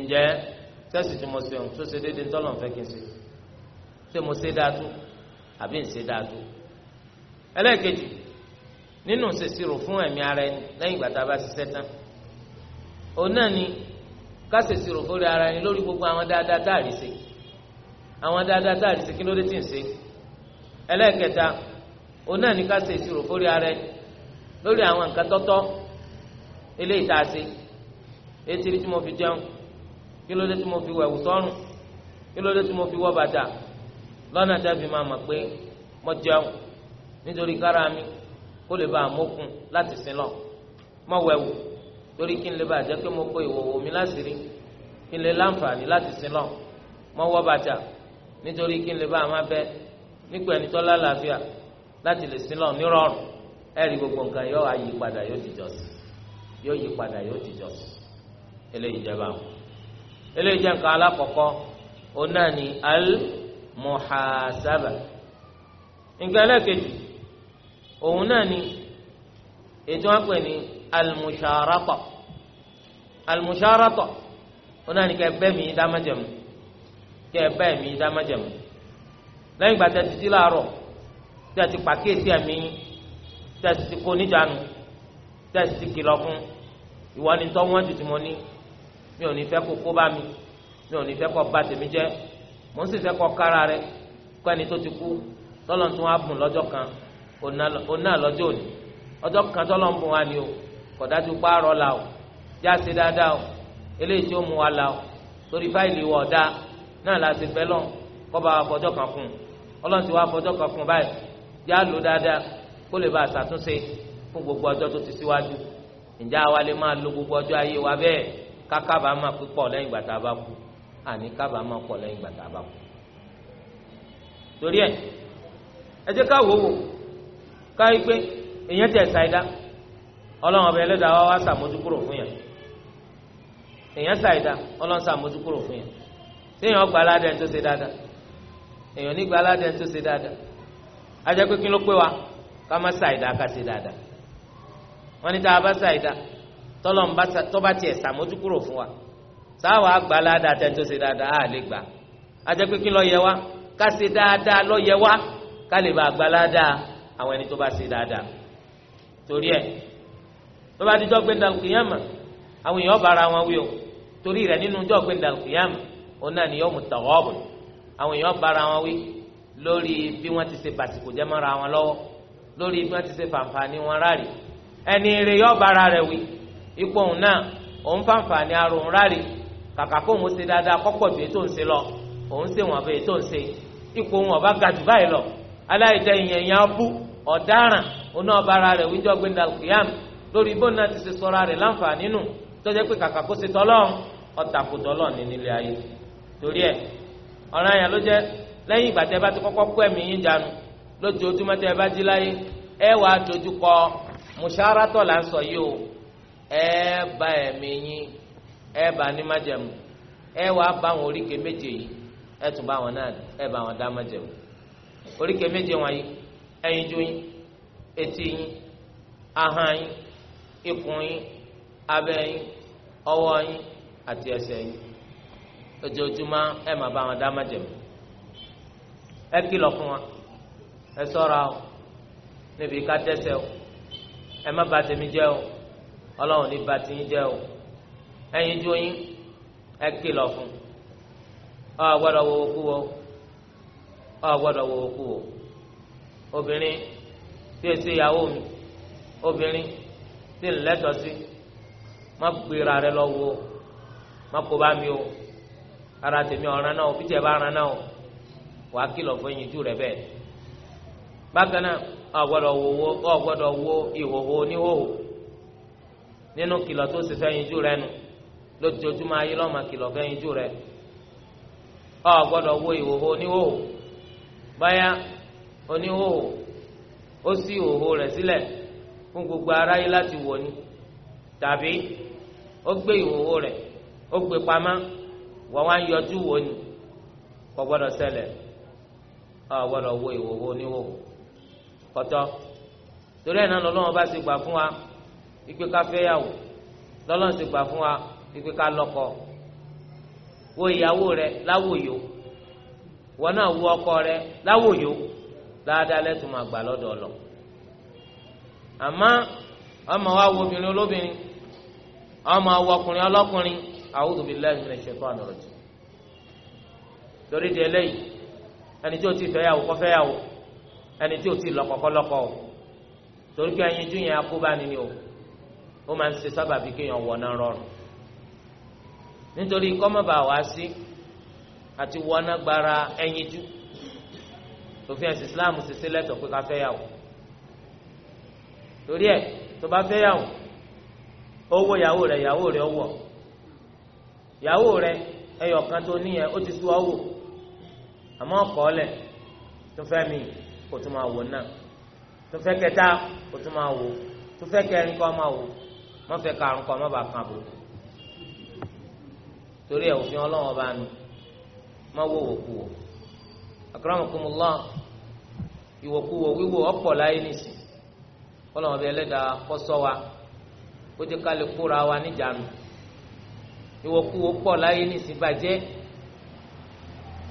A: ǹjẹ́ sẹ́sì tí mo ṣe ohun tó ṣe déédéé tọ́lọ̀ fẹ́ kí n ṣe ṣé mo ṣe dáa tó àbí ń ṣe dáa tó ẹlẹ́ẹ̀kejì nínú ṣèṣirò fún ẹ̀mí ara ẹni lẹ́yìn ìgbà tá a bá ṣiṣẹ́ tán òun náà ni ká ṣèṣirò fún orí ara ẹni lórí gbogbo àwọn dáadáa tá a rí ṣe àwọn dáadáa tá a rí ṣe kí ló dé tí ń ṣe ẹlẹ́ẹ̀kẹta òun náà ni ká ṣèṣirò fún orí ara ẹni lórí àwọn nǹkan tọ́tọ́ eléyìí tá a ṣe tí mo fi jẹun kí tí mo fi wẹ̀wù sọ́rùn kí tí mo fi wọ bàtà lọ́nà tá fi máa mọ̀ pé mo jẹun nítorí kára mi kó lè bá a mókun láti sin lọ mo wẹ̀wù torí kí n lè bá a jẹ́ pé mo kó ìwòwò mi láṣìírí kí n lè láǹfààní láti sin lọ mo wọ bàtà nítorí kí n lè bá a máa nípa ẹni tó lálàáfíà láti lè sin lọ nírọ̀rùn ẹ̀rí gbogbo nǹkan yọ àyípadà yóò dìjọ sí i yóò yí padà yóò ti jọ́sìn eléyìí jẹ́ báwọn eléyìí jẹ́ nǹkan alákọ̀ọ́kọ́ òun náà ni al muhasaba nǹkan ẹlẹ́kejì òun náà ni ètò wọn pè ní al musharata al musharata òun náà ni kẹ́ mi dámájẹ̀mú kẹ́ mi dámájẹ̀mú lẹ́yìn gbàtẹ́ títí láàárọ̀ tí a ti pàkíyèsí ẹ̀mí tí a ti kó níjànú tẹ̀sí kìlọ̀ fún ìwọ ni tọ́ wọ́n tuntun mo ní mi ò ní fẹ́ kó kó bá mi mi ò ní fẹ́ kó bà tèmi jẹ́ mo ń sì fẹ́ kó kára rẹ kó ẹni tó ti kú tọ́lọ̀ tó wá bùn lọ́jọ́ kan òun náà lọ́jọ́ òní ọjọ́ kan tọ́lọ̀ ń bùn wá ni o kò dájú pààrọ̀ la o já sí dáadáa o eléyìí tí ó mu wa la o torí fáìlì wọ̀ ọ̀dá náà la ti fẹ́ lọ kọ́ bá wa fọjọ́ kan kún ọlọ́run ti wá fọjọ́ kan kún báyìí já lò dáadáa kó lè bá a ṣàtúnṣe fún gbogbo ọjọ́ tó ti síwájú ǹjẹ́ àwa lè máa lo gbogbo ọjọ́ ayé wa bẹ́ẹ̀ kákábàá máa pípọ̀ lẹ́yìn ìgbà tá a bá kú àní kábàá máa pọ̀ lẹ́yìn ìgbà tá a bá kú. torí ẹ ẹ jẹ́ ká wò wò ká yí pé èèyàn tẹ̀ ṣàìdá ọlọ́run ọbẹ̀ ẹlẹ́dàá wá wá ṣàmójúkúrò fún yẹn èèyàn ṣàìdá ọlọ́run ṣàmójúkúrò fún yẹn téèyàn gba aládẹ tó ṣe dáadáa èèyàn nígbà aládẹ tó ṣe dáadáa ajẹ́ pé kí ló pé wa ká má ṣàìdá ká ṣe dáadáa wọ́n ní tá a bá ṣàìdá tọ́lọ́n tọ́ba tiẹ̀ sàmójú kúrò fún wa sáwà àgbà ládàá tẹ́tọ́ ṣe dáadáa á lè gbà á jẹ́ pé kí lọ́ọ́ yẹ wá ká ṣe dáadáa lọ́ọ́ yẹ wá ká lè bá àgbà ládàá àwọn ẹni tó bá ṣe dáadáa torí ẹ̀ tó bá dijọ́ gbé dàlùkìyàmà àwọn èèyàn bára wọn wí o torí rẹ̀ nínú jọ́ gbé dàlùkìyàmà òun náà nìyọ́ mu tàwọ́ ọ̀bùn àwọn èèyàn bára wọn wí lórí bí wọ́n ti ṣe bàtìkò jẹ́ wọn lọ́wọ́ lórí bí wọ́n ti ṣe fàǹfààní wọn ráàlì ẹni rè yọ bára rẹ wí ipò òun náà òun fàǹfààní ara òun rárẹ kàkà kó òun ṣe dáadáa kọ́pọ̀ ju ètò ńṣe lọ òun ṣe wọn àbẹ ètò ńṣe ipò òun ọba ga jù báyìí lọ aláìjẹ ìyẹn ìyẹn ọbú ọ̀daràn òun náà bára rẹ̀ wíjọ gbẹndàlùkìyàm lórí ibò náà ti ṣe sọra rẹ̀ láǹfààní nù pé kàkà kó ṣe ní nílé torí ọ̀ràn ló lẹ́yìn ìgbà tẹ́ bá ti kọ́kọ́ kó ẹ̀mí yín jánu lójoojúmọ́ tẹ́ bá musharatọ la ń sọ yìí o ẹ bá ẹ̀mí yín ẹ bá ní májẹ̀mú ẹ wàá bá wọn oríkè méje yìí ẹ tún bá wọn náà ẹ bá wọn dá májẹ̀mú oríkè méje wọn yìí ẹyin jó yín etí yín ahọ́n yín ikùn yín abẹ́ yín ọwọ́ yín àti ẹsẹ̀ yín ojoojúmọ́ ẹ máa bá wọn dá májẹ̀mú ẹ kìlọ̀ fún wọn ẹ o níbi ká dẹ́ṣẹ̀ o ẹ má bà tèmi jẹ́ o ọlọ́run ní bà tìyín jẹ́ o ẹ̀yin ju yín ẹ kìlọ̀ fún ọ gbọ́dọ̀ wo okú o. ọ gbọ́dọ̀ wo okú o obìnrin tí o ṣe ìyàwó mi obìnrin tí n lẹ́tọ̀ọ́ sí má gbéra rẹ lọ wo má kó bá mi o ara tèmi ọ̀ràn náà o bí tẹ̀ bá ọ̀ràn náà o wàá kìlọ̀ fún ẹ̀yin ju rẹ bẹ́ẹ̀ bákan náà ọgbọ́dọ̀ wo ọgbọ́dọ̀ wo ìhòhò oníhòhò nínú kìlọ̀ tó sì fẹ́ yinjú rẹ nu lójoojúmọ́ ayé lọ́mọ kìlọ̀ fẹ́ yinjú rẹ ọgbọ́dọ̀ wo ìhòhò oníhòhò báyà oníhòhò ó ṣí ìhòhò rẹ̀ sílẹ̀ fún gbogbo aráyé láti wò ni tàbí ó gbé ìhòhò rẹ̀ ó gbé pamọ́ wọ́n wá ń yọjú wò ni kò gbọ́dọ̀ ṣẹlẹ̀ wo ìhòhò oníhòhò kọtọ torí ẹ náà lọlọ́wọ́n bá ti gbà fún wa ìpè ká fẹ́yàwó lọ́lọ́run ti gbà fún wa ìpè ká lọ́kọ wo ìyàwó rẹ láwòyò wọn náà wo ọkọ rẹ láwòyò dáadáa lẹ́tùn máa gbà lọ́dọ̀ lọ àmọ́ ọmọ wa wo obìnrin olóbìnrin ọmọ wa ọkùnrin ọlọ́kùnrin a'udhu billahi minash shaitanir rajim torí di eléyìí ẹni tí o ti fẹ́yàwó kọ́ fẹ́yàwó. ẹni tí o ti lọ kọkọlọkọ o torí pé ẹyin tún yẹn akóbá ni ni o ó máa ń ṣe sábàbí kéèyàn wọná rọrùn nítorí kọ́mọ̀bà wá sí àti wọná gbara ẹyin tú òfin ẹ̀sìn Islam ṣe ṣe lẹ́tọ̀ pé ká fẹ́yàwó torí ẹ tó bá owó yàwó yàwó yàwó tó níyẹn ó ti àmọ́ ọkọ̀ ọ̀lẹ̀ tó fẹ́ mi kó tó máa wò náà tó fẹ́ kẹta kó tó máa wò tó fẹ́ kẹrin kó máa wò má fẹ́ karùn kó má bàa kàn bò torí ẹ̀ òfin ọlọ́wọ́n bá nu má wò wò kú wò akramakumullah ìwòkuwò wíwò ọ̀pọ̀ láyé nìsín kọ́lọ́wọ́n bí ẹlẹ́dàá kọ́ sọ wa ó jẹ́ ká lè kóra wa níjànú ìwòkuwò pọ̀ láyé nìsín bàjẹ́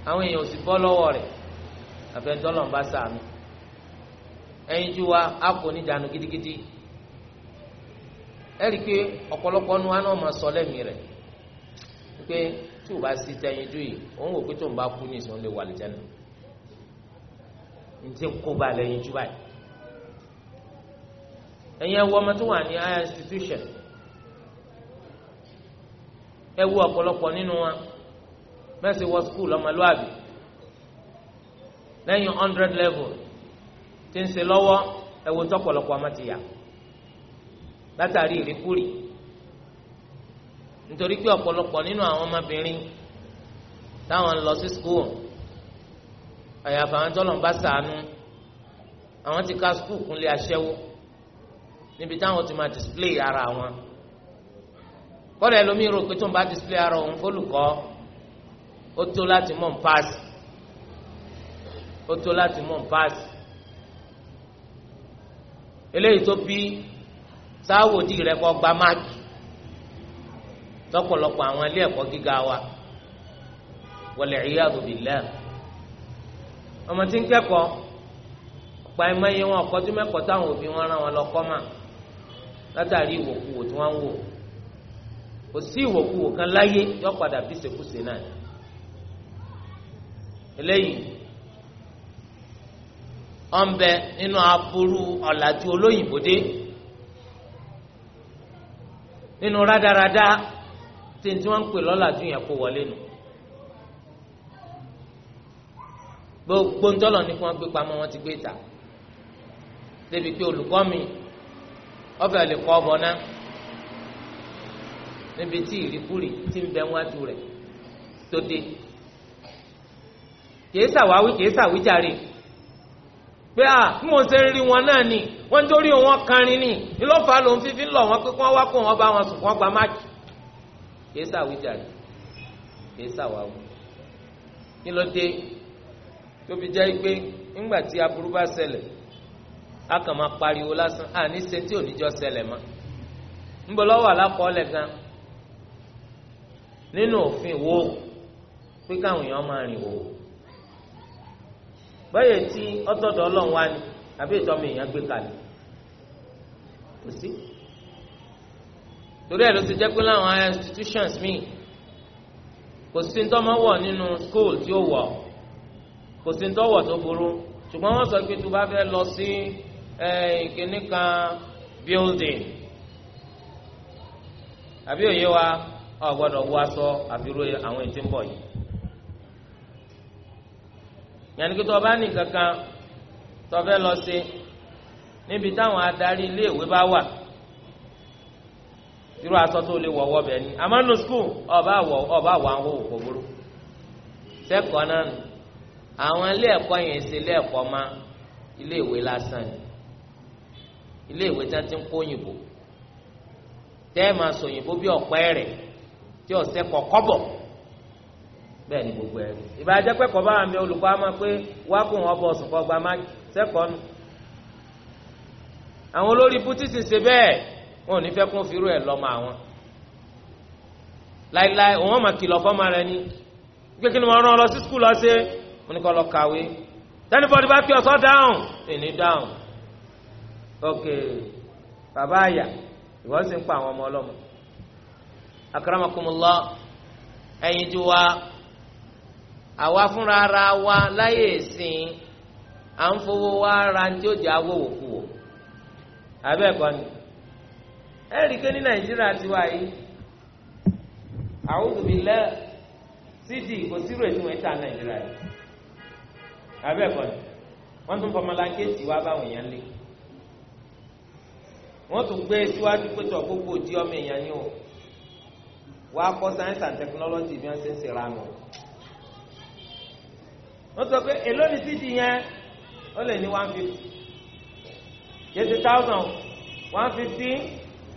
A: àwọn èèyàn ò sì bọ́ lọ́wọ́ rẹ̀ àfẹ́ńtọ́lọ́n bá sàánú ẹyin ju wa á kò ní dànù gidigidi ẹ rí i pé ọ̀pọ̀lọpọ̀ nu wa náà máa sọ lẹ́mìí rẹ̀ pé tí o bá sí tẹ́yìn ju yìí òun wò pé tó ń bá kú ní ìsìn wà lẹ́jẹ̀ náà ntí kó ba lẹ́yìn ju báyìí ẹ̀yin ẹwọ ọmọ tó wà ní higher institution ẹ wo ọ̀pọ̀lọpọ̀ nínú wa mẹ́sì wọ skul ọmọlúwàbí lẹ́yìn hundred level tí ń ṣe lọ́wọ́ ẹ̀wò tọ́pọ̀lọpọ̀ ọmọ ti yà látàrí ìrékúrì nítorí pé ọ̀pọ̀lọpọ̀ nínú àwọn ọmọbìnrin táwọn ń lọ sí skul àyàfà àwọn tọ́lọ̀ ń bá sàánú àwọn ti ká skul kúnlé aṣẹ́wó níbi táwọn ti máa display ara wọn kọ́dà ẹlòmíì rò pé tó ń bá display ara òun fólùkọ́ ó tó láti mọ̀ ń paasi ó tó láti mọ̀ ń paasi eléyìí tó bí sáwòdì rẹ kọ́ gba máàkì lọ́pọ̀lọpọ̀ àwọn ilé ẹ̀kọ́ gíga wa wọlé ìyáàdù bìlẹ̀ ọmọ tí ń kẹ́kọ̀ọ́ ọ̀pá ẹ̀mọ́ iye wọn ọ̀kọ́jú mẹ́kọ̀ọ́ táwọn òbí wọn rán wọn lọ kọ́ mà látàrí ìwòkuwò tí wọ́n ń wò kò sí ìwòkuwò kan láyé yọ padà bí ṣekúṣe náà eléyìí ọ̀nbẹ nínú aburú ọ̀làjú olóyìnbó dé nínú rádaràda tí tí wọ́n ń pè lọ́làjú yẹn kó wọlé nù gbogbo ńtọ́lọ̀ ní kí wọ́n gbé pamọ́ wọn ti gbé ta débi pé olùkọ́ mi ọbẹ̀ lè kọ́ ọbọ̀ náà níbi tí ìrìkúrì ti ń bẹ wájú rẹ̀ tó dé kìí sàwáwí kìí sàwíjàre pé à ń wọ́n ṣe ń rí wọn náà ni wọ́n ń torí wọn kanrin ni ìlọ́fà ló ń fífi lọ̀ wọ́n pé kí wọ́n wá kó wọn bá wọn sùn kí wọ́n gba máàkì. kì í sàwíjà yìí kì í sàwáwù kí ló dé tó fi jẹ́ pé ńgbà tí aburú bá ṣẹlẹ̀ a kàn máa pariwo lásán à ní ṣe tí òníjọ́ ṣẹlẹ̀ mọ́ ńbọ lọ́wọ́ alákọ̀ọ́lẹ̀ gan nínú òfin wo pé káwọn èèyàn máa rìn wò ó báyìí tí ọtọ̀dọ̀ ọlọ́run wá ni àbí ìtọ́mi èèyàn gbé kalẹ̀ kò sí. torí ẹ̀ ló ti jẹ́ pé láwọn institutions míì kò sí ntọ́mọ wọ̀ nínú school tí ó wọ̀ kò sí ntọ́wọ̀ tó burú ṣùgbọ́n wọ́n sọ pé tó bá fẹ́ lọ sí ìkíní kan building àbí òye wa ọ̀ gbọ́dọ̀ wọ aṣọ àbí ro àwọn ètí ń bọ̀ yìí yẹn ni kí tó bá ní kankan tó fẹ́ lọ sí níbi táwọn adarí iléèwé bá wà irú aṣọ tó lè wọ̀wọ́ bẹ̀ ni àmọ́ nù skul ọba wọ̀ ọba wà ń hó òkò burú sẹ́kọ̀ọ́ náà nù àwọn ilé ẹ̀kọ́ yẹn ṣe ilé ẹ̀kọ́ má ilé ìwé lásán ni ilé ìwé tí wọ́n ti ń kó òyìnbó tẹ́ máa sọ òyìnbó bí ọ̀pẹ́ rẹ̀ tí ọ̀sẹ̀ kọ̀ kọ́bọ̀ bẹ́ẹ̀ ni gbogbo ẹ̀rí ìbàjẹ́ pẹ́kọ̀ọ́ bá àmì olùkọ́ á máa pé wá kó wọn bọ̀ sùn kọ́ gba máàkì sẹ́kọ̀ọ́ nù. àwọn olórí bú títí ṣe bẹ́ẹ̀ wọn ò ní fẹ́ kún fírú ẹ̀ lọ́mọ àwọn. láíláí òun máa kìlọ̀ fọ́mọ rẹ ni pé kí ni wọ́n rán ọ lọ sí skul ọ̀sẹ̀ mo ní kọ́ lọ kàwé tẹ́nifọ́dì bá kí ọ̀sọ́ dáhùn èní dáhùn. ok bàbá àyà ìwọ́n sì ń pa àwọn ọmọ ọlọ́mọ akramakumullah ẹ̀yin ti wá àwa fúnra ara wa láyè ìsìn à ń fowó wa ra tí ó jẹ́ awówò kú wò abẹ́ẹ̀kọ́ ni ẹ rí i pé ní nàìjíríà ti wá yìí àwùjọ mi lẹ́ sídì kò sírò ètò ìta nàìjíríà yìí abẹ́ẹ̀kọ́ ni wọ́n tún fọmọlá kéèsì wá báwọn èèyàn lé wọ́n tún gbé síwájú pé tọ̀ gbogbo di ọmọ èèyàn ni o wọ́n á kọ́ science and bí wọ́n ṣe ń ṣe ránu wọ́n sọ pé èló ni síìtì yẹn ó lè ní one fifty
B: yẹtí thousand
A: one fifty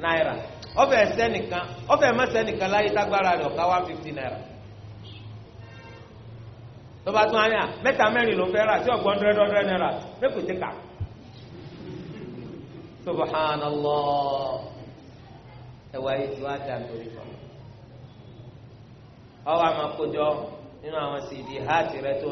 A: naira ọfẹ ẹsẹ nìkan ọfẹ ẹmẹsẹ nìkan láyé tágbára rẹ̀ one fifty naira tọba tún ayà mẹ́ta mẹ́rin ló fẹ́ rà tí ọgbọ̀n hundred naira mẹkùtì kà subhanallah ẹwà yìí tí wàá dà nítorí kan ọwọ́ àmọ́ kójọ nínú àwọn cd hàtì tó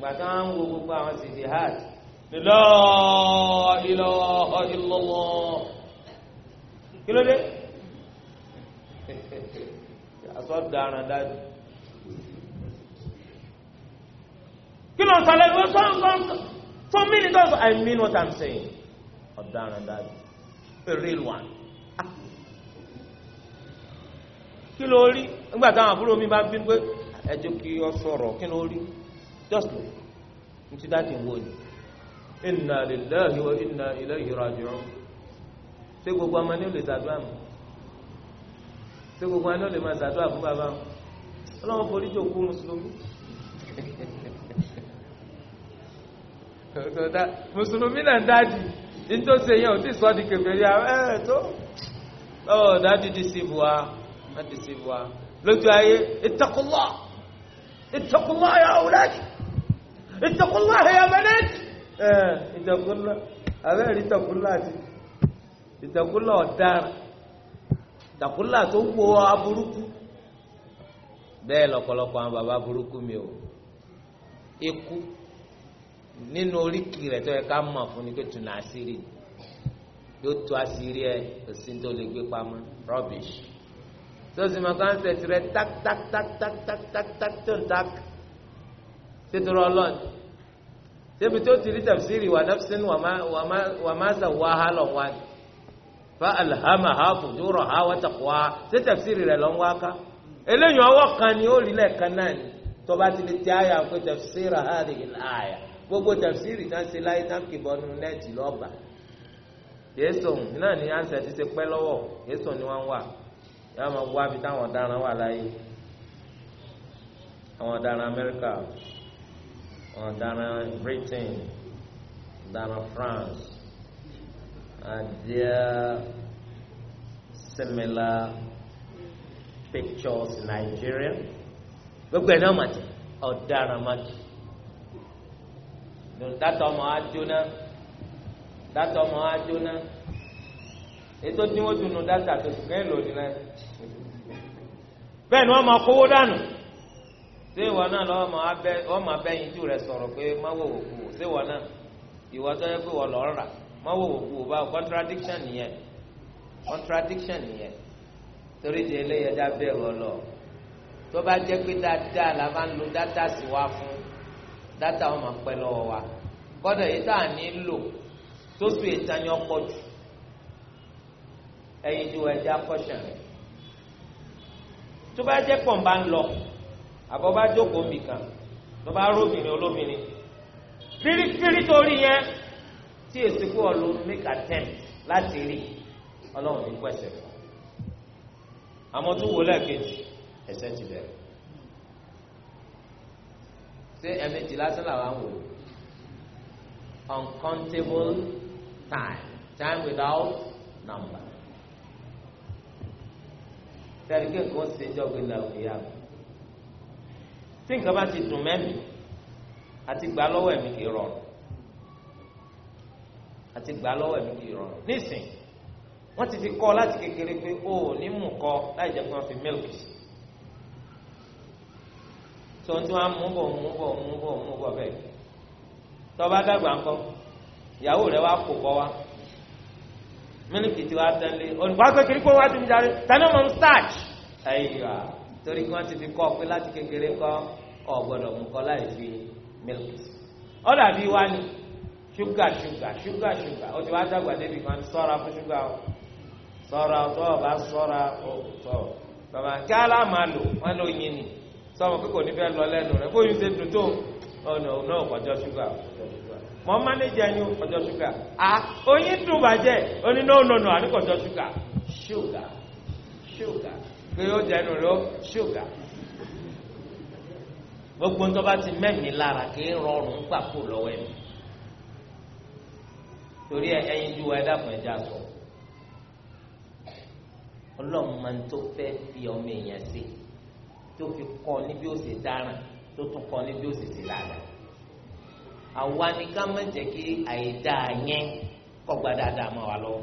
A: gbàtà ń wo gbogbo àwọn sèdè hajj la ilaha illallah kí ló dé asọ dara dájú kí ló ń sọlẹ̀ ìwé sọ́nkọ́nkọ́ fún mi ní I mean what I'm saying ọ̀daràn dájú a real one ah. kí ló rí nígbà táwọn àbúrò mi bá bí pé ẹjọ́ kí ọ sọ̀rọ̀ kí ló rí just look nítí dáàtì ń wò ní inna lillahi wa inna ilayhi raji'un ṣé gbogbo ọmọ ní ò lè ṣàdúrà mọ́ ṣé gbogbo ọmọ ní ò lè máa ṣàdúrà fún bàbá wọn ọlọ́run forí jòkó mùsùlùmí mùsùlùmí náà dájú nítòsí èyàn ò tí sọ di kèfèrí ẹ tó ọ dájú di sí ibùwà má di sí ibùwà lójú ayé ittaqullah ittaqullah ya auladi. اتقوا الله يا بنات اتقوا الله abẹ́rẹ́ اتقوا الله اتقوا الله ọ̀daràn اتقوا الله tó baba aburuku mi o ikú nínú oríkì rẹ̀ tó yẹ ká mọ̀ fún ni pé yóò tó àṣírí ẹ̀ òsì tó lè gbé rubbish tó sì tak tak tak tak tak tak tak tak. sétorí ọlọ́ọ̀ni sébi tó ti rí tafsiri wà nafsin wà má sà wá ha lọ́n wá ni fa alhamaha fujuraha wa taqwaha sé tafsiri rẹ̀ lọ́n wá ká eléyìí ọwọ́ kan ni ó rí lẹ́ẹ̀kan náà ni tọba ti lè ti àyà pé tafsira hadhihi al-aya gbogbo tafsiri náà ṣe láyé náà kìbọ̀ nínú nẹ́ẹ̀tì lọ́ọ̀bà yéésù náà ni ànsẹ̀ ti ṣe pẹ́ lọ́wọ́ yéésù ni wọ́n wà yàrá máa wá bí táwọn ọ̀daràn wà láyé àwọn ọ̀daràn Amẹ́ríkà ọ̀daràn Britain ọ̀daràn France and their similar pictures Nigeria gbogbo ẹ̀ náà mà jẹ́ ọ̀daràn má jẹ́ dátọ̀ ọmọ adjóná dátọ̀ ọmọ adjóná ètò tí wọ́n dunu dátà tó sì kẹ́ lòdì náà
B: bẹ́ẹ̀ ni wọ́n máa kówó dànù
A: ṣé ìwọ náà lọ́wọ́ máa bẹ́yìn jù rẹ̀ sọ̀rọ̀ pé má wò wò kú ṣé ìwọ náà ìwọ tó yẹ pé wọ́n lọ́ọ́ rà má wò wò kú bá contradiction nìyẹn contradiction nìyẹn torí di eléyẹ dá bẹ̀rù ọlọ tó bá jẹ́ pé dáadáa la máa ń lo dátà sí wa fún dátà wọn máa pẹ́ lọ́wọ́ wa kọ́dọ̀ yìí tá à ní lò tó sùn ìtayín ọkọ̀ jù ẹ̀yin ju ẹja kọ́ṣẹ̀ rẹ̀ tó bá jẹ́ pọ̀ ń bá ń lọ àbọ̀ bá jókòó mi kan tó bá róbìnrin olóbìnrin kíríkírí torí yẹn tí èsì kú ọlọ make attempt láti rí ọlọ́run ní pẹ̀sẹ̀ fún àmọ́ tó wò lẹ́ẹ̀kejì ẹ̀sẹ̀ ti bẹ̀rẹ̀ ṣé ẹ̀mejì lásán làwọn wò uncountable time time without number tẹ̀lé kékeré ó ṣe jọ́gbìn làwọn ìyá mi tí nǹkan bá ti dùn mẹ́mí àti gbà lọ́wọ́ ẹ̀mí kì í rọrùn àti gbà lọ́wọ́ ẹ̀mí kì í rọrùn nísìn wọ́n ti fi kọ́ láti kékeré pé o ò ní mú kọ láì jẹ́ pé wọ́n fi mílìkì sí tó ń tí wọ́n á mú bọ̀ mú bọ̀ mú bọ̀ mú bọ̀ bẹ́ẹ̀ tọ́ba dàgbà ńkọ́ ìyàwó rẹ̀ wá kó bọ́ wá mílìkì tí wàá tẹ́lẹ̀ olùkọ́ àgbẹ̀kiri kó wá ti mi jáde tani ọmọ mi starch torí kí wọ́n ti fi kọ́ ọ pé láti kékeré kọ́ ọ gbọ́dọ̀ mú kọ́ láì fi milk ọ dàbí wá ní ṣúgà ṣúgà ṣúgà ṣúgà ó ti wá dàgbà débi kan sọ́ra fún ṣúgà o sọ́ra tó o bá sọ́ra o tọ́ bàbá kí ala máa lò wọ́n lò yín ni sọ́mọ kíkò ní fẹ́ lọ lẹ́nu rẹ̀ kó yín ṣe dùn tó ọ̀nà ọ̀nà ọ̀kọ̀jọ́ ṣúgà mọ mánéjì ẹni ọ̀kọ̀jọ́ ṣúgà à oyin dùn bàjẹ́ oní náà nọ̀nà àníkọ̀jọ́ ṣúgà ṣúgà ṣúgà pé ó jẹnu rẹ ó ṣúgà gbogbo ń tọ́ba ti mẹ́mìí lára kì í rọrùn gbà kó lọ́wọ́ ẹni torí ẹyin ju ẹ dàpọ̀ ẹja sọ ọlọ́run máa ń tó fẹ́ fi ọmọ èèyàn sí tó fi kọ́ ní bí dáràn tó tún kọ́ ní bí ó sì àwa ni ká má jẹ́ kí àìdá yẹn kọ́ gba dáadáa mọ́ wa lọ́wọ́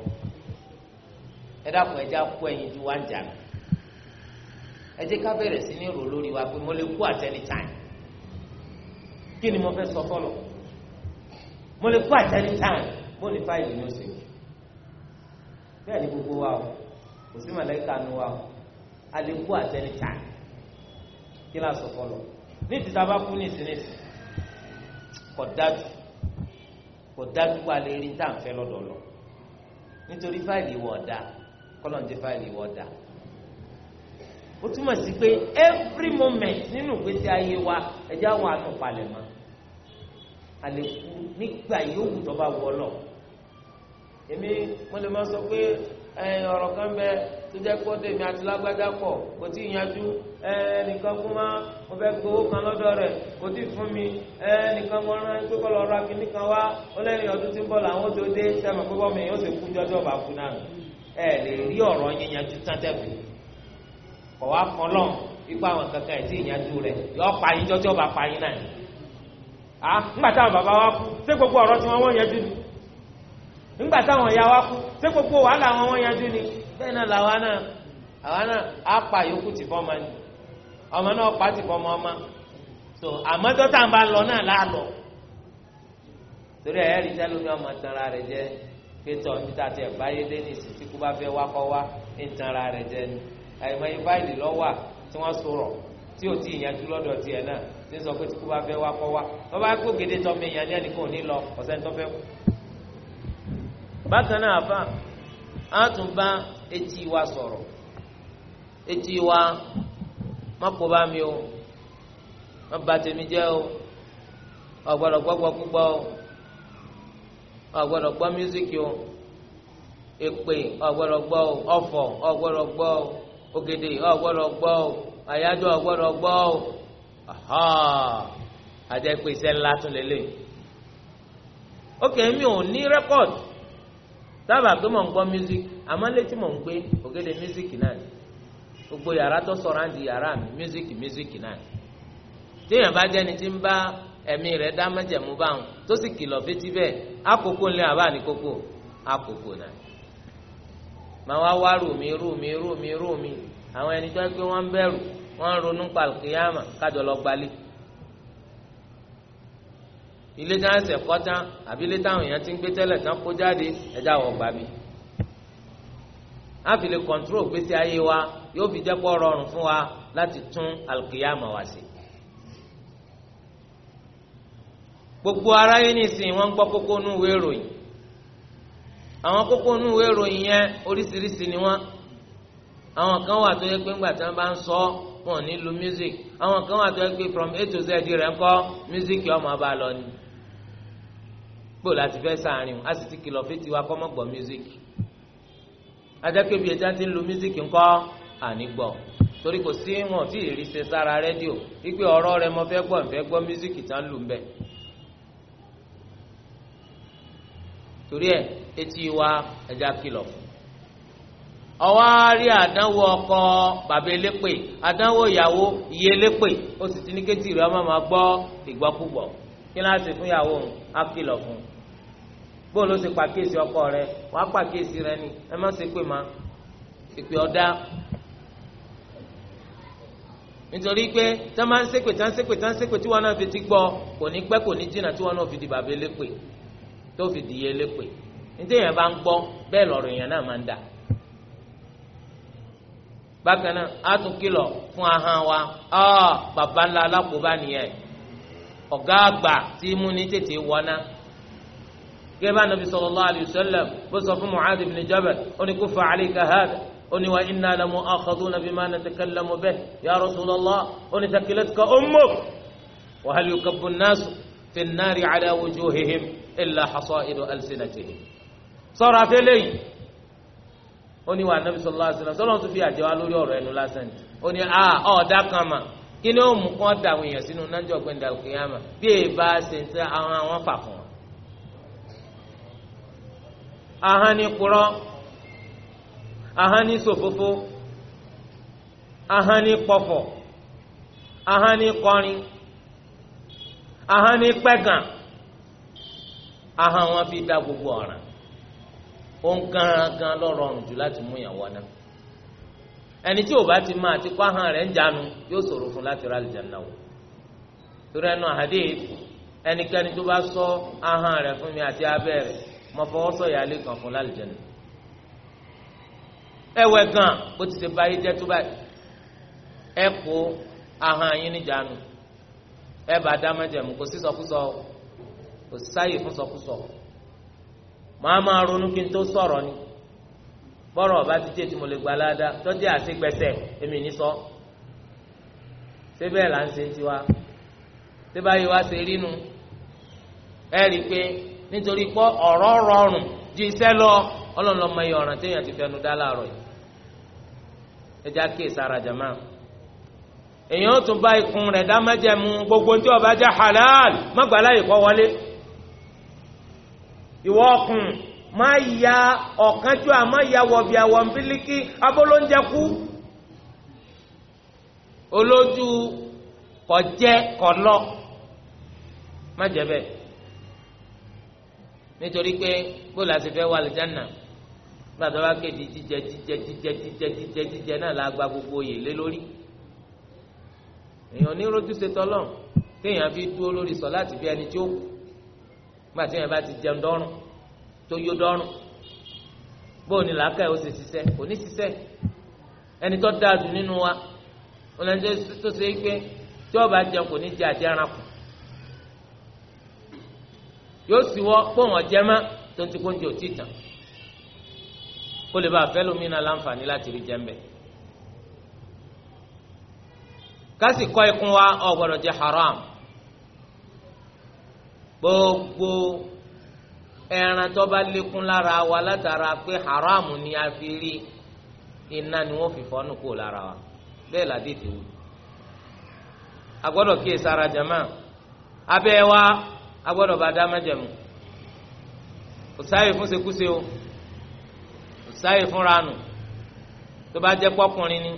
A: ẹ dàpọ̀ ẹja kó ẹyin ju wá ń jà náà ẹ jẹ́ ká bẹ̀rẹ̀ sí ní rò lórí wa pé mo lè kú at any time kí ni mo fẹ́ sọ fọlọ mo lè kú at any time mo ní fáìlì ní oṣù yìí bẹ́ẹ̀ ni gbogbo wa o kò sí màlẹ́kà nu wa o a lè kú at any time kí la sọ fọlọ ní ti sábà kú ní ìsinísì kò dájú kò dájú pé a lè rí tá à ń fẹ́ lọ́dọ̀ lọ nítorí fáìlì wọ̀ ọ̀dà kọ́lọ̀ ń fáìlì wọ̀ ọ̀dà ó túmọ̀ sí pé every moment nínú ìgbésí ayé wa ẹ̀jẹ̀ àwọn àtọ̀palẹ̀ mọ́ àlékú nígbà yòówù tó bá wọ lọ èmi mo lè máa sọ pé ọ̀rọ̀ kan bẹ tó jẹ́ pé ó dé mi àti lágbájá pọ̀ kò tí ì yanjú nìkan kú má mo fẹ́ gbowó kan lọ́dọ̀ rẹ̀ kò tí ì fún mi nìkan mo rán pé kọ́ lọ ra kinní kan wá ó lẹ́yìn ọdún tí ń bọ̀ làwọn tó dé sẹ́mi pé bọ́ọ̀mù yìí ó sì kú jọjọ́ bá kú náà ẹ̀ lè rí ọ̀rọ̀ yín yanjú tán tẹ̀kù. kọ̀ wá ipa àwọn kankan ẹ̀ tí ìyanjú rẹ̀ yọ pa yín jọjọ́ bá pa yín náà a ńgbà táwọn bàbá wa kú ṣé gbogbo ọ̀rọ̀ tí wọ́n wọ́n yanjú ni ńgbà táwọn ìyá wa kú ṣé gbogbo wàhálà wọn wọ́n yanjú ni bẹ́ẹ̀ náà làwa náà àwa náà á pa yòókù tì ni ọmọ náà pa tì ọmọ so àmọ́ tó tá à ń bá lọ náà torí ẹ̀ ọmọ rẹ̀ jẹ́ pétọ́ bá fẹ́ wá rẹ̀ jẹ́ àìmọye báyìí lọ́wọ́ tí wọ́n sọ̀rọ̀ tí ò tí ì yanjú lọ́dọ̀ tiẹ̀ náà tí ń sọ pé tí kú bá fẹ́ wá kọ́ wá wọ́n bá kó gédé tó mi yàn ní ẹnìkan ò ní lọ ọ̀sẹ̀ tó fẹ́ kú. bákan náà àfa á tún bá etí wa sọ̀rọ̀ etí wa má bá mi o má tèmi jẹ́ o ọ̀gbọ́dọ̀ gbọ́gbọ́ púpọ̀ o ọ̀gbọ́dọ̀ gbọ́ mísíkì o èpè ọ̀gbọ́dọ̀ gbọ́ ọ̀fọ̀ ọ̀gbọ́dọ̀ gbọ́ o Ogede ọ̀gbọ́dọ̀ gbọ́ o àyájọ́ ọ̀gbọ́dọ̀ gbọ́ o àjẹ́ pé iṣẹ́ ńlá tún lélẹ̀ ok mi ò ní rẹ́kọ̀d dábàá pé mò ń gbọ́ music àmọ́ létí mò ń gbé ògèdè music náà gbogbo yàrá tó sọ̀rọ̀ àǹdí yàrá mi music music náà téèyàn bá jẹ́ni tí ń bá ẹ̀mí rẹ̀ dá mẹ́jẹ̀mú báwọn tó sì fetí àkókò ní kókó àkókò náà. máa wá wá rù mí rù mí rù mí rù mí àwọn ẹni tó ń pé wọ́n ń bẹ̀rù wọ́n ń ronú pàlùkìyàmà kájọ lọ gbalẹ̀ ilé tí wọ́n ṣẹ̀ kọ́ tán àbí ilé táwọn èèyàn ti ń gbé tẹ́lẹ̀ tán kó jáde ẹja wọ̀ gbà mí àfi lè kọ̀ǹtúrò gbèsè ayé wa yóò fi jẹ́ pọ́ rọrùn fún wa láti tún àlùkìyàmà wá sí gbogbo aráyé nìsín wọ́n ń gbọ́ kókó nú ìwé ìròyìn àwọn kókó inú ìwé ìròyìn yẹn oríṣiríṣi ni wọ́n àwọn kan wà tó yẹ pé ńgbà tí wọ́n bá ń sọ wọn ní lu music àwọn kan wà tó yẹ pé from a to z rẹ̀ ń kọ́ music ọmọ bá lọ ni gbò láti fẹ́ sàárín a sì ti kìlọ̀ fi tiwa kọ́ mọ́ gbọ́ music adákébí ẹja ti ń lu music ńkọ́ ànígbọ̀ torí kò sí wọn tí ì rí ṣe sára rédíò wípé ọ̀rọ̀ rẹ mo fẹ́ gbọ́ ìfẹ́ gbọ́ music tá ń lù ń bẹ́ẹ̀. torí ẹ etí wa ẹja kìlọ̀ ọwọ́ rí àdánwò ọkọ bàbá elépè àdánwò ìyàwó ìyá elépè ó sì ti ní kétì rẹ ọmọ máa gbọ́ ìgbọ́kúgbọ̀ kí ni a ti fún ìyàwó òun á kìlọ̀ fún un bóun ló ṣe pàkíyèsí ọkọ rẹ wàá pàkíyèsí rẹ ni ẹ má ṣe pé ma ìpè ọ̀dá nítorí pé tá máa ń ṣépè tá ń ń ṣépè tí wọn náà fi ti gbọ́ kò ní pẹ́ kò ní jìnnà tí wọn náà fi di bàbá elépè tó fi dìye lépè nítorí yẹn bá ń gbọ́ bẹ́ẹ̀ lọ́rọ̀ èèyàn náà máa ń dà bákan náà a tún kìlọ̀ fún ahọ́n wa ọ́ ah, bàbá ńlá alákòóbá nìyẹn ọ̀gá àgbà tí mú ní tètè wọná gẹ́gẹ́ bá nàbí sallallahu alayhi wa sallam bó sọ fún Mu'adh ibn Jabal ó ní kuffa alayka hadha ó ní wa inna lamu'akhadhuna bima natakallamu bihi ya Rasulullah ó ní thaqilatka ummuk wa hal yukabbu an-nasu fi an-nari ala wujuhihim illa hasaidu alsinatihim sọ̀rọ̀ afẹ́lẹ́ yìí ó ní wa anabi sallallahu alaihi wasallam sọlọ́n tún fi àjẹ́ wa lórí ọ̀rọ̀ ẹnu lásán ni ó ní a ọ̀ọ́dá kan mà kí ni ó mú kán da àwọn èèyàn sínú nájọ gbẹ̀ndà kìyàmà bí èèbá ṣe ń tẹ́ àwọn àwọn fà fún wọn. ahọ́n ní purọ́ sòfófó ahọ́n ní pọ̀fọ̀ kọrin ahọ́n ní ahọ́n wọn fi dá gbogbo ọ̀ràn ó ń gángan lọ́rọ̀ ọ̀rùn jù láti mú ìyàwó náà ẹni tí ò bá ti máa ti kó ahọ́n rẹ̀ ń jánu yóò ṣòro fún láti ra àlùjánnà wọ̀ torí ẹnu àdé ẹnikẹ́ni tó bá sọ ahọ́n rẹ̀ fún mi àti abẹ́ rẹ̀ mo fọwọ́ sọ̀yà alẹ́ kan fún lálùjánnà ẹwẹ gan bó ti ṣe báyìí jẹ tó báyìí ẹ kó ahọ́n yín níjànú ẹ bá dá mẹjẹ mú kó sísọkúsọ kò sáyè fún sọkúsọ màá máa ronú kí n ni Bọrọ ọba ti tètè mo lè gba aláda tọ́jú àṣegbẹsẹ̀ èmi ní sọ síbẹ̀ là ń ṣe tiwa wa ṣe rí nu ẹ rí i pé nítorí pé ọ̀rọ̀ rọrùn ju iṣẹ́ lọ ọlọ́run lọ́mọ iye ọ̀ràn ti fẹnu dá láàárọ̀ yìí kí èsì ara èèyàn ó mu gbogbo tí ọba jẹ́ halal mọ́gbàlá ìwọ ọkùn má ya ọ̀kánjú àmọ́ ya wọ̀bì àwọ̀ nbílíkì abólóúnjẹ kú olójú kọjẹ kọlọ má jẹ bẹ́ẹ̀ nítorí pé bóòlù àti fẹ́ wà lìjánà gbàtọ́ bá kéde jíjẹ jíjẹ jíjẹ jíjẹ jíjẹ jíjẹ náà la gba gbogbo oyè lé lórí èèyàn ní rojú ṣe tọ́lọ̀ kéèyàn fi dúró lórí sọ láti fi ẹni tí ó kù nígbà tí yẹn bá ti jẹun dọ́rùn tó yó dọ́rùn bóun ni làákàyè ó sì ṣiṣẹ́ kò ní ṣiṣẹ́ ẹni tó dáa jù nínú wa ọlọ́njẹ́ tó ṣe é pé tí ọba jẹun kò ní jẹ àjẹranku yóò sì wọ́ pọ̀ wọ́n tó ń ti kóúnjẹ ò tàn kó lè bá afẹ́ lómi náà láǹfààní láti rí jẹ́ mbẹ́ ikún wa ọ̀ gbọ́dọ̀ haram. gbogbo ẹran tó bá lékún lára wa látara pé haramu ni a fi rí iná ni wọ́n fi fọ́nù kó lára wa bẹ́ẹ̀ la dìde wù a gbọ́dọ̀ kíyè sára jama abẹ́ wa a gbọ́dọ̀ bá dá májẹ̀mú kò sáyè fún sekúse o kò sáyè fún ranù tó bá jẹ́ pọ́kùnrin ni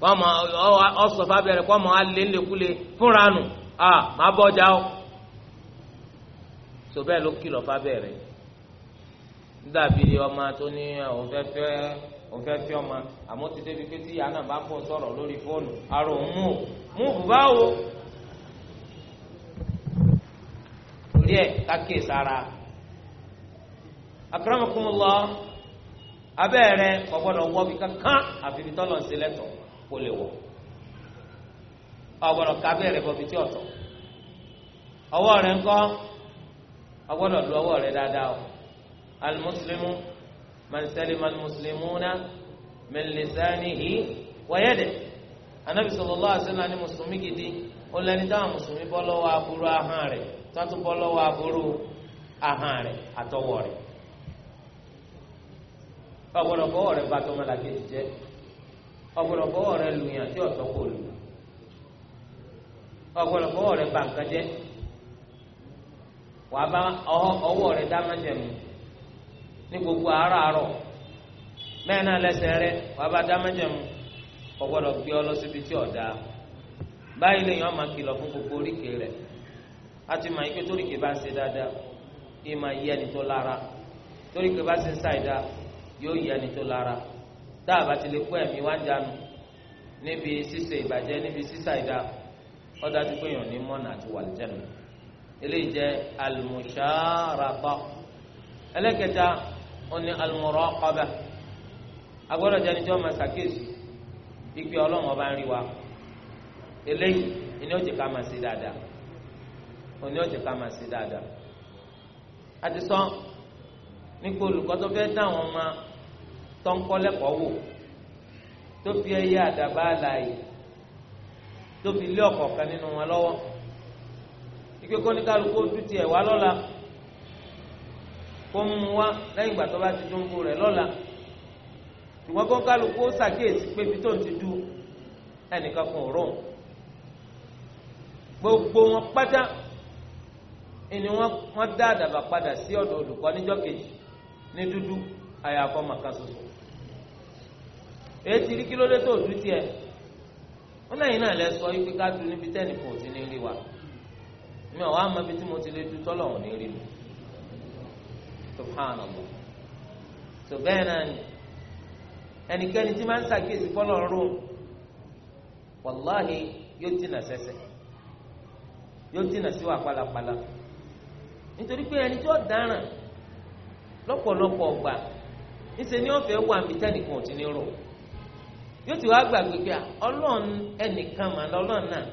A: kọ́mọ ọ̀sọ̀ fábẹ́rẹ́ kọ́mọ alẹ́ lẹ́kulẹ̀ fún ranù. Ah, a ma bọ́ o so bẹ́ẹ̀ ló kìlọ̀ fábẹ́rẹ́ nígbàbí ọmọ tó ní ah, òfẹ́fẹ́ òfẹ́fẹ́ ọmọ àmọ́ ti débi pé tí náà bá ń bọ̀ lórí fóònù ń mú mú bùbá o torí sára abẹ́rẹ́ kankan àfi bí tọ́lọ̀ ọgbọ́dọ̀ kábẹ́rẹ́ bọ̀ fìtí ọ̀tọ̀ ọwọ́ rẹ̀ ńkọ́ ọgbọ́dọ̀ lu ọwọ́ rẹ̀ dáadáa o alimuslimu mansalima alimuslimuna min lisanihi wa anabi na ni mùsùlùmí gidi ó lẹni táwọn mùsùlùmí bọ́ lọ́wọ́ aburú ahọ́n rẹ̀ tọ́tù bọ́ lọ́wọ́ aburú ahọ́n rẹ̀ àtọwọ́ rẹ̀ fọwọ́ rẹ̀ kejì jẹ́ fọwọ́ rẹ̀ tí ọ̀tọ́ kò lù ọgbọ́dọ̀ fọwọ́ rẹ bà nǹkan jẹ́ wàá bá ọwọ́ rẹ dá májẹ̀mú ní gbogbo àárọ̀ bẹ́ẹ̀ náà lẹ́sẹ̀ rẹ wàá bá dá májẹ̀mú ọgbọ́dọ̀ gbé ọ lọ síbi tí ọ̀dà báyìí lèèyàn máa kìlọ̀ fún gbogbo oríkèé rẹ̀ a ti mọ̀ ike toríkèé bá ń ṣe dáadáa kí máa yí ẹni tó lára toríkèé bá ṣe ń ṣàìdá yóò yí ẹni tó lára tá ti lè kó ẹ̀mí wá jánu níbi ṣíṣe ìbàjẹ́ níbi ṣíṣàìdá ọdájú pé èèyàn ní mọ́nà àti wà lẹ́nu eléyìí jẹ́ alimusaraba ẹlẹ́kẹta wọn ni alimuraqaba agbọ́dọ̀ jẹ́ níjọ́ máa ṣàkíyèsí ìpè ọlọ́run ọba ń rí wa eléyìí ìní ó jẹ́ ká máa ṣe dáadáa òní ó jẹ́ ká máa ṣe dáadáa àti sọ nípa olùkọ́ fẹ́ dá àwọn ọmọ tó ń kọ́ lẹ́kọ̀ọ́ wò tó fi ẹyẹ àdàbà àlàyé tó fi lé ọ̀kọ̀ọ̀kan nínú wọn lọ́wọ́ ike kó ní kálukó dúti ẹ̀ wá lọ́la kó mú wá lẹ́yìn ìgbà tó bá ti dúnkù rẹ̀ lọ́la ṣùgbọ́n kó kálukó ṣàkíyèsí pé ibi tó ń ti dú ẹnìkan kan ò rọrùn gbogbo wọn pátá ni wọ́n dá àdàbà padà sí ọ̀dọ̀ olùkọ́ níjọ́ kejì ní dúdú àyàfọ́ màkà soso èyí ti rí kí ló dé tó dú tiẹ̀. wọn lẹ́yìn náà lẹ sọ ibi ká tu níbi tẹ́ni kò sí ní rí wa mi ò wá mọ ibi tí mo ti lè tu tọ́lọ̀ wọn ní rí mi subhanallah tó bẹ́ẹ̀ náà ni ẹnikẹ́ni tí máa ń ṣàkíyèsí kọ́lọ̀ ń wàláhì yóò dínà yóò dínà sí wa pálapàla nítorí pé ẹni tí ó dáràn lọ́pọ̀lọpọ̀ ọgbà ni ó fẹ́ wà yóò ti wá gbàgbé pé ọlọ́run ẹnìkan mà lọ́lọ́run náà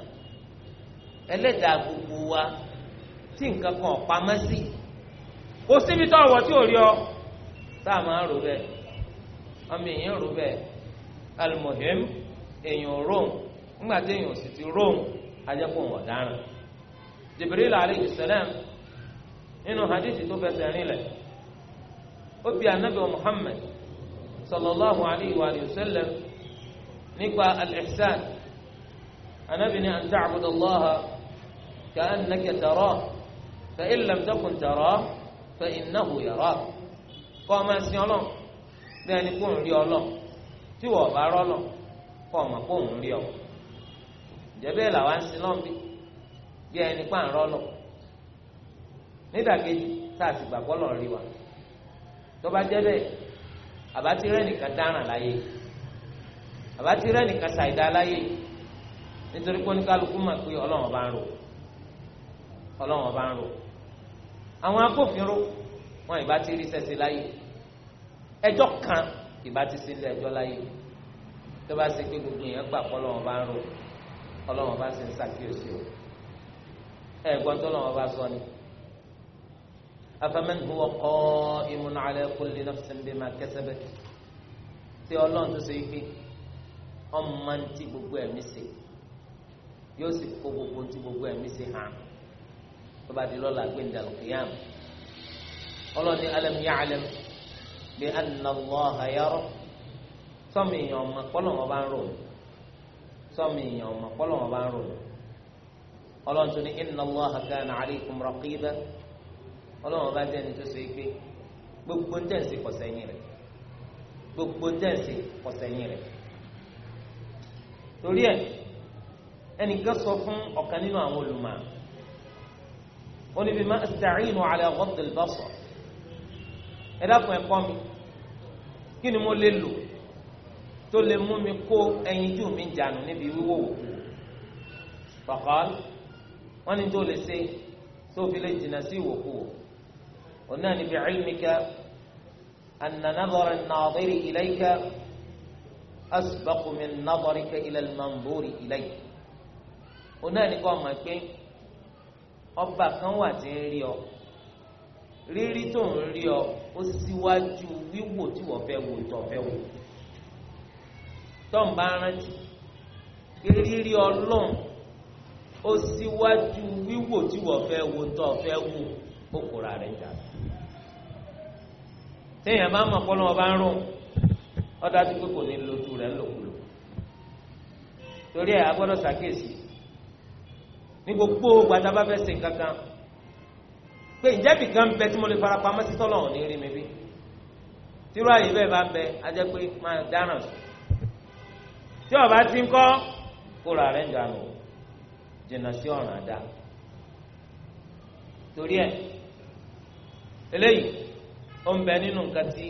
A: ẹlẹ́dàá gbogbo wa tí nǹkan kan ọ̀pamọ́ sí kò síbi tó tí ò rí ọ tá a máa rò bẹ́ẹ̀ ọmọ èèyàn rò bẹ́ẹ̀ alimohim èèyàn rome ńgbà tí èèyàn sì ti rome ajẹ́pọ̀ ọ̀daràn Jibril alayhi salam nínú hadithi tó fẹsẹ̀ rinlẹ̀ ó bi anabi Muhammad sallallahu alayhi wa nípa al-ihsan anabi ni an ta'budu allaha ka'annaka tarahu fa in lam takun tarahu fa innahu yarak kọ́ ọmọ ẹ̀sìn ọlọ́ bẹ́ẹ̀ ni kò ń rí ọlọ́ tí wọ́n bá rọ́lọ́ kọ́ ọmọ kò ń rí ọ jẹ́bẹ́ làwa ń sin lọ́nbi bí ẹni pa ń rọ́lọ́ nídàkejì tá a sì gbàgbọ́ lọ́ọ́ rí wa tó bá jẹ́ bẹ́ẹ̀ àbá ti rẹ́ nìkan dáràn láyé yìí bàbá ti rẹ́ nìkan ṣàìdá aláyé nítorí pé oníkálukú mà pé ọlọ́wọ́n bá ń rò ọlọ́wọ́n bá ń rò àwọn agbófinró wọn ìbá ti rí sẹ́sẹ́ láyé ẹjọ́ kan ìbá ti sílẹ̀ ẹjọ́ láyé tó bá ṣe pé gbogbo èèyàn gbà pọ́ lọ́wọ́n bá ń rò ọlọ́wọ́n bá ṣe ń ṣàkíyèsí o ẹ̀gbọ́n tó lọ́wọ́n bá sọ ni. afaman huwa qa'imun ala kulli nafsin bima kasabat tí ọlọ́run tó ṣe é pé. ọmọ ntí gbogbo ẹ̀mí ṣe yóò sì kó gbogbo ntí gbogbo ẹ̀mí ṣe hàn tó di lọ́la gbẹ̀ndà ọlọ́ni alam bi anna Allaha yara sọ́mi èèyàn ọmọ kọ́lọ̀ wọn bá ń rò sọ́mi èèyàn ọmọ kọ́lọ̀ wọn bá ń rò ọlọ́run tó ní inna Allaha kana gbogbo gbogbo torí ẹ ẹnìkan sọ fún ọ̀kan nínú àwọn olùmọ̀ ó ní bí má ṣàìnù àlẹ́ ọ̀gọ́dẹ̀ lọ́sọ̀ ẹ dákun ẹ̀kọ́ mi kí ni mo lè lò tó lè mú mi kó ẹyin jù mí jànù níbi wíwò wò fàkàl wọn tó lè ṣe tó fi lè jìnnà sí ìwòkú wò òun náà níbi ilmika ànànàbọ̀rẹ̀ nàdírí ilayka asbaqu min nazarika ila al-manzuri ilayhi o náà ní kó o mọ̀ pé ọba kan wà tí ń rí ọ rírí tó ń rí ọ ó síwájú wíwò tí wọ́n fẹ́ wò tó fẹ́ wò tó ń bá rántí pé rírí ó síwájú wíwò tí wọ́n fẹ́ wò tó fẹ́ wò ó kóra rẹ̀ jà téèyàn bá mọ̀ kọ́ lọ́wọ́ bá rún ọdájú pé kò ní lójú rẹ̀ ńlòkulò torí ẹ̀ agbọ́dọ̀ ṣàkíyèsí ní gbogbo gbàdábà fẹ́ ṣe kankan pé ìjẹ́bì kan bẹ tí mo lè fara pamọ́ sí tọ́lọ̀ ò ní rí mi bí tírú àyè bẹ́ẹ̀ bá bẹ ajẹ́ pé máa dáràn sùn tí ọba ti ń kọ́ kóra rẹ̀ ń dànù jìnnà sí ọ̀ràn àdá torí ẹ̀ eléyìí ó ń bẹ nínú nǹkan tí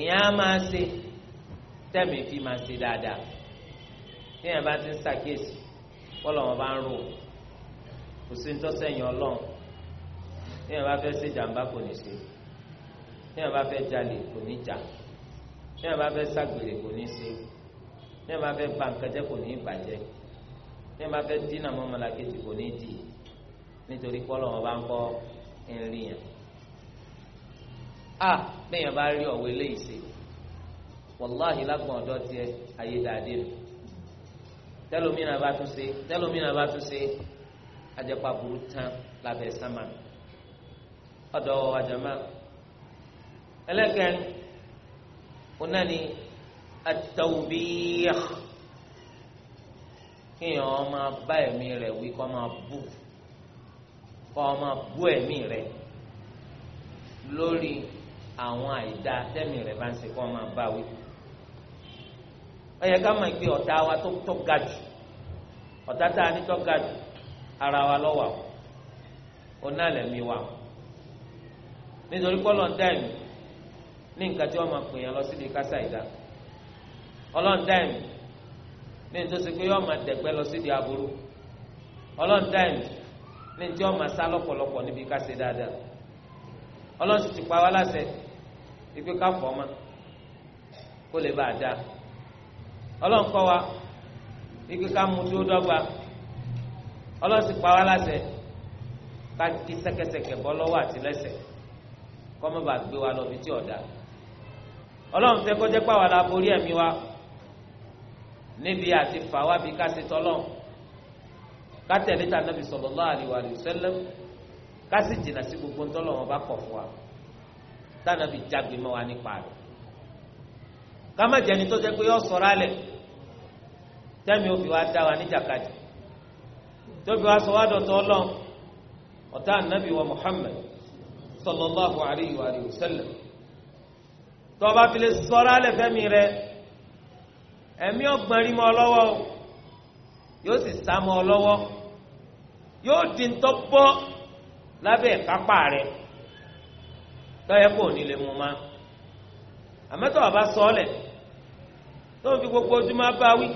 A: ìyẹn á máa ṣe tẹ̀mí fi máa ṣe dáadáa tí ìyẹn bá ti ń ṣàkíyèsí bọ́lọ̀ wọn bá ń rò kò sí nítọ́sẹ̀yìn ọlọ́run tí ìyẹn bá fẹ́ ṣe jàǹbá kò ní ṣe tí ìyẹn bá fẹ́ jalè kò ní jà tí ìyẹn bá fẹ́ ṣàgbèrè kò ní ṣe tí ìyẹn bá fẹ́ ba nǹkan jẹ́ kò ní bàjẹ́ tí ìyẹn bá fẹ́ dínà mọ́ ọmọlàkejì kò ní dì nítorí bọ́lọ̀ wọn bá ń kọ́ ìrìn yẹn a bẹ́ẹ̀ yẹn bá rí ọ̀wọ́ eléyìí ṣe wàláhì lágbọ̀n ọ̀dọ́ tiẹ̀ ayé dáadé nù tẹlómìnà bá tún ṣe tẹlómìnà bá tún ṣe ajẹ́pà burú tán lábẹ́ sámà ọ̀dọ̀ àjàmá ẹlẹ́kẹ̀rin onáni atawubiyah kéèyàn máa bá ẹ̀mí rẹ̀ wí kó máa bú kó máa bú ẹ̀mí rẹ̀ lórí àwọn àìda tẹ́mi rẹ̀ bá ń ṣe kó wọn máa bá wí. ó ká mọ̀ pé ọ̀tá wa tó tó ga jù ọ̀tá tá a ní tó ga jù ara wa lọ́wọ́ o náà lẹ́mí wa nítorí pọ́lọ́ ní nǹkan tí wọ́n máa pè yàn lọ sí di kásá ìdá ọlọ́run ní nítorí pé yọ́n máa dẹ̀gbẹ́ lọ sí aburú ní ti ipe ká fọ́ ma kó lè bá a da ọlọ́run kọ́ wa ipe ká mu tó dọ́gba
B: ọlọ́run sì pa wá láṣẹ
A: ká kí sẹ́kẹsẹ̀kẹ̀ bọ́ lọ́wọ́ àti lẹ́sẹ̀ kọ́ mọ́ bá gbé wa lọ bí tí ọ̀dà ọlọ́run fẹ́ kọjá pàwọ́ la borí ẹ̀mí wa níbi àti fà wá bí ká ṣe tọ́lọ́run ká tẹ̀lé ta nàbì sallallahu alaihi wa sallam ká sì jìnnà sí gbogbo ńtọ́lọ́run ọba kọ̀ fún wa táwọn fi jágbe mọ́ wa nípa rẹ̀ ká má jẹni tó jẹ pé yọ sọ̀rọ̀ alẹ̀ tẹ́mi ó fi wá dá wa níjàkadì tó fi wá sọ wá dọ̀tọ̀ ọlọ́run ọ̀tá ànábì wa Muhammad sallallahu alayhi wa sallam tó bá fi lè sọ̀rọ̀ alẹ̀ fẹ́mi rẹ̀ ẹ̀mí ọgbọ̀n rí mọ́ ọ lọ́wọ́ yóò sì sá mọ́ ọ lọ́wọ́ yóò di ń tọ́ bọ́ lábẹ́ ìkápá rẹ̀. lọ́yẹ kò ní lè mú ma àmọ́tọ́ ọba sọ́ọ̀lẹ̀ tó ń fi gbogbo ojúmọ́ bá wí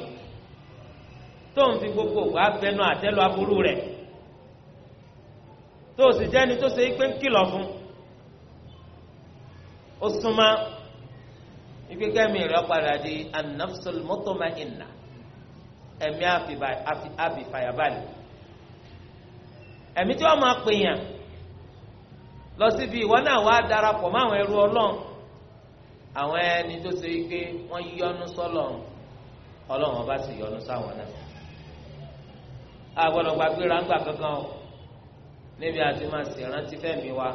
A: tó ń fi gbogbo ògbà bẹnu àtẹ́lu aburú rẹ̀ tó o sì jẹ́ni tó ṣe pé ń kìlọ̀ fún ó súnmọ́ ìgbéga mi rẹ̀ padà di anafsul mutma'inna ẹ̀mí àfìfàyàbalẹ̀ ẹ̀mí tí wọ́n máa pè yàn. lọ síbi ìwọ náà wàá darapọ̀ mọ́ àwọn ẹrú ọlọ́run àwọn ẹni tó ṣe pé wọ́n yọ́nú sọ́lọ́run ọlọ́run ọba sì yọ́nú sáwọn náà àgbọ̀dọ̀ gbàgbéra ń gbà kankan o níbi àti máa ṣèrántí fẹ́mi wa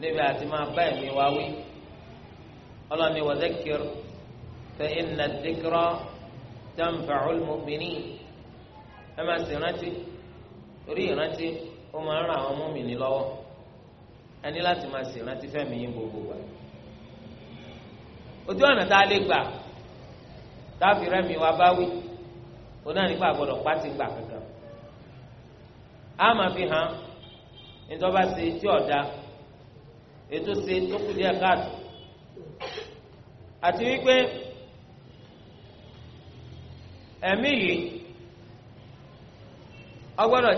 A: níbi àti máa bá ẹ̀mí wa wí ọlọ́run ni wa dhakkir fa inna dhikra tanfa'ul mu'minin ẹ máa ṣèrántí torí ìrántí ó máa ń ran àwọn mùmínì lọ́wọ́. ẹni láti máa ṣe ìrántí fẹ́mi yín gbogbo wa ojú ọ̀nà tá a lè gbà táàfin rẹ́mi wa bá wí ó náà nípa àgbọ̀dọ̀ pátì gbà kankan a máa fi hàn ìjọba ṣe tí ọ̀dà ètò ṣe tó kù díẹ̀ káàtó àti wípé ẹ̀mí yìí ọgbọ́dọ̀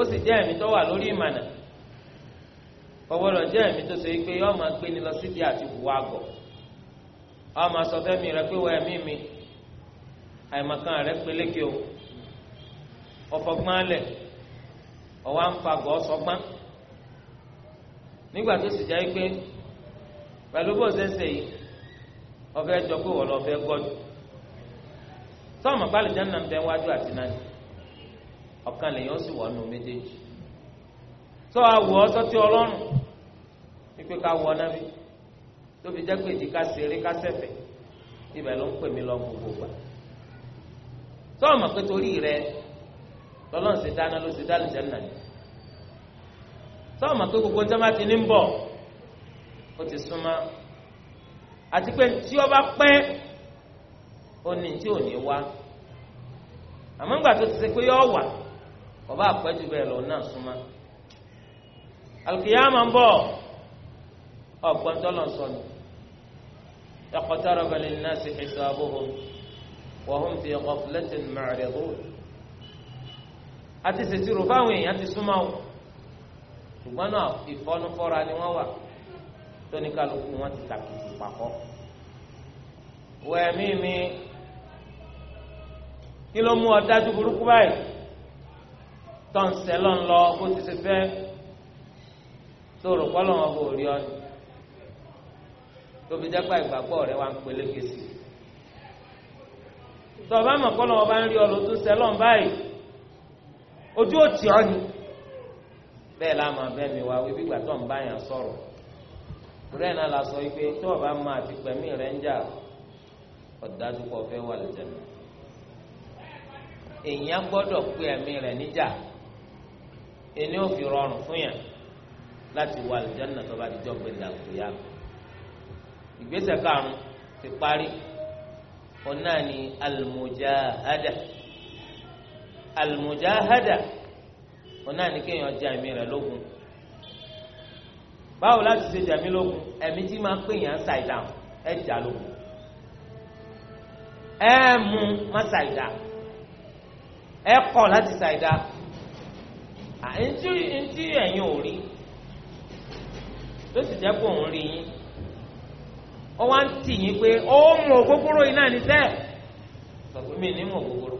A: ó sì jẹ́ ẹ̀mí tó wà lórí ìmànà ọgbọ́dọ̀ jẹ́ ẹ̀mí tó ṣe pé yọ́ọ́ máa gbé ni lọ síbi àti wùwà gọ̀ ọ́ máa sọ fẹ́mi rẹ pé wọ ẹ̀mí mi àìmọ̀kan rẹ peléke o ọ̀fọ̀gbọ́n alẹ̀ ọ̀wá ń fa gọ̀ sọgbọ́n nígbà tó sì jẹ́ pé pẹ̀lú bó ṣe ń ṣe yìí ọ̀fẹ́ jọ pé wọ́n fẹ́ sọ́ọ̀mù ọ̀kan lèyàn sì wọ̀ nù méjèèjì sọ àwọ̀ ọsọtí ọlọ́run wípé ká wọ náà mi tóbi jẹ́ pé ìdíkà ṣeré ká ṣẹ̀fẹ̀ ibẹ̀ ló ń pè mí lọ gbogbo gbà sọ ọmọ pé torí rẹ lọ́lọ́run ṣe dáná ló ṣe dá àlùjánnà ni sọ ọmọ pé gbogbo jẹ́ má ti ní bọ̀ ó ti súnmọ́ àti pé tí ọba àpẹjù bẹ́ẹ̀ lọ náà súnmọ́ alùkìyàmà ń bọ̀ ọ̀gbọ́n tọ́lọ̀ sọ ni iqtaraba linnasi hisabuhum wa hum fi ghaflatin mu'ridun àti ṣètìrò fáwọn èèyàn ti súnmọ́ o ṣùgbọ́n náà ìfọ́nufọ́ra ni wọ́n wà tóníkàlùkù wọn ti tàkìtì pàkọ́ wẹ̀mí mi kí ló mú ọ dájú burúkú báyìí tọ́ǹsẹ̀ lọ́n lọ bó ti ṣe fẹ́ sóòrò pọ́lọ́ wọn bò rí ọ ni tóbi jẹ́pà ìgbàgbọ́ rẹ wà ń pelé kesi tọ́ba mọ̀ pọ́lọ́ wọn bá ń rí ọ lọ tó ṣẹ lọ́n báyìí ojú ò tì ọ ni bẹ́ẹ̀ la máa bẹ́ẹ̀ mi wá wí bí gbàtọ́ ń bá yàn sọ̀rọ̀ rẹ́ẹ̀ náà la sọ pé tọ́ọ̀bá máa ti pẹ̀mí rẹ̀ ń jà ọ̀dájú fẹ́ wà lẹ́jẹ̀ èèyàn gbọ́dọ̀ pé ẹ̀mí rẹ̀ níjà ẹni ò fi rọrùn fún yàn láti wọ àlùjánnà tó bá di jọ́ pé dàgbéyà ìgbésẹ̀ karùn ti parí ọ̀nà ni almujahada almujahada ọ̀nà ni kéèyàn ja ẹ̀mí rẹ̀ lógun báwo láti ṣe jẹ̀mí lógun ẹ̀mí tí máa ń pè yàn ṣàì ẹ̀ jà lógun ẹ̀ mú má ṣàì ẹ̀ kọ̀ láti ṣàì ntí ntí ẹ̀yin ò rí ló sì jẹ́ kó ń rí yín ó wá ń tì yín pé ó mọ ògógóró yìí níṣẹ́ sọ mi ní mọ ògógóró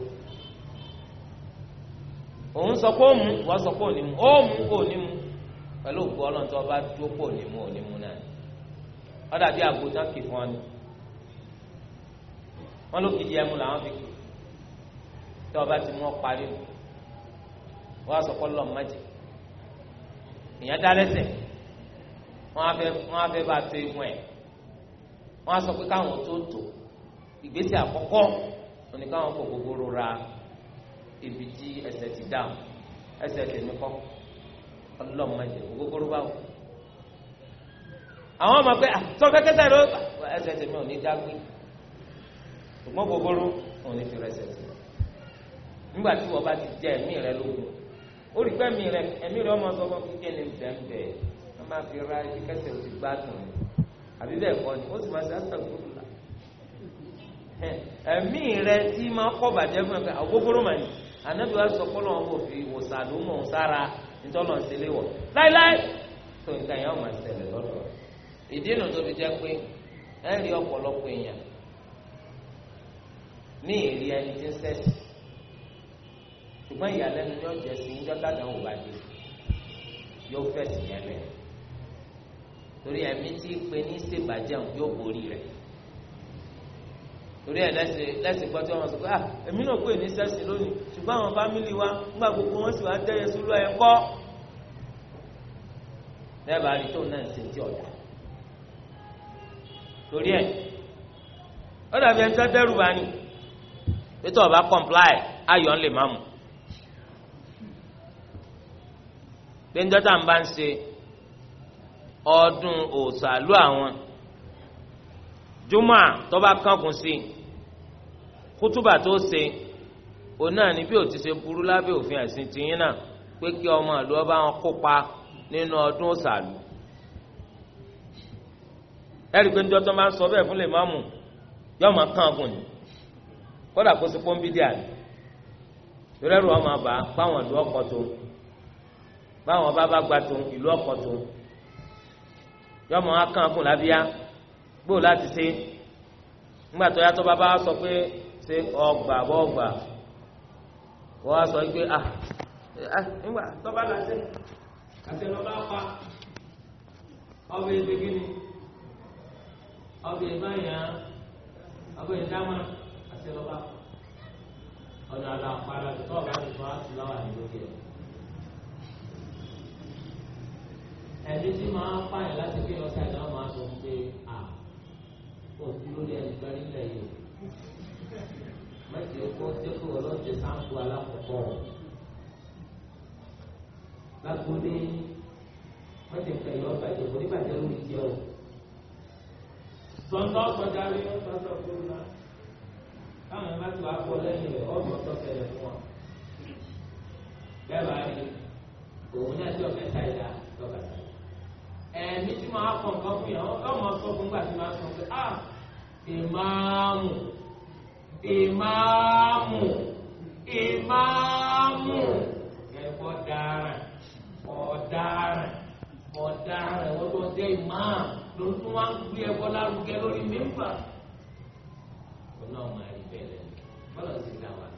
A: òun sọ pé ó mú wọ́n sọ pé ò mú ó mú kò mú pẹ̀lú òkú ọlọ́run tí wọ́n bá dúró mú mú náà ó dàbí kì fún ọ ni wọ́n làwọn fi kì tí wọ́n bá ti mú ọ wọ́n á sọ kọ́ lọ́ọ̀ mẹ́jẹ èèyàn dá lẹ́sẹ̀ wọ́n á fẹ́ wọ́n á fẹ́ bá tó egun ẹ̀ wọ́n á sọ pé káwọn tó tò ìgbésẹ̀ àkọ́kọ́ òní káwọn kò gbogbo ra ibi tí ẹsẹ̀ ti dáhùn ẹsẹ̀ tèmi kọ́ ọlọ́mọdé gbogbo báwò
B: àwọn ọmọ pé ah, sọfẹ́ kẹsẹ̀ ló ẹsẹ̀
A: tèmi ò ní dágbé ṣùgbọ́n gbogbo òní fi rẹsẹ̀ tèmi nígbà tí wọ́n bá ti jẹ́ ẹ̀mí rẹ lógun ó rí pẹ́mi rẹ ẹ̀mí rẹ ọmọ sọ́kọ́ kíkẹ́ ní bẹ́ẹ̀ wọ́n máa fi ra ẹni kẹsẹ̀ ti gbádùn àbí bẹ́ẹ̀ kọ́ ni ó sì máa ṣe àtàkùn là ẹ̀mí rẹ tí máa kọ́ bàjẹ́ fún ẹ àgbógbóró mà ànábi wa sọ kọ́ lọ́wọ́ fi wòsàn ló mọ̀ sára nítorí ọ̀n sílé wọ̀ láíláí tó nǹkan yẹn máa lọ́dọ̀ ìdí ṣùgbọ́n ìyàlẹ́nu yóò jẹ́ sí ní dọ́tà náà wò bá dé yóò fẹ́ sí yẹn lẹ̀ torí ẹ̀mí tí pe ní ṣèbàjẹ́ òun yóò borí rẹ̀ torí ẹ̀ lẹ́sìn lẹ́sìn gbọ́ tí wọ́n sọ pé ah èmi náà pè ní sẹ́sìn lónìí ṣùgbọ́n àwọn fámìlì wa nígbà gbogbo wọn sì wá dẹ́yẹ sólú ẹ̀ kọ́ lẹ́ẹ̀bà rí tóun náà ń ṣe ti ọ̀dà torí ẹ̀ ó dàbí ẹni tó dẹ́rù bá ní pété ọba comply ayọ̀ ń lè má mú pé ń dọ́tà ń bá ń ṣe ọdún òòsàlú àwọn jùmọ̀ tó bá kankun sí kútùbà tó ṣe òun náà ní bí ò ti ṣe burú lábẹ́ òfin ẹ̀sìn tìyín náà pé kí ọmọ ìlú ọba wọn kópa nínú ọdún òòsàlú ẹ̀rí pé ń dọ́tà máa ń sọ bẹ́ẹ̀ fún lè má mú yọ máa kankun ni kódà kó sí pọ́ńbídìí àná lórí ẹ̀rù ọmọ àbá pàwọn ìlú ọkọ̀ tó báwọn bá bá gba tòun ìlú ọkọ tòun yọmọ akán fún làbíyá gbóò láti ṣe ńgbà tó yàtọ̀ bàbá sọ pé ṣe ọgbà bọ́ọ̀gbà wọ́n á sọ pé ah, ah nígbà tọ́ba là ṣe àti lọ́ba pa ọbẹ̀ èdè gíní ọbẹ̀ ìmáyà ọbẹ̀ ìdámà àti lọ́ba ọ̀nà àlàpàlà tó ọ̀gá tuntun á sì láwà nínú kí ẹni tí máa ń pààyàn láti gbé ọ̀sẹ̀ náà máa sọ pé à òbí lórí ẹnìkan nílẹ̀ yìí mẹ́tì ọkọ tẹ́kọ̀ ọlọ́dẹ sáńpù alákọ̀ọ́kọ́ lágbóni mẹ́tì kẹyọ bàjẹ́ kò ní bàjẹ́ lórí jẹ́ o tọ́ńtọ́ ọ̀gbọ́dá rí ọ̀gbọ́n tó kúrú náà káwọn ẹ̀ má tó akọ lẹ́yìn rẹ̀ ọ̀gbọ́n tó tẹ̀lé fún wa bẹ́ẹ̀ bá rí òun náà tí ọ̀fẹ́ sáyidá lọ́kàtà ẹni tí máa kọ nǹkan fún yàrá wọn máa sọ fún gbà máa sọ pé ah ìmáàmù ìmáàmù ìmáàmù ẹ̀kọ́ dára ọ̀daràn ọ̀daràn wọ́n tó jẹ́ ìmáàmù ló ń tún wá ń gbé ẹ̀kọ́ lárugẹ lórí mẹ́fà òun náà máa rí bẹ́ẹ̀ lẹ́nu bọ́lá sì dá wa.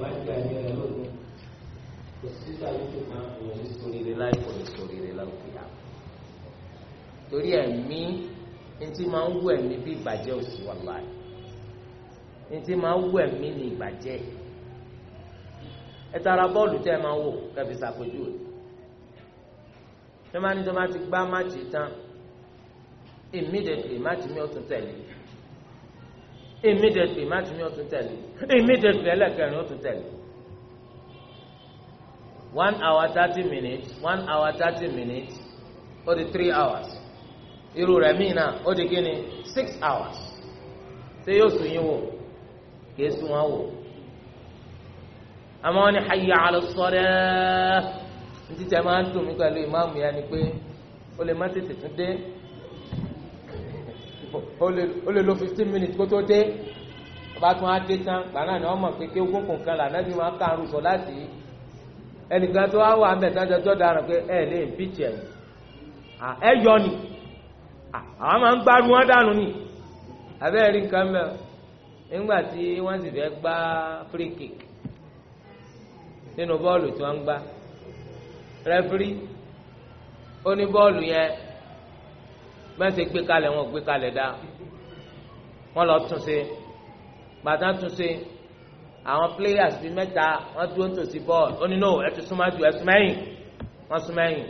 A: bá jẹ́ àyẹ̀rẹ̀ lógún kò sí sàyè tó máa ń wọ ní sóríire láì wọ ní sóríire láwùjọ yà torí ẹ̀mí ntí máa ń wọ ẹ̀mí bí ìbàjẹ́ òsì wà láì ntí máa ń wọ ẹ̀mí ní ìbàjẹ́ ẹ tara bọ́ọ̀lù tẹ́ ẹ máa wò kẹfì sàpèjúwe tẹ́ máa ní máa ti gbá máàcì tán immediately máàcì mi ò tún tẹ̀lé immediately máàcì mi ò tún tẹ̀lé immediately ẹlẹ́kẹrin ò tún tẹ̀lé. one hour thirty minutes one hour thirty minutes ó di three hours irú rẹ̀ míì náà ó di kí ni six hours ṣé yóò sùn yín wò kìí sùn wọn wò àmọ́ ní máa ń mí pẹ̀lú ìmáàmù yẹn ni pé ó lè má lo fifteen minutes kó tó dé ọba tún á dé tán gbàrà ni wọn mọ̀ pé kí ogún kan là ẹnìkan tó wá wà mẹ́ta jọjọ́ dára pé ẹ lè bíjì ẹ yọ ni àwọn máa ń gbárù wọn dànù ni abẹ́rẹ́ rí nǹkan mẹ́ nígbà tí wọ́n sì fẹ́ gbá free kick nínú bọ́ọ̀lù tí wọ́n ń gbá rẹ́fírí ó ní bọ́ọ̀lù yẹn mẹ́sẹ̀ gbé kalẹ̀ wọn gbé kalẹ̀ dá àwọn players bíi mẹ́ta wọ́n dúró nítòsí bọ́ọ̀lù ó ní no ẹ ti súnmọ́ ju ẹ súnmọ́ ẹ̀yìn wọ́n súnmọ́ ẹ̀yìn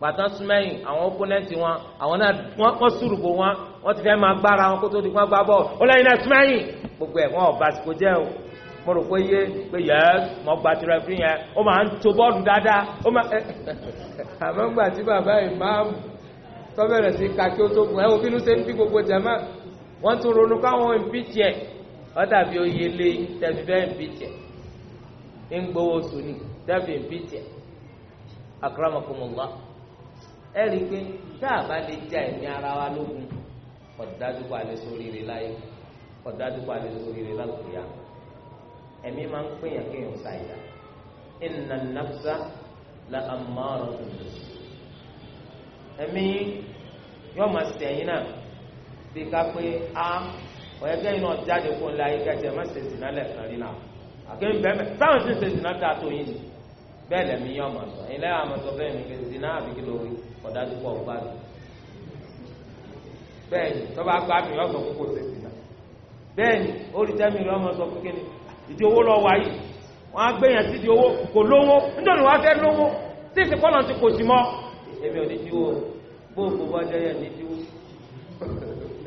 A: pàtàn súnmọ́ ẹ̀yìn àwọn opponent wọn àwọn náà wọ́n sùrù bò wọn wọ́n ti fẹ́ máa gbára wọn kó tó di wọ́n gbá bọ́ọ̀lù ó lẹ́yìn náà súnmọ́ ẹ̀yìn gbogbo ẹ̀ wọ́n ọ̀bà àsìkò jẹ́ o mo rò pé yé pé yẹ mọ gba ti rẹfiri yẹn ó máa ń to bọ́ọ̀lù dáadáa ó máa ẹ àmọ́ gbà tí bàbá yìí máa ń tọ́bẹ̀rẹ̀ sí kakí ó tó gun ẹ wo bínú ṣe ń bí gbogbo jẹ̀mọ́ ọdàbí oyè lé tẹbi bẹ́ẹ̀ ń bí tiẹ̀ ń gbowó oṣù ni ń bí tiẹ̀ ẹ rí i pé tá a bá lè já ẹ̀mí ara wa lógun ọ̀dájú kó sórí láyé sórí ẹ̀mí máa ń pè yàn inna nafsa la ammaratun ẹ̀mí yọ̀ọ́ máa náà bí ká a. ọ̀yẹ́kẹ́ iná jáde fún ilé ayé kẹ́tì ẹ̀ má ṣe zìnà lẹ́ẹ̀kan rí náà àkè ń bẹ́ẹ̀ táwọn sì ṣe zìnà ta tó yín bẹ́ẹ̀ lẹ́mí yọ ọmọ sọ ilé àmọ́ sọ bẹ́ẹ̀ mi kì í zìnà àbí kí lórí ọ̀dájú pọ̀ gbá mi bẹ́ẹ̀ ni tọ́ba gbá mi ọ̀sọ̀ kókó ṣe zìnà bẹ́ẹ̀ ni olùtẹ́mi rẹ̀ ọmọ sọ pé kí ni ìdí owó lọ wáyé wọn á gbé yẹn sí di owó kò lówó nítorí wọn á fẹ́ lówó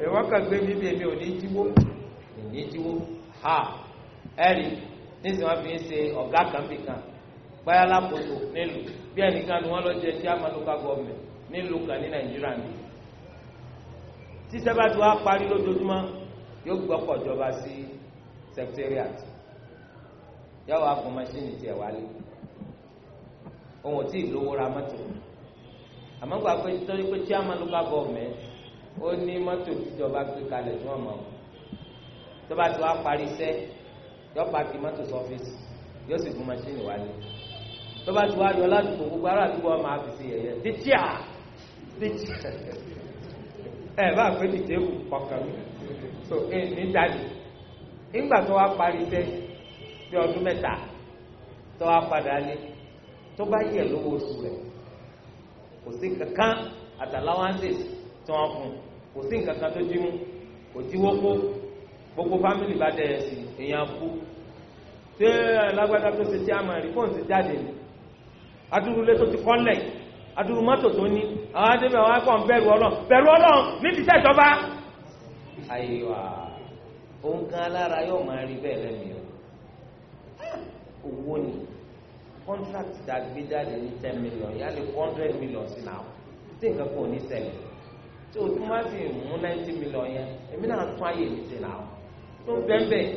A: ẹ̀wọ́n kan gbé mi bèbè ò ní jíwó ní jíwó ha ẹ̀rì nísìnyí wọ́n fi ń ṣe ọ̀gá kan bì kan báyà lákòóso nílùú bí ẹnìkan ni wọ́n lọ jẹ sí amanuka gọ́ọ̀mẹ̀ nílùú kan ní nàìjíríà ni tíṣẹ́ bá ti wá parí lójoojúmọ́ yóò gbọ́kọ̀ jọba sí secretariat yóò wá fún mọ́ṣíìnì tiẹ̀ wálé òun ò tí ì lówó mọ́tò àmọ́ gbà pé torí pé chairman local government ó ní mọ́tò tíjọba gbé kalẹ̀ tí wọ́n mọ̀ ọ́ tó bá ti parí iṣẹ́ yọ pàkì mọ́tò sọ́fíìsì yóò sì fún mọ́ṣíìnì yọ gbogbo ará àdúgbò ọmọ àfìsí yẹyẹ títíà ẹ bá pé mi so ẹ ní jáde nígbà tó wá parí iṣẹ́ bí ọdún mẹ́ta tó wá padà lé tó bá yẹ lówó kankan tí wọ́n fún kò sí nǹkan kan tó jí mú kò tí kó gbogbo fámìlì bá dẹ̀ sí èèyàn kú ṣé alágbádá tó ṣe tí a máa rí fóun ti jáde ni adúrúlé tó ti kọ́lẹ̀ adúrú mọ́tò tó ní àwọn adébẹ̀ wọn kàn bẹ̀rù ọlọ́run bẹ̀rù ọlọ́run ní ti sẹ́jọba. àyèwà òun kan alára yóò máa rí bẹ́ẹ̀ lẹ́mìí o owó ni contract tá a gbé jáde ní ten million yálẹ̀ hundred million sí náà tí nǹkan kò ní ṣẹlẹ̀ tó o tún wá sí mú náìtì mílíọ̀n yẹn èmi náà tún ayé mi sí náà tó bẹ́ẹ̀ bẹ́ẹ̀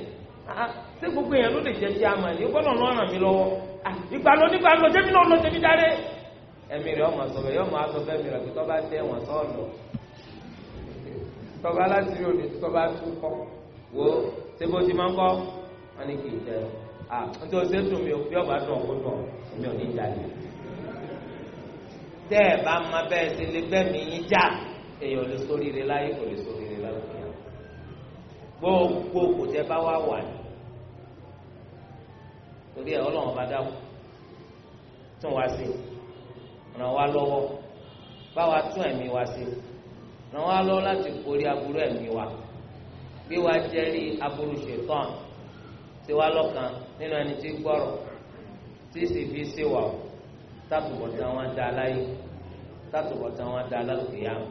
A: ah, ah, ṣé gbogbo èèyàn ló lè jẹ́ sí àmọ́ ẹ̀ gbọ́dọ̀ lọ́ ràn mí lọ́wọ́ ah, ìgbà ló nígbà ló jẹ́mi náà ló jẹ́mi dáre ẹ̀mí rẹ̀ ọmọ sọ bẹ́ẹ̀ yọmọ aṣọ bẹ́ẹ̀ mi rẹ̀ tó bá tẹ wọn sọ́ọ̀lù tọ́ba láti rí òde tó bá tún kọ́ wo ṣé bó ti máa ń kọ́ wọn ni kì í jẹ à nítorí o ṣe ń dùn mí o bí ọba dùn ọkọ dùn èmi ò ní jalè tẹ́ ẹ bá máa bẹ́ẹ̀ ṣe lé bẹ́ẹ̀ mi yín já èèyàn lè sóríire láyé kò lè sóríire lálùkìyà gbogbo kò tẹ bá wà wà ní torí ẹ ọlọ́run bá dáwọ́ tún wá sí ràn wá lọ́wọ́ bá wa tún ẹ̀mí wa sí ràn wá lọ́wọ́ láti borí aburú ẹ̀mí wa bí wa jẹ́rí aburú ṣetán tí wá lọ́kàn nínú ẹni tí gbọ́rọ̀ tí sì fi ṣèwà tàtúbọ̀tán wọn dá láyé tàtúbọ̀tán wọn dá lálùkìyà mọ́.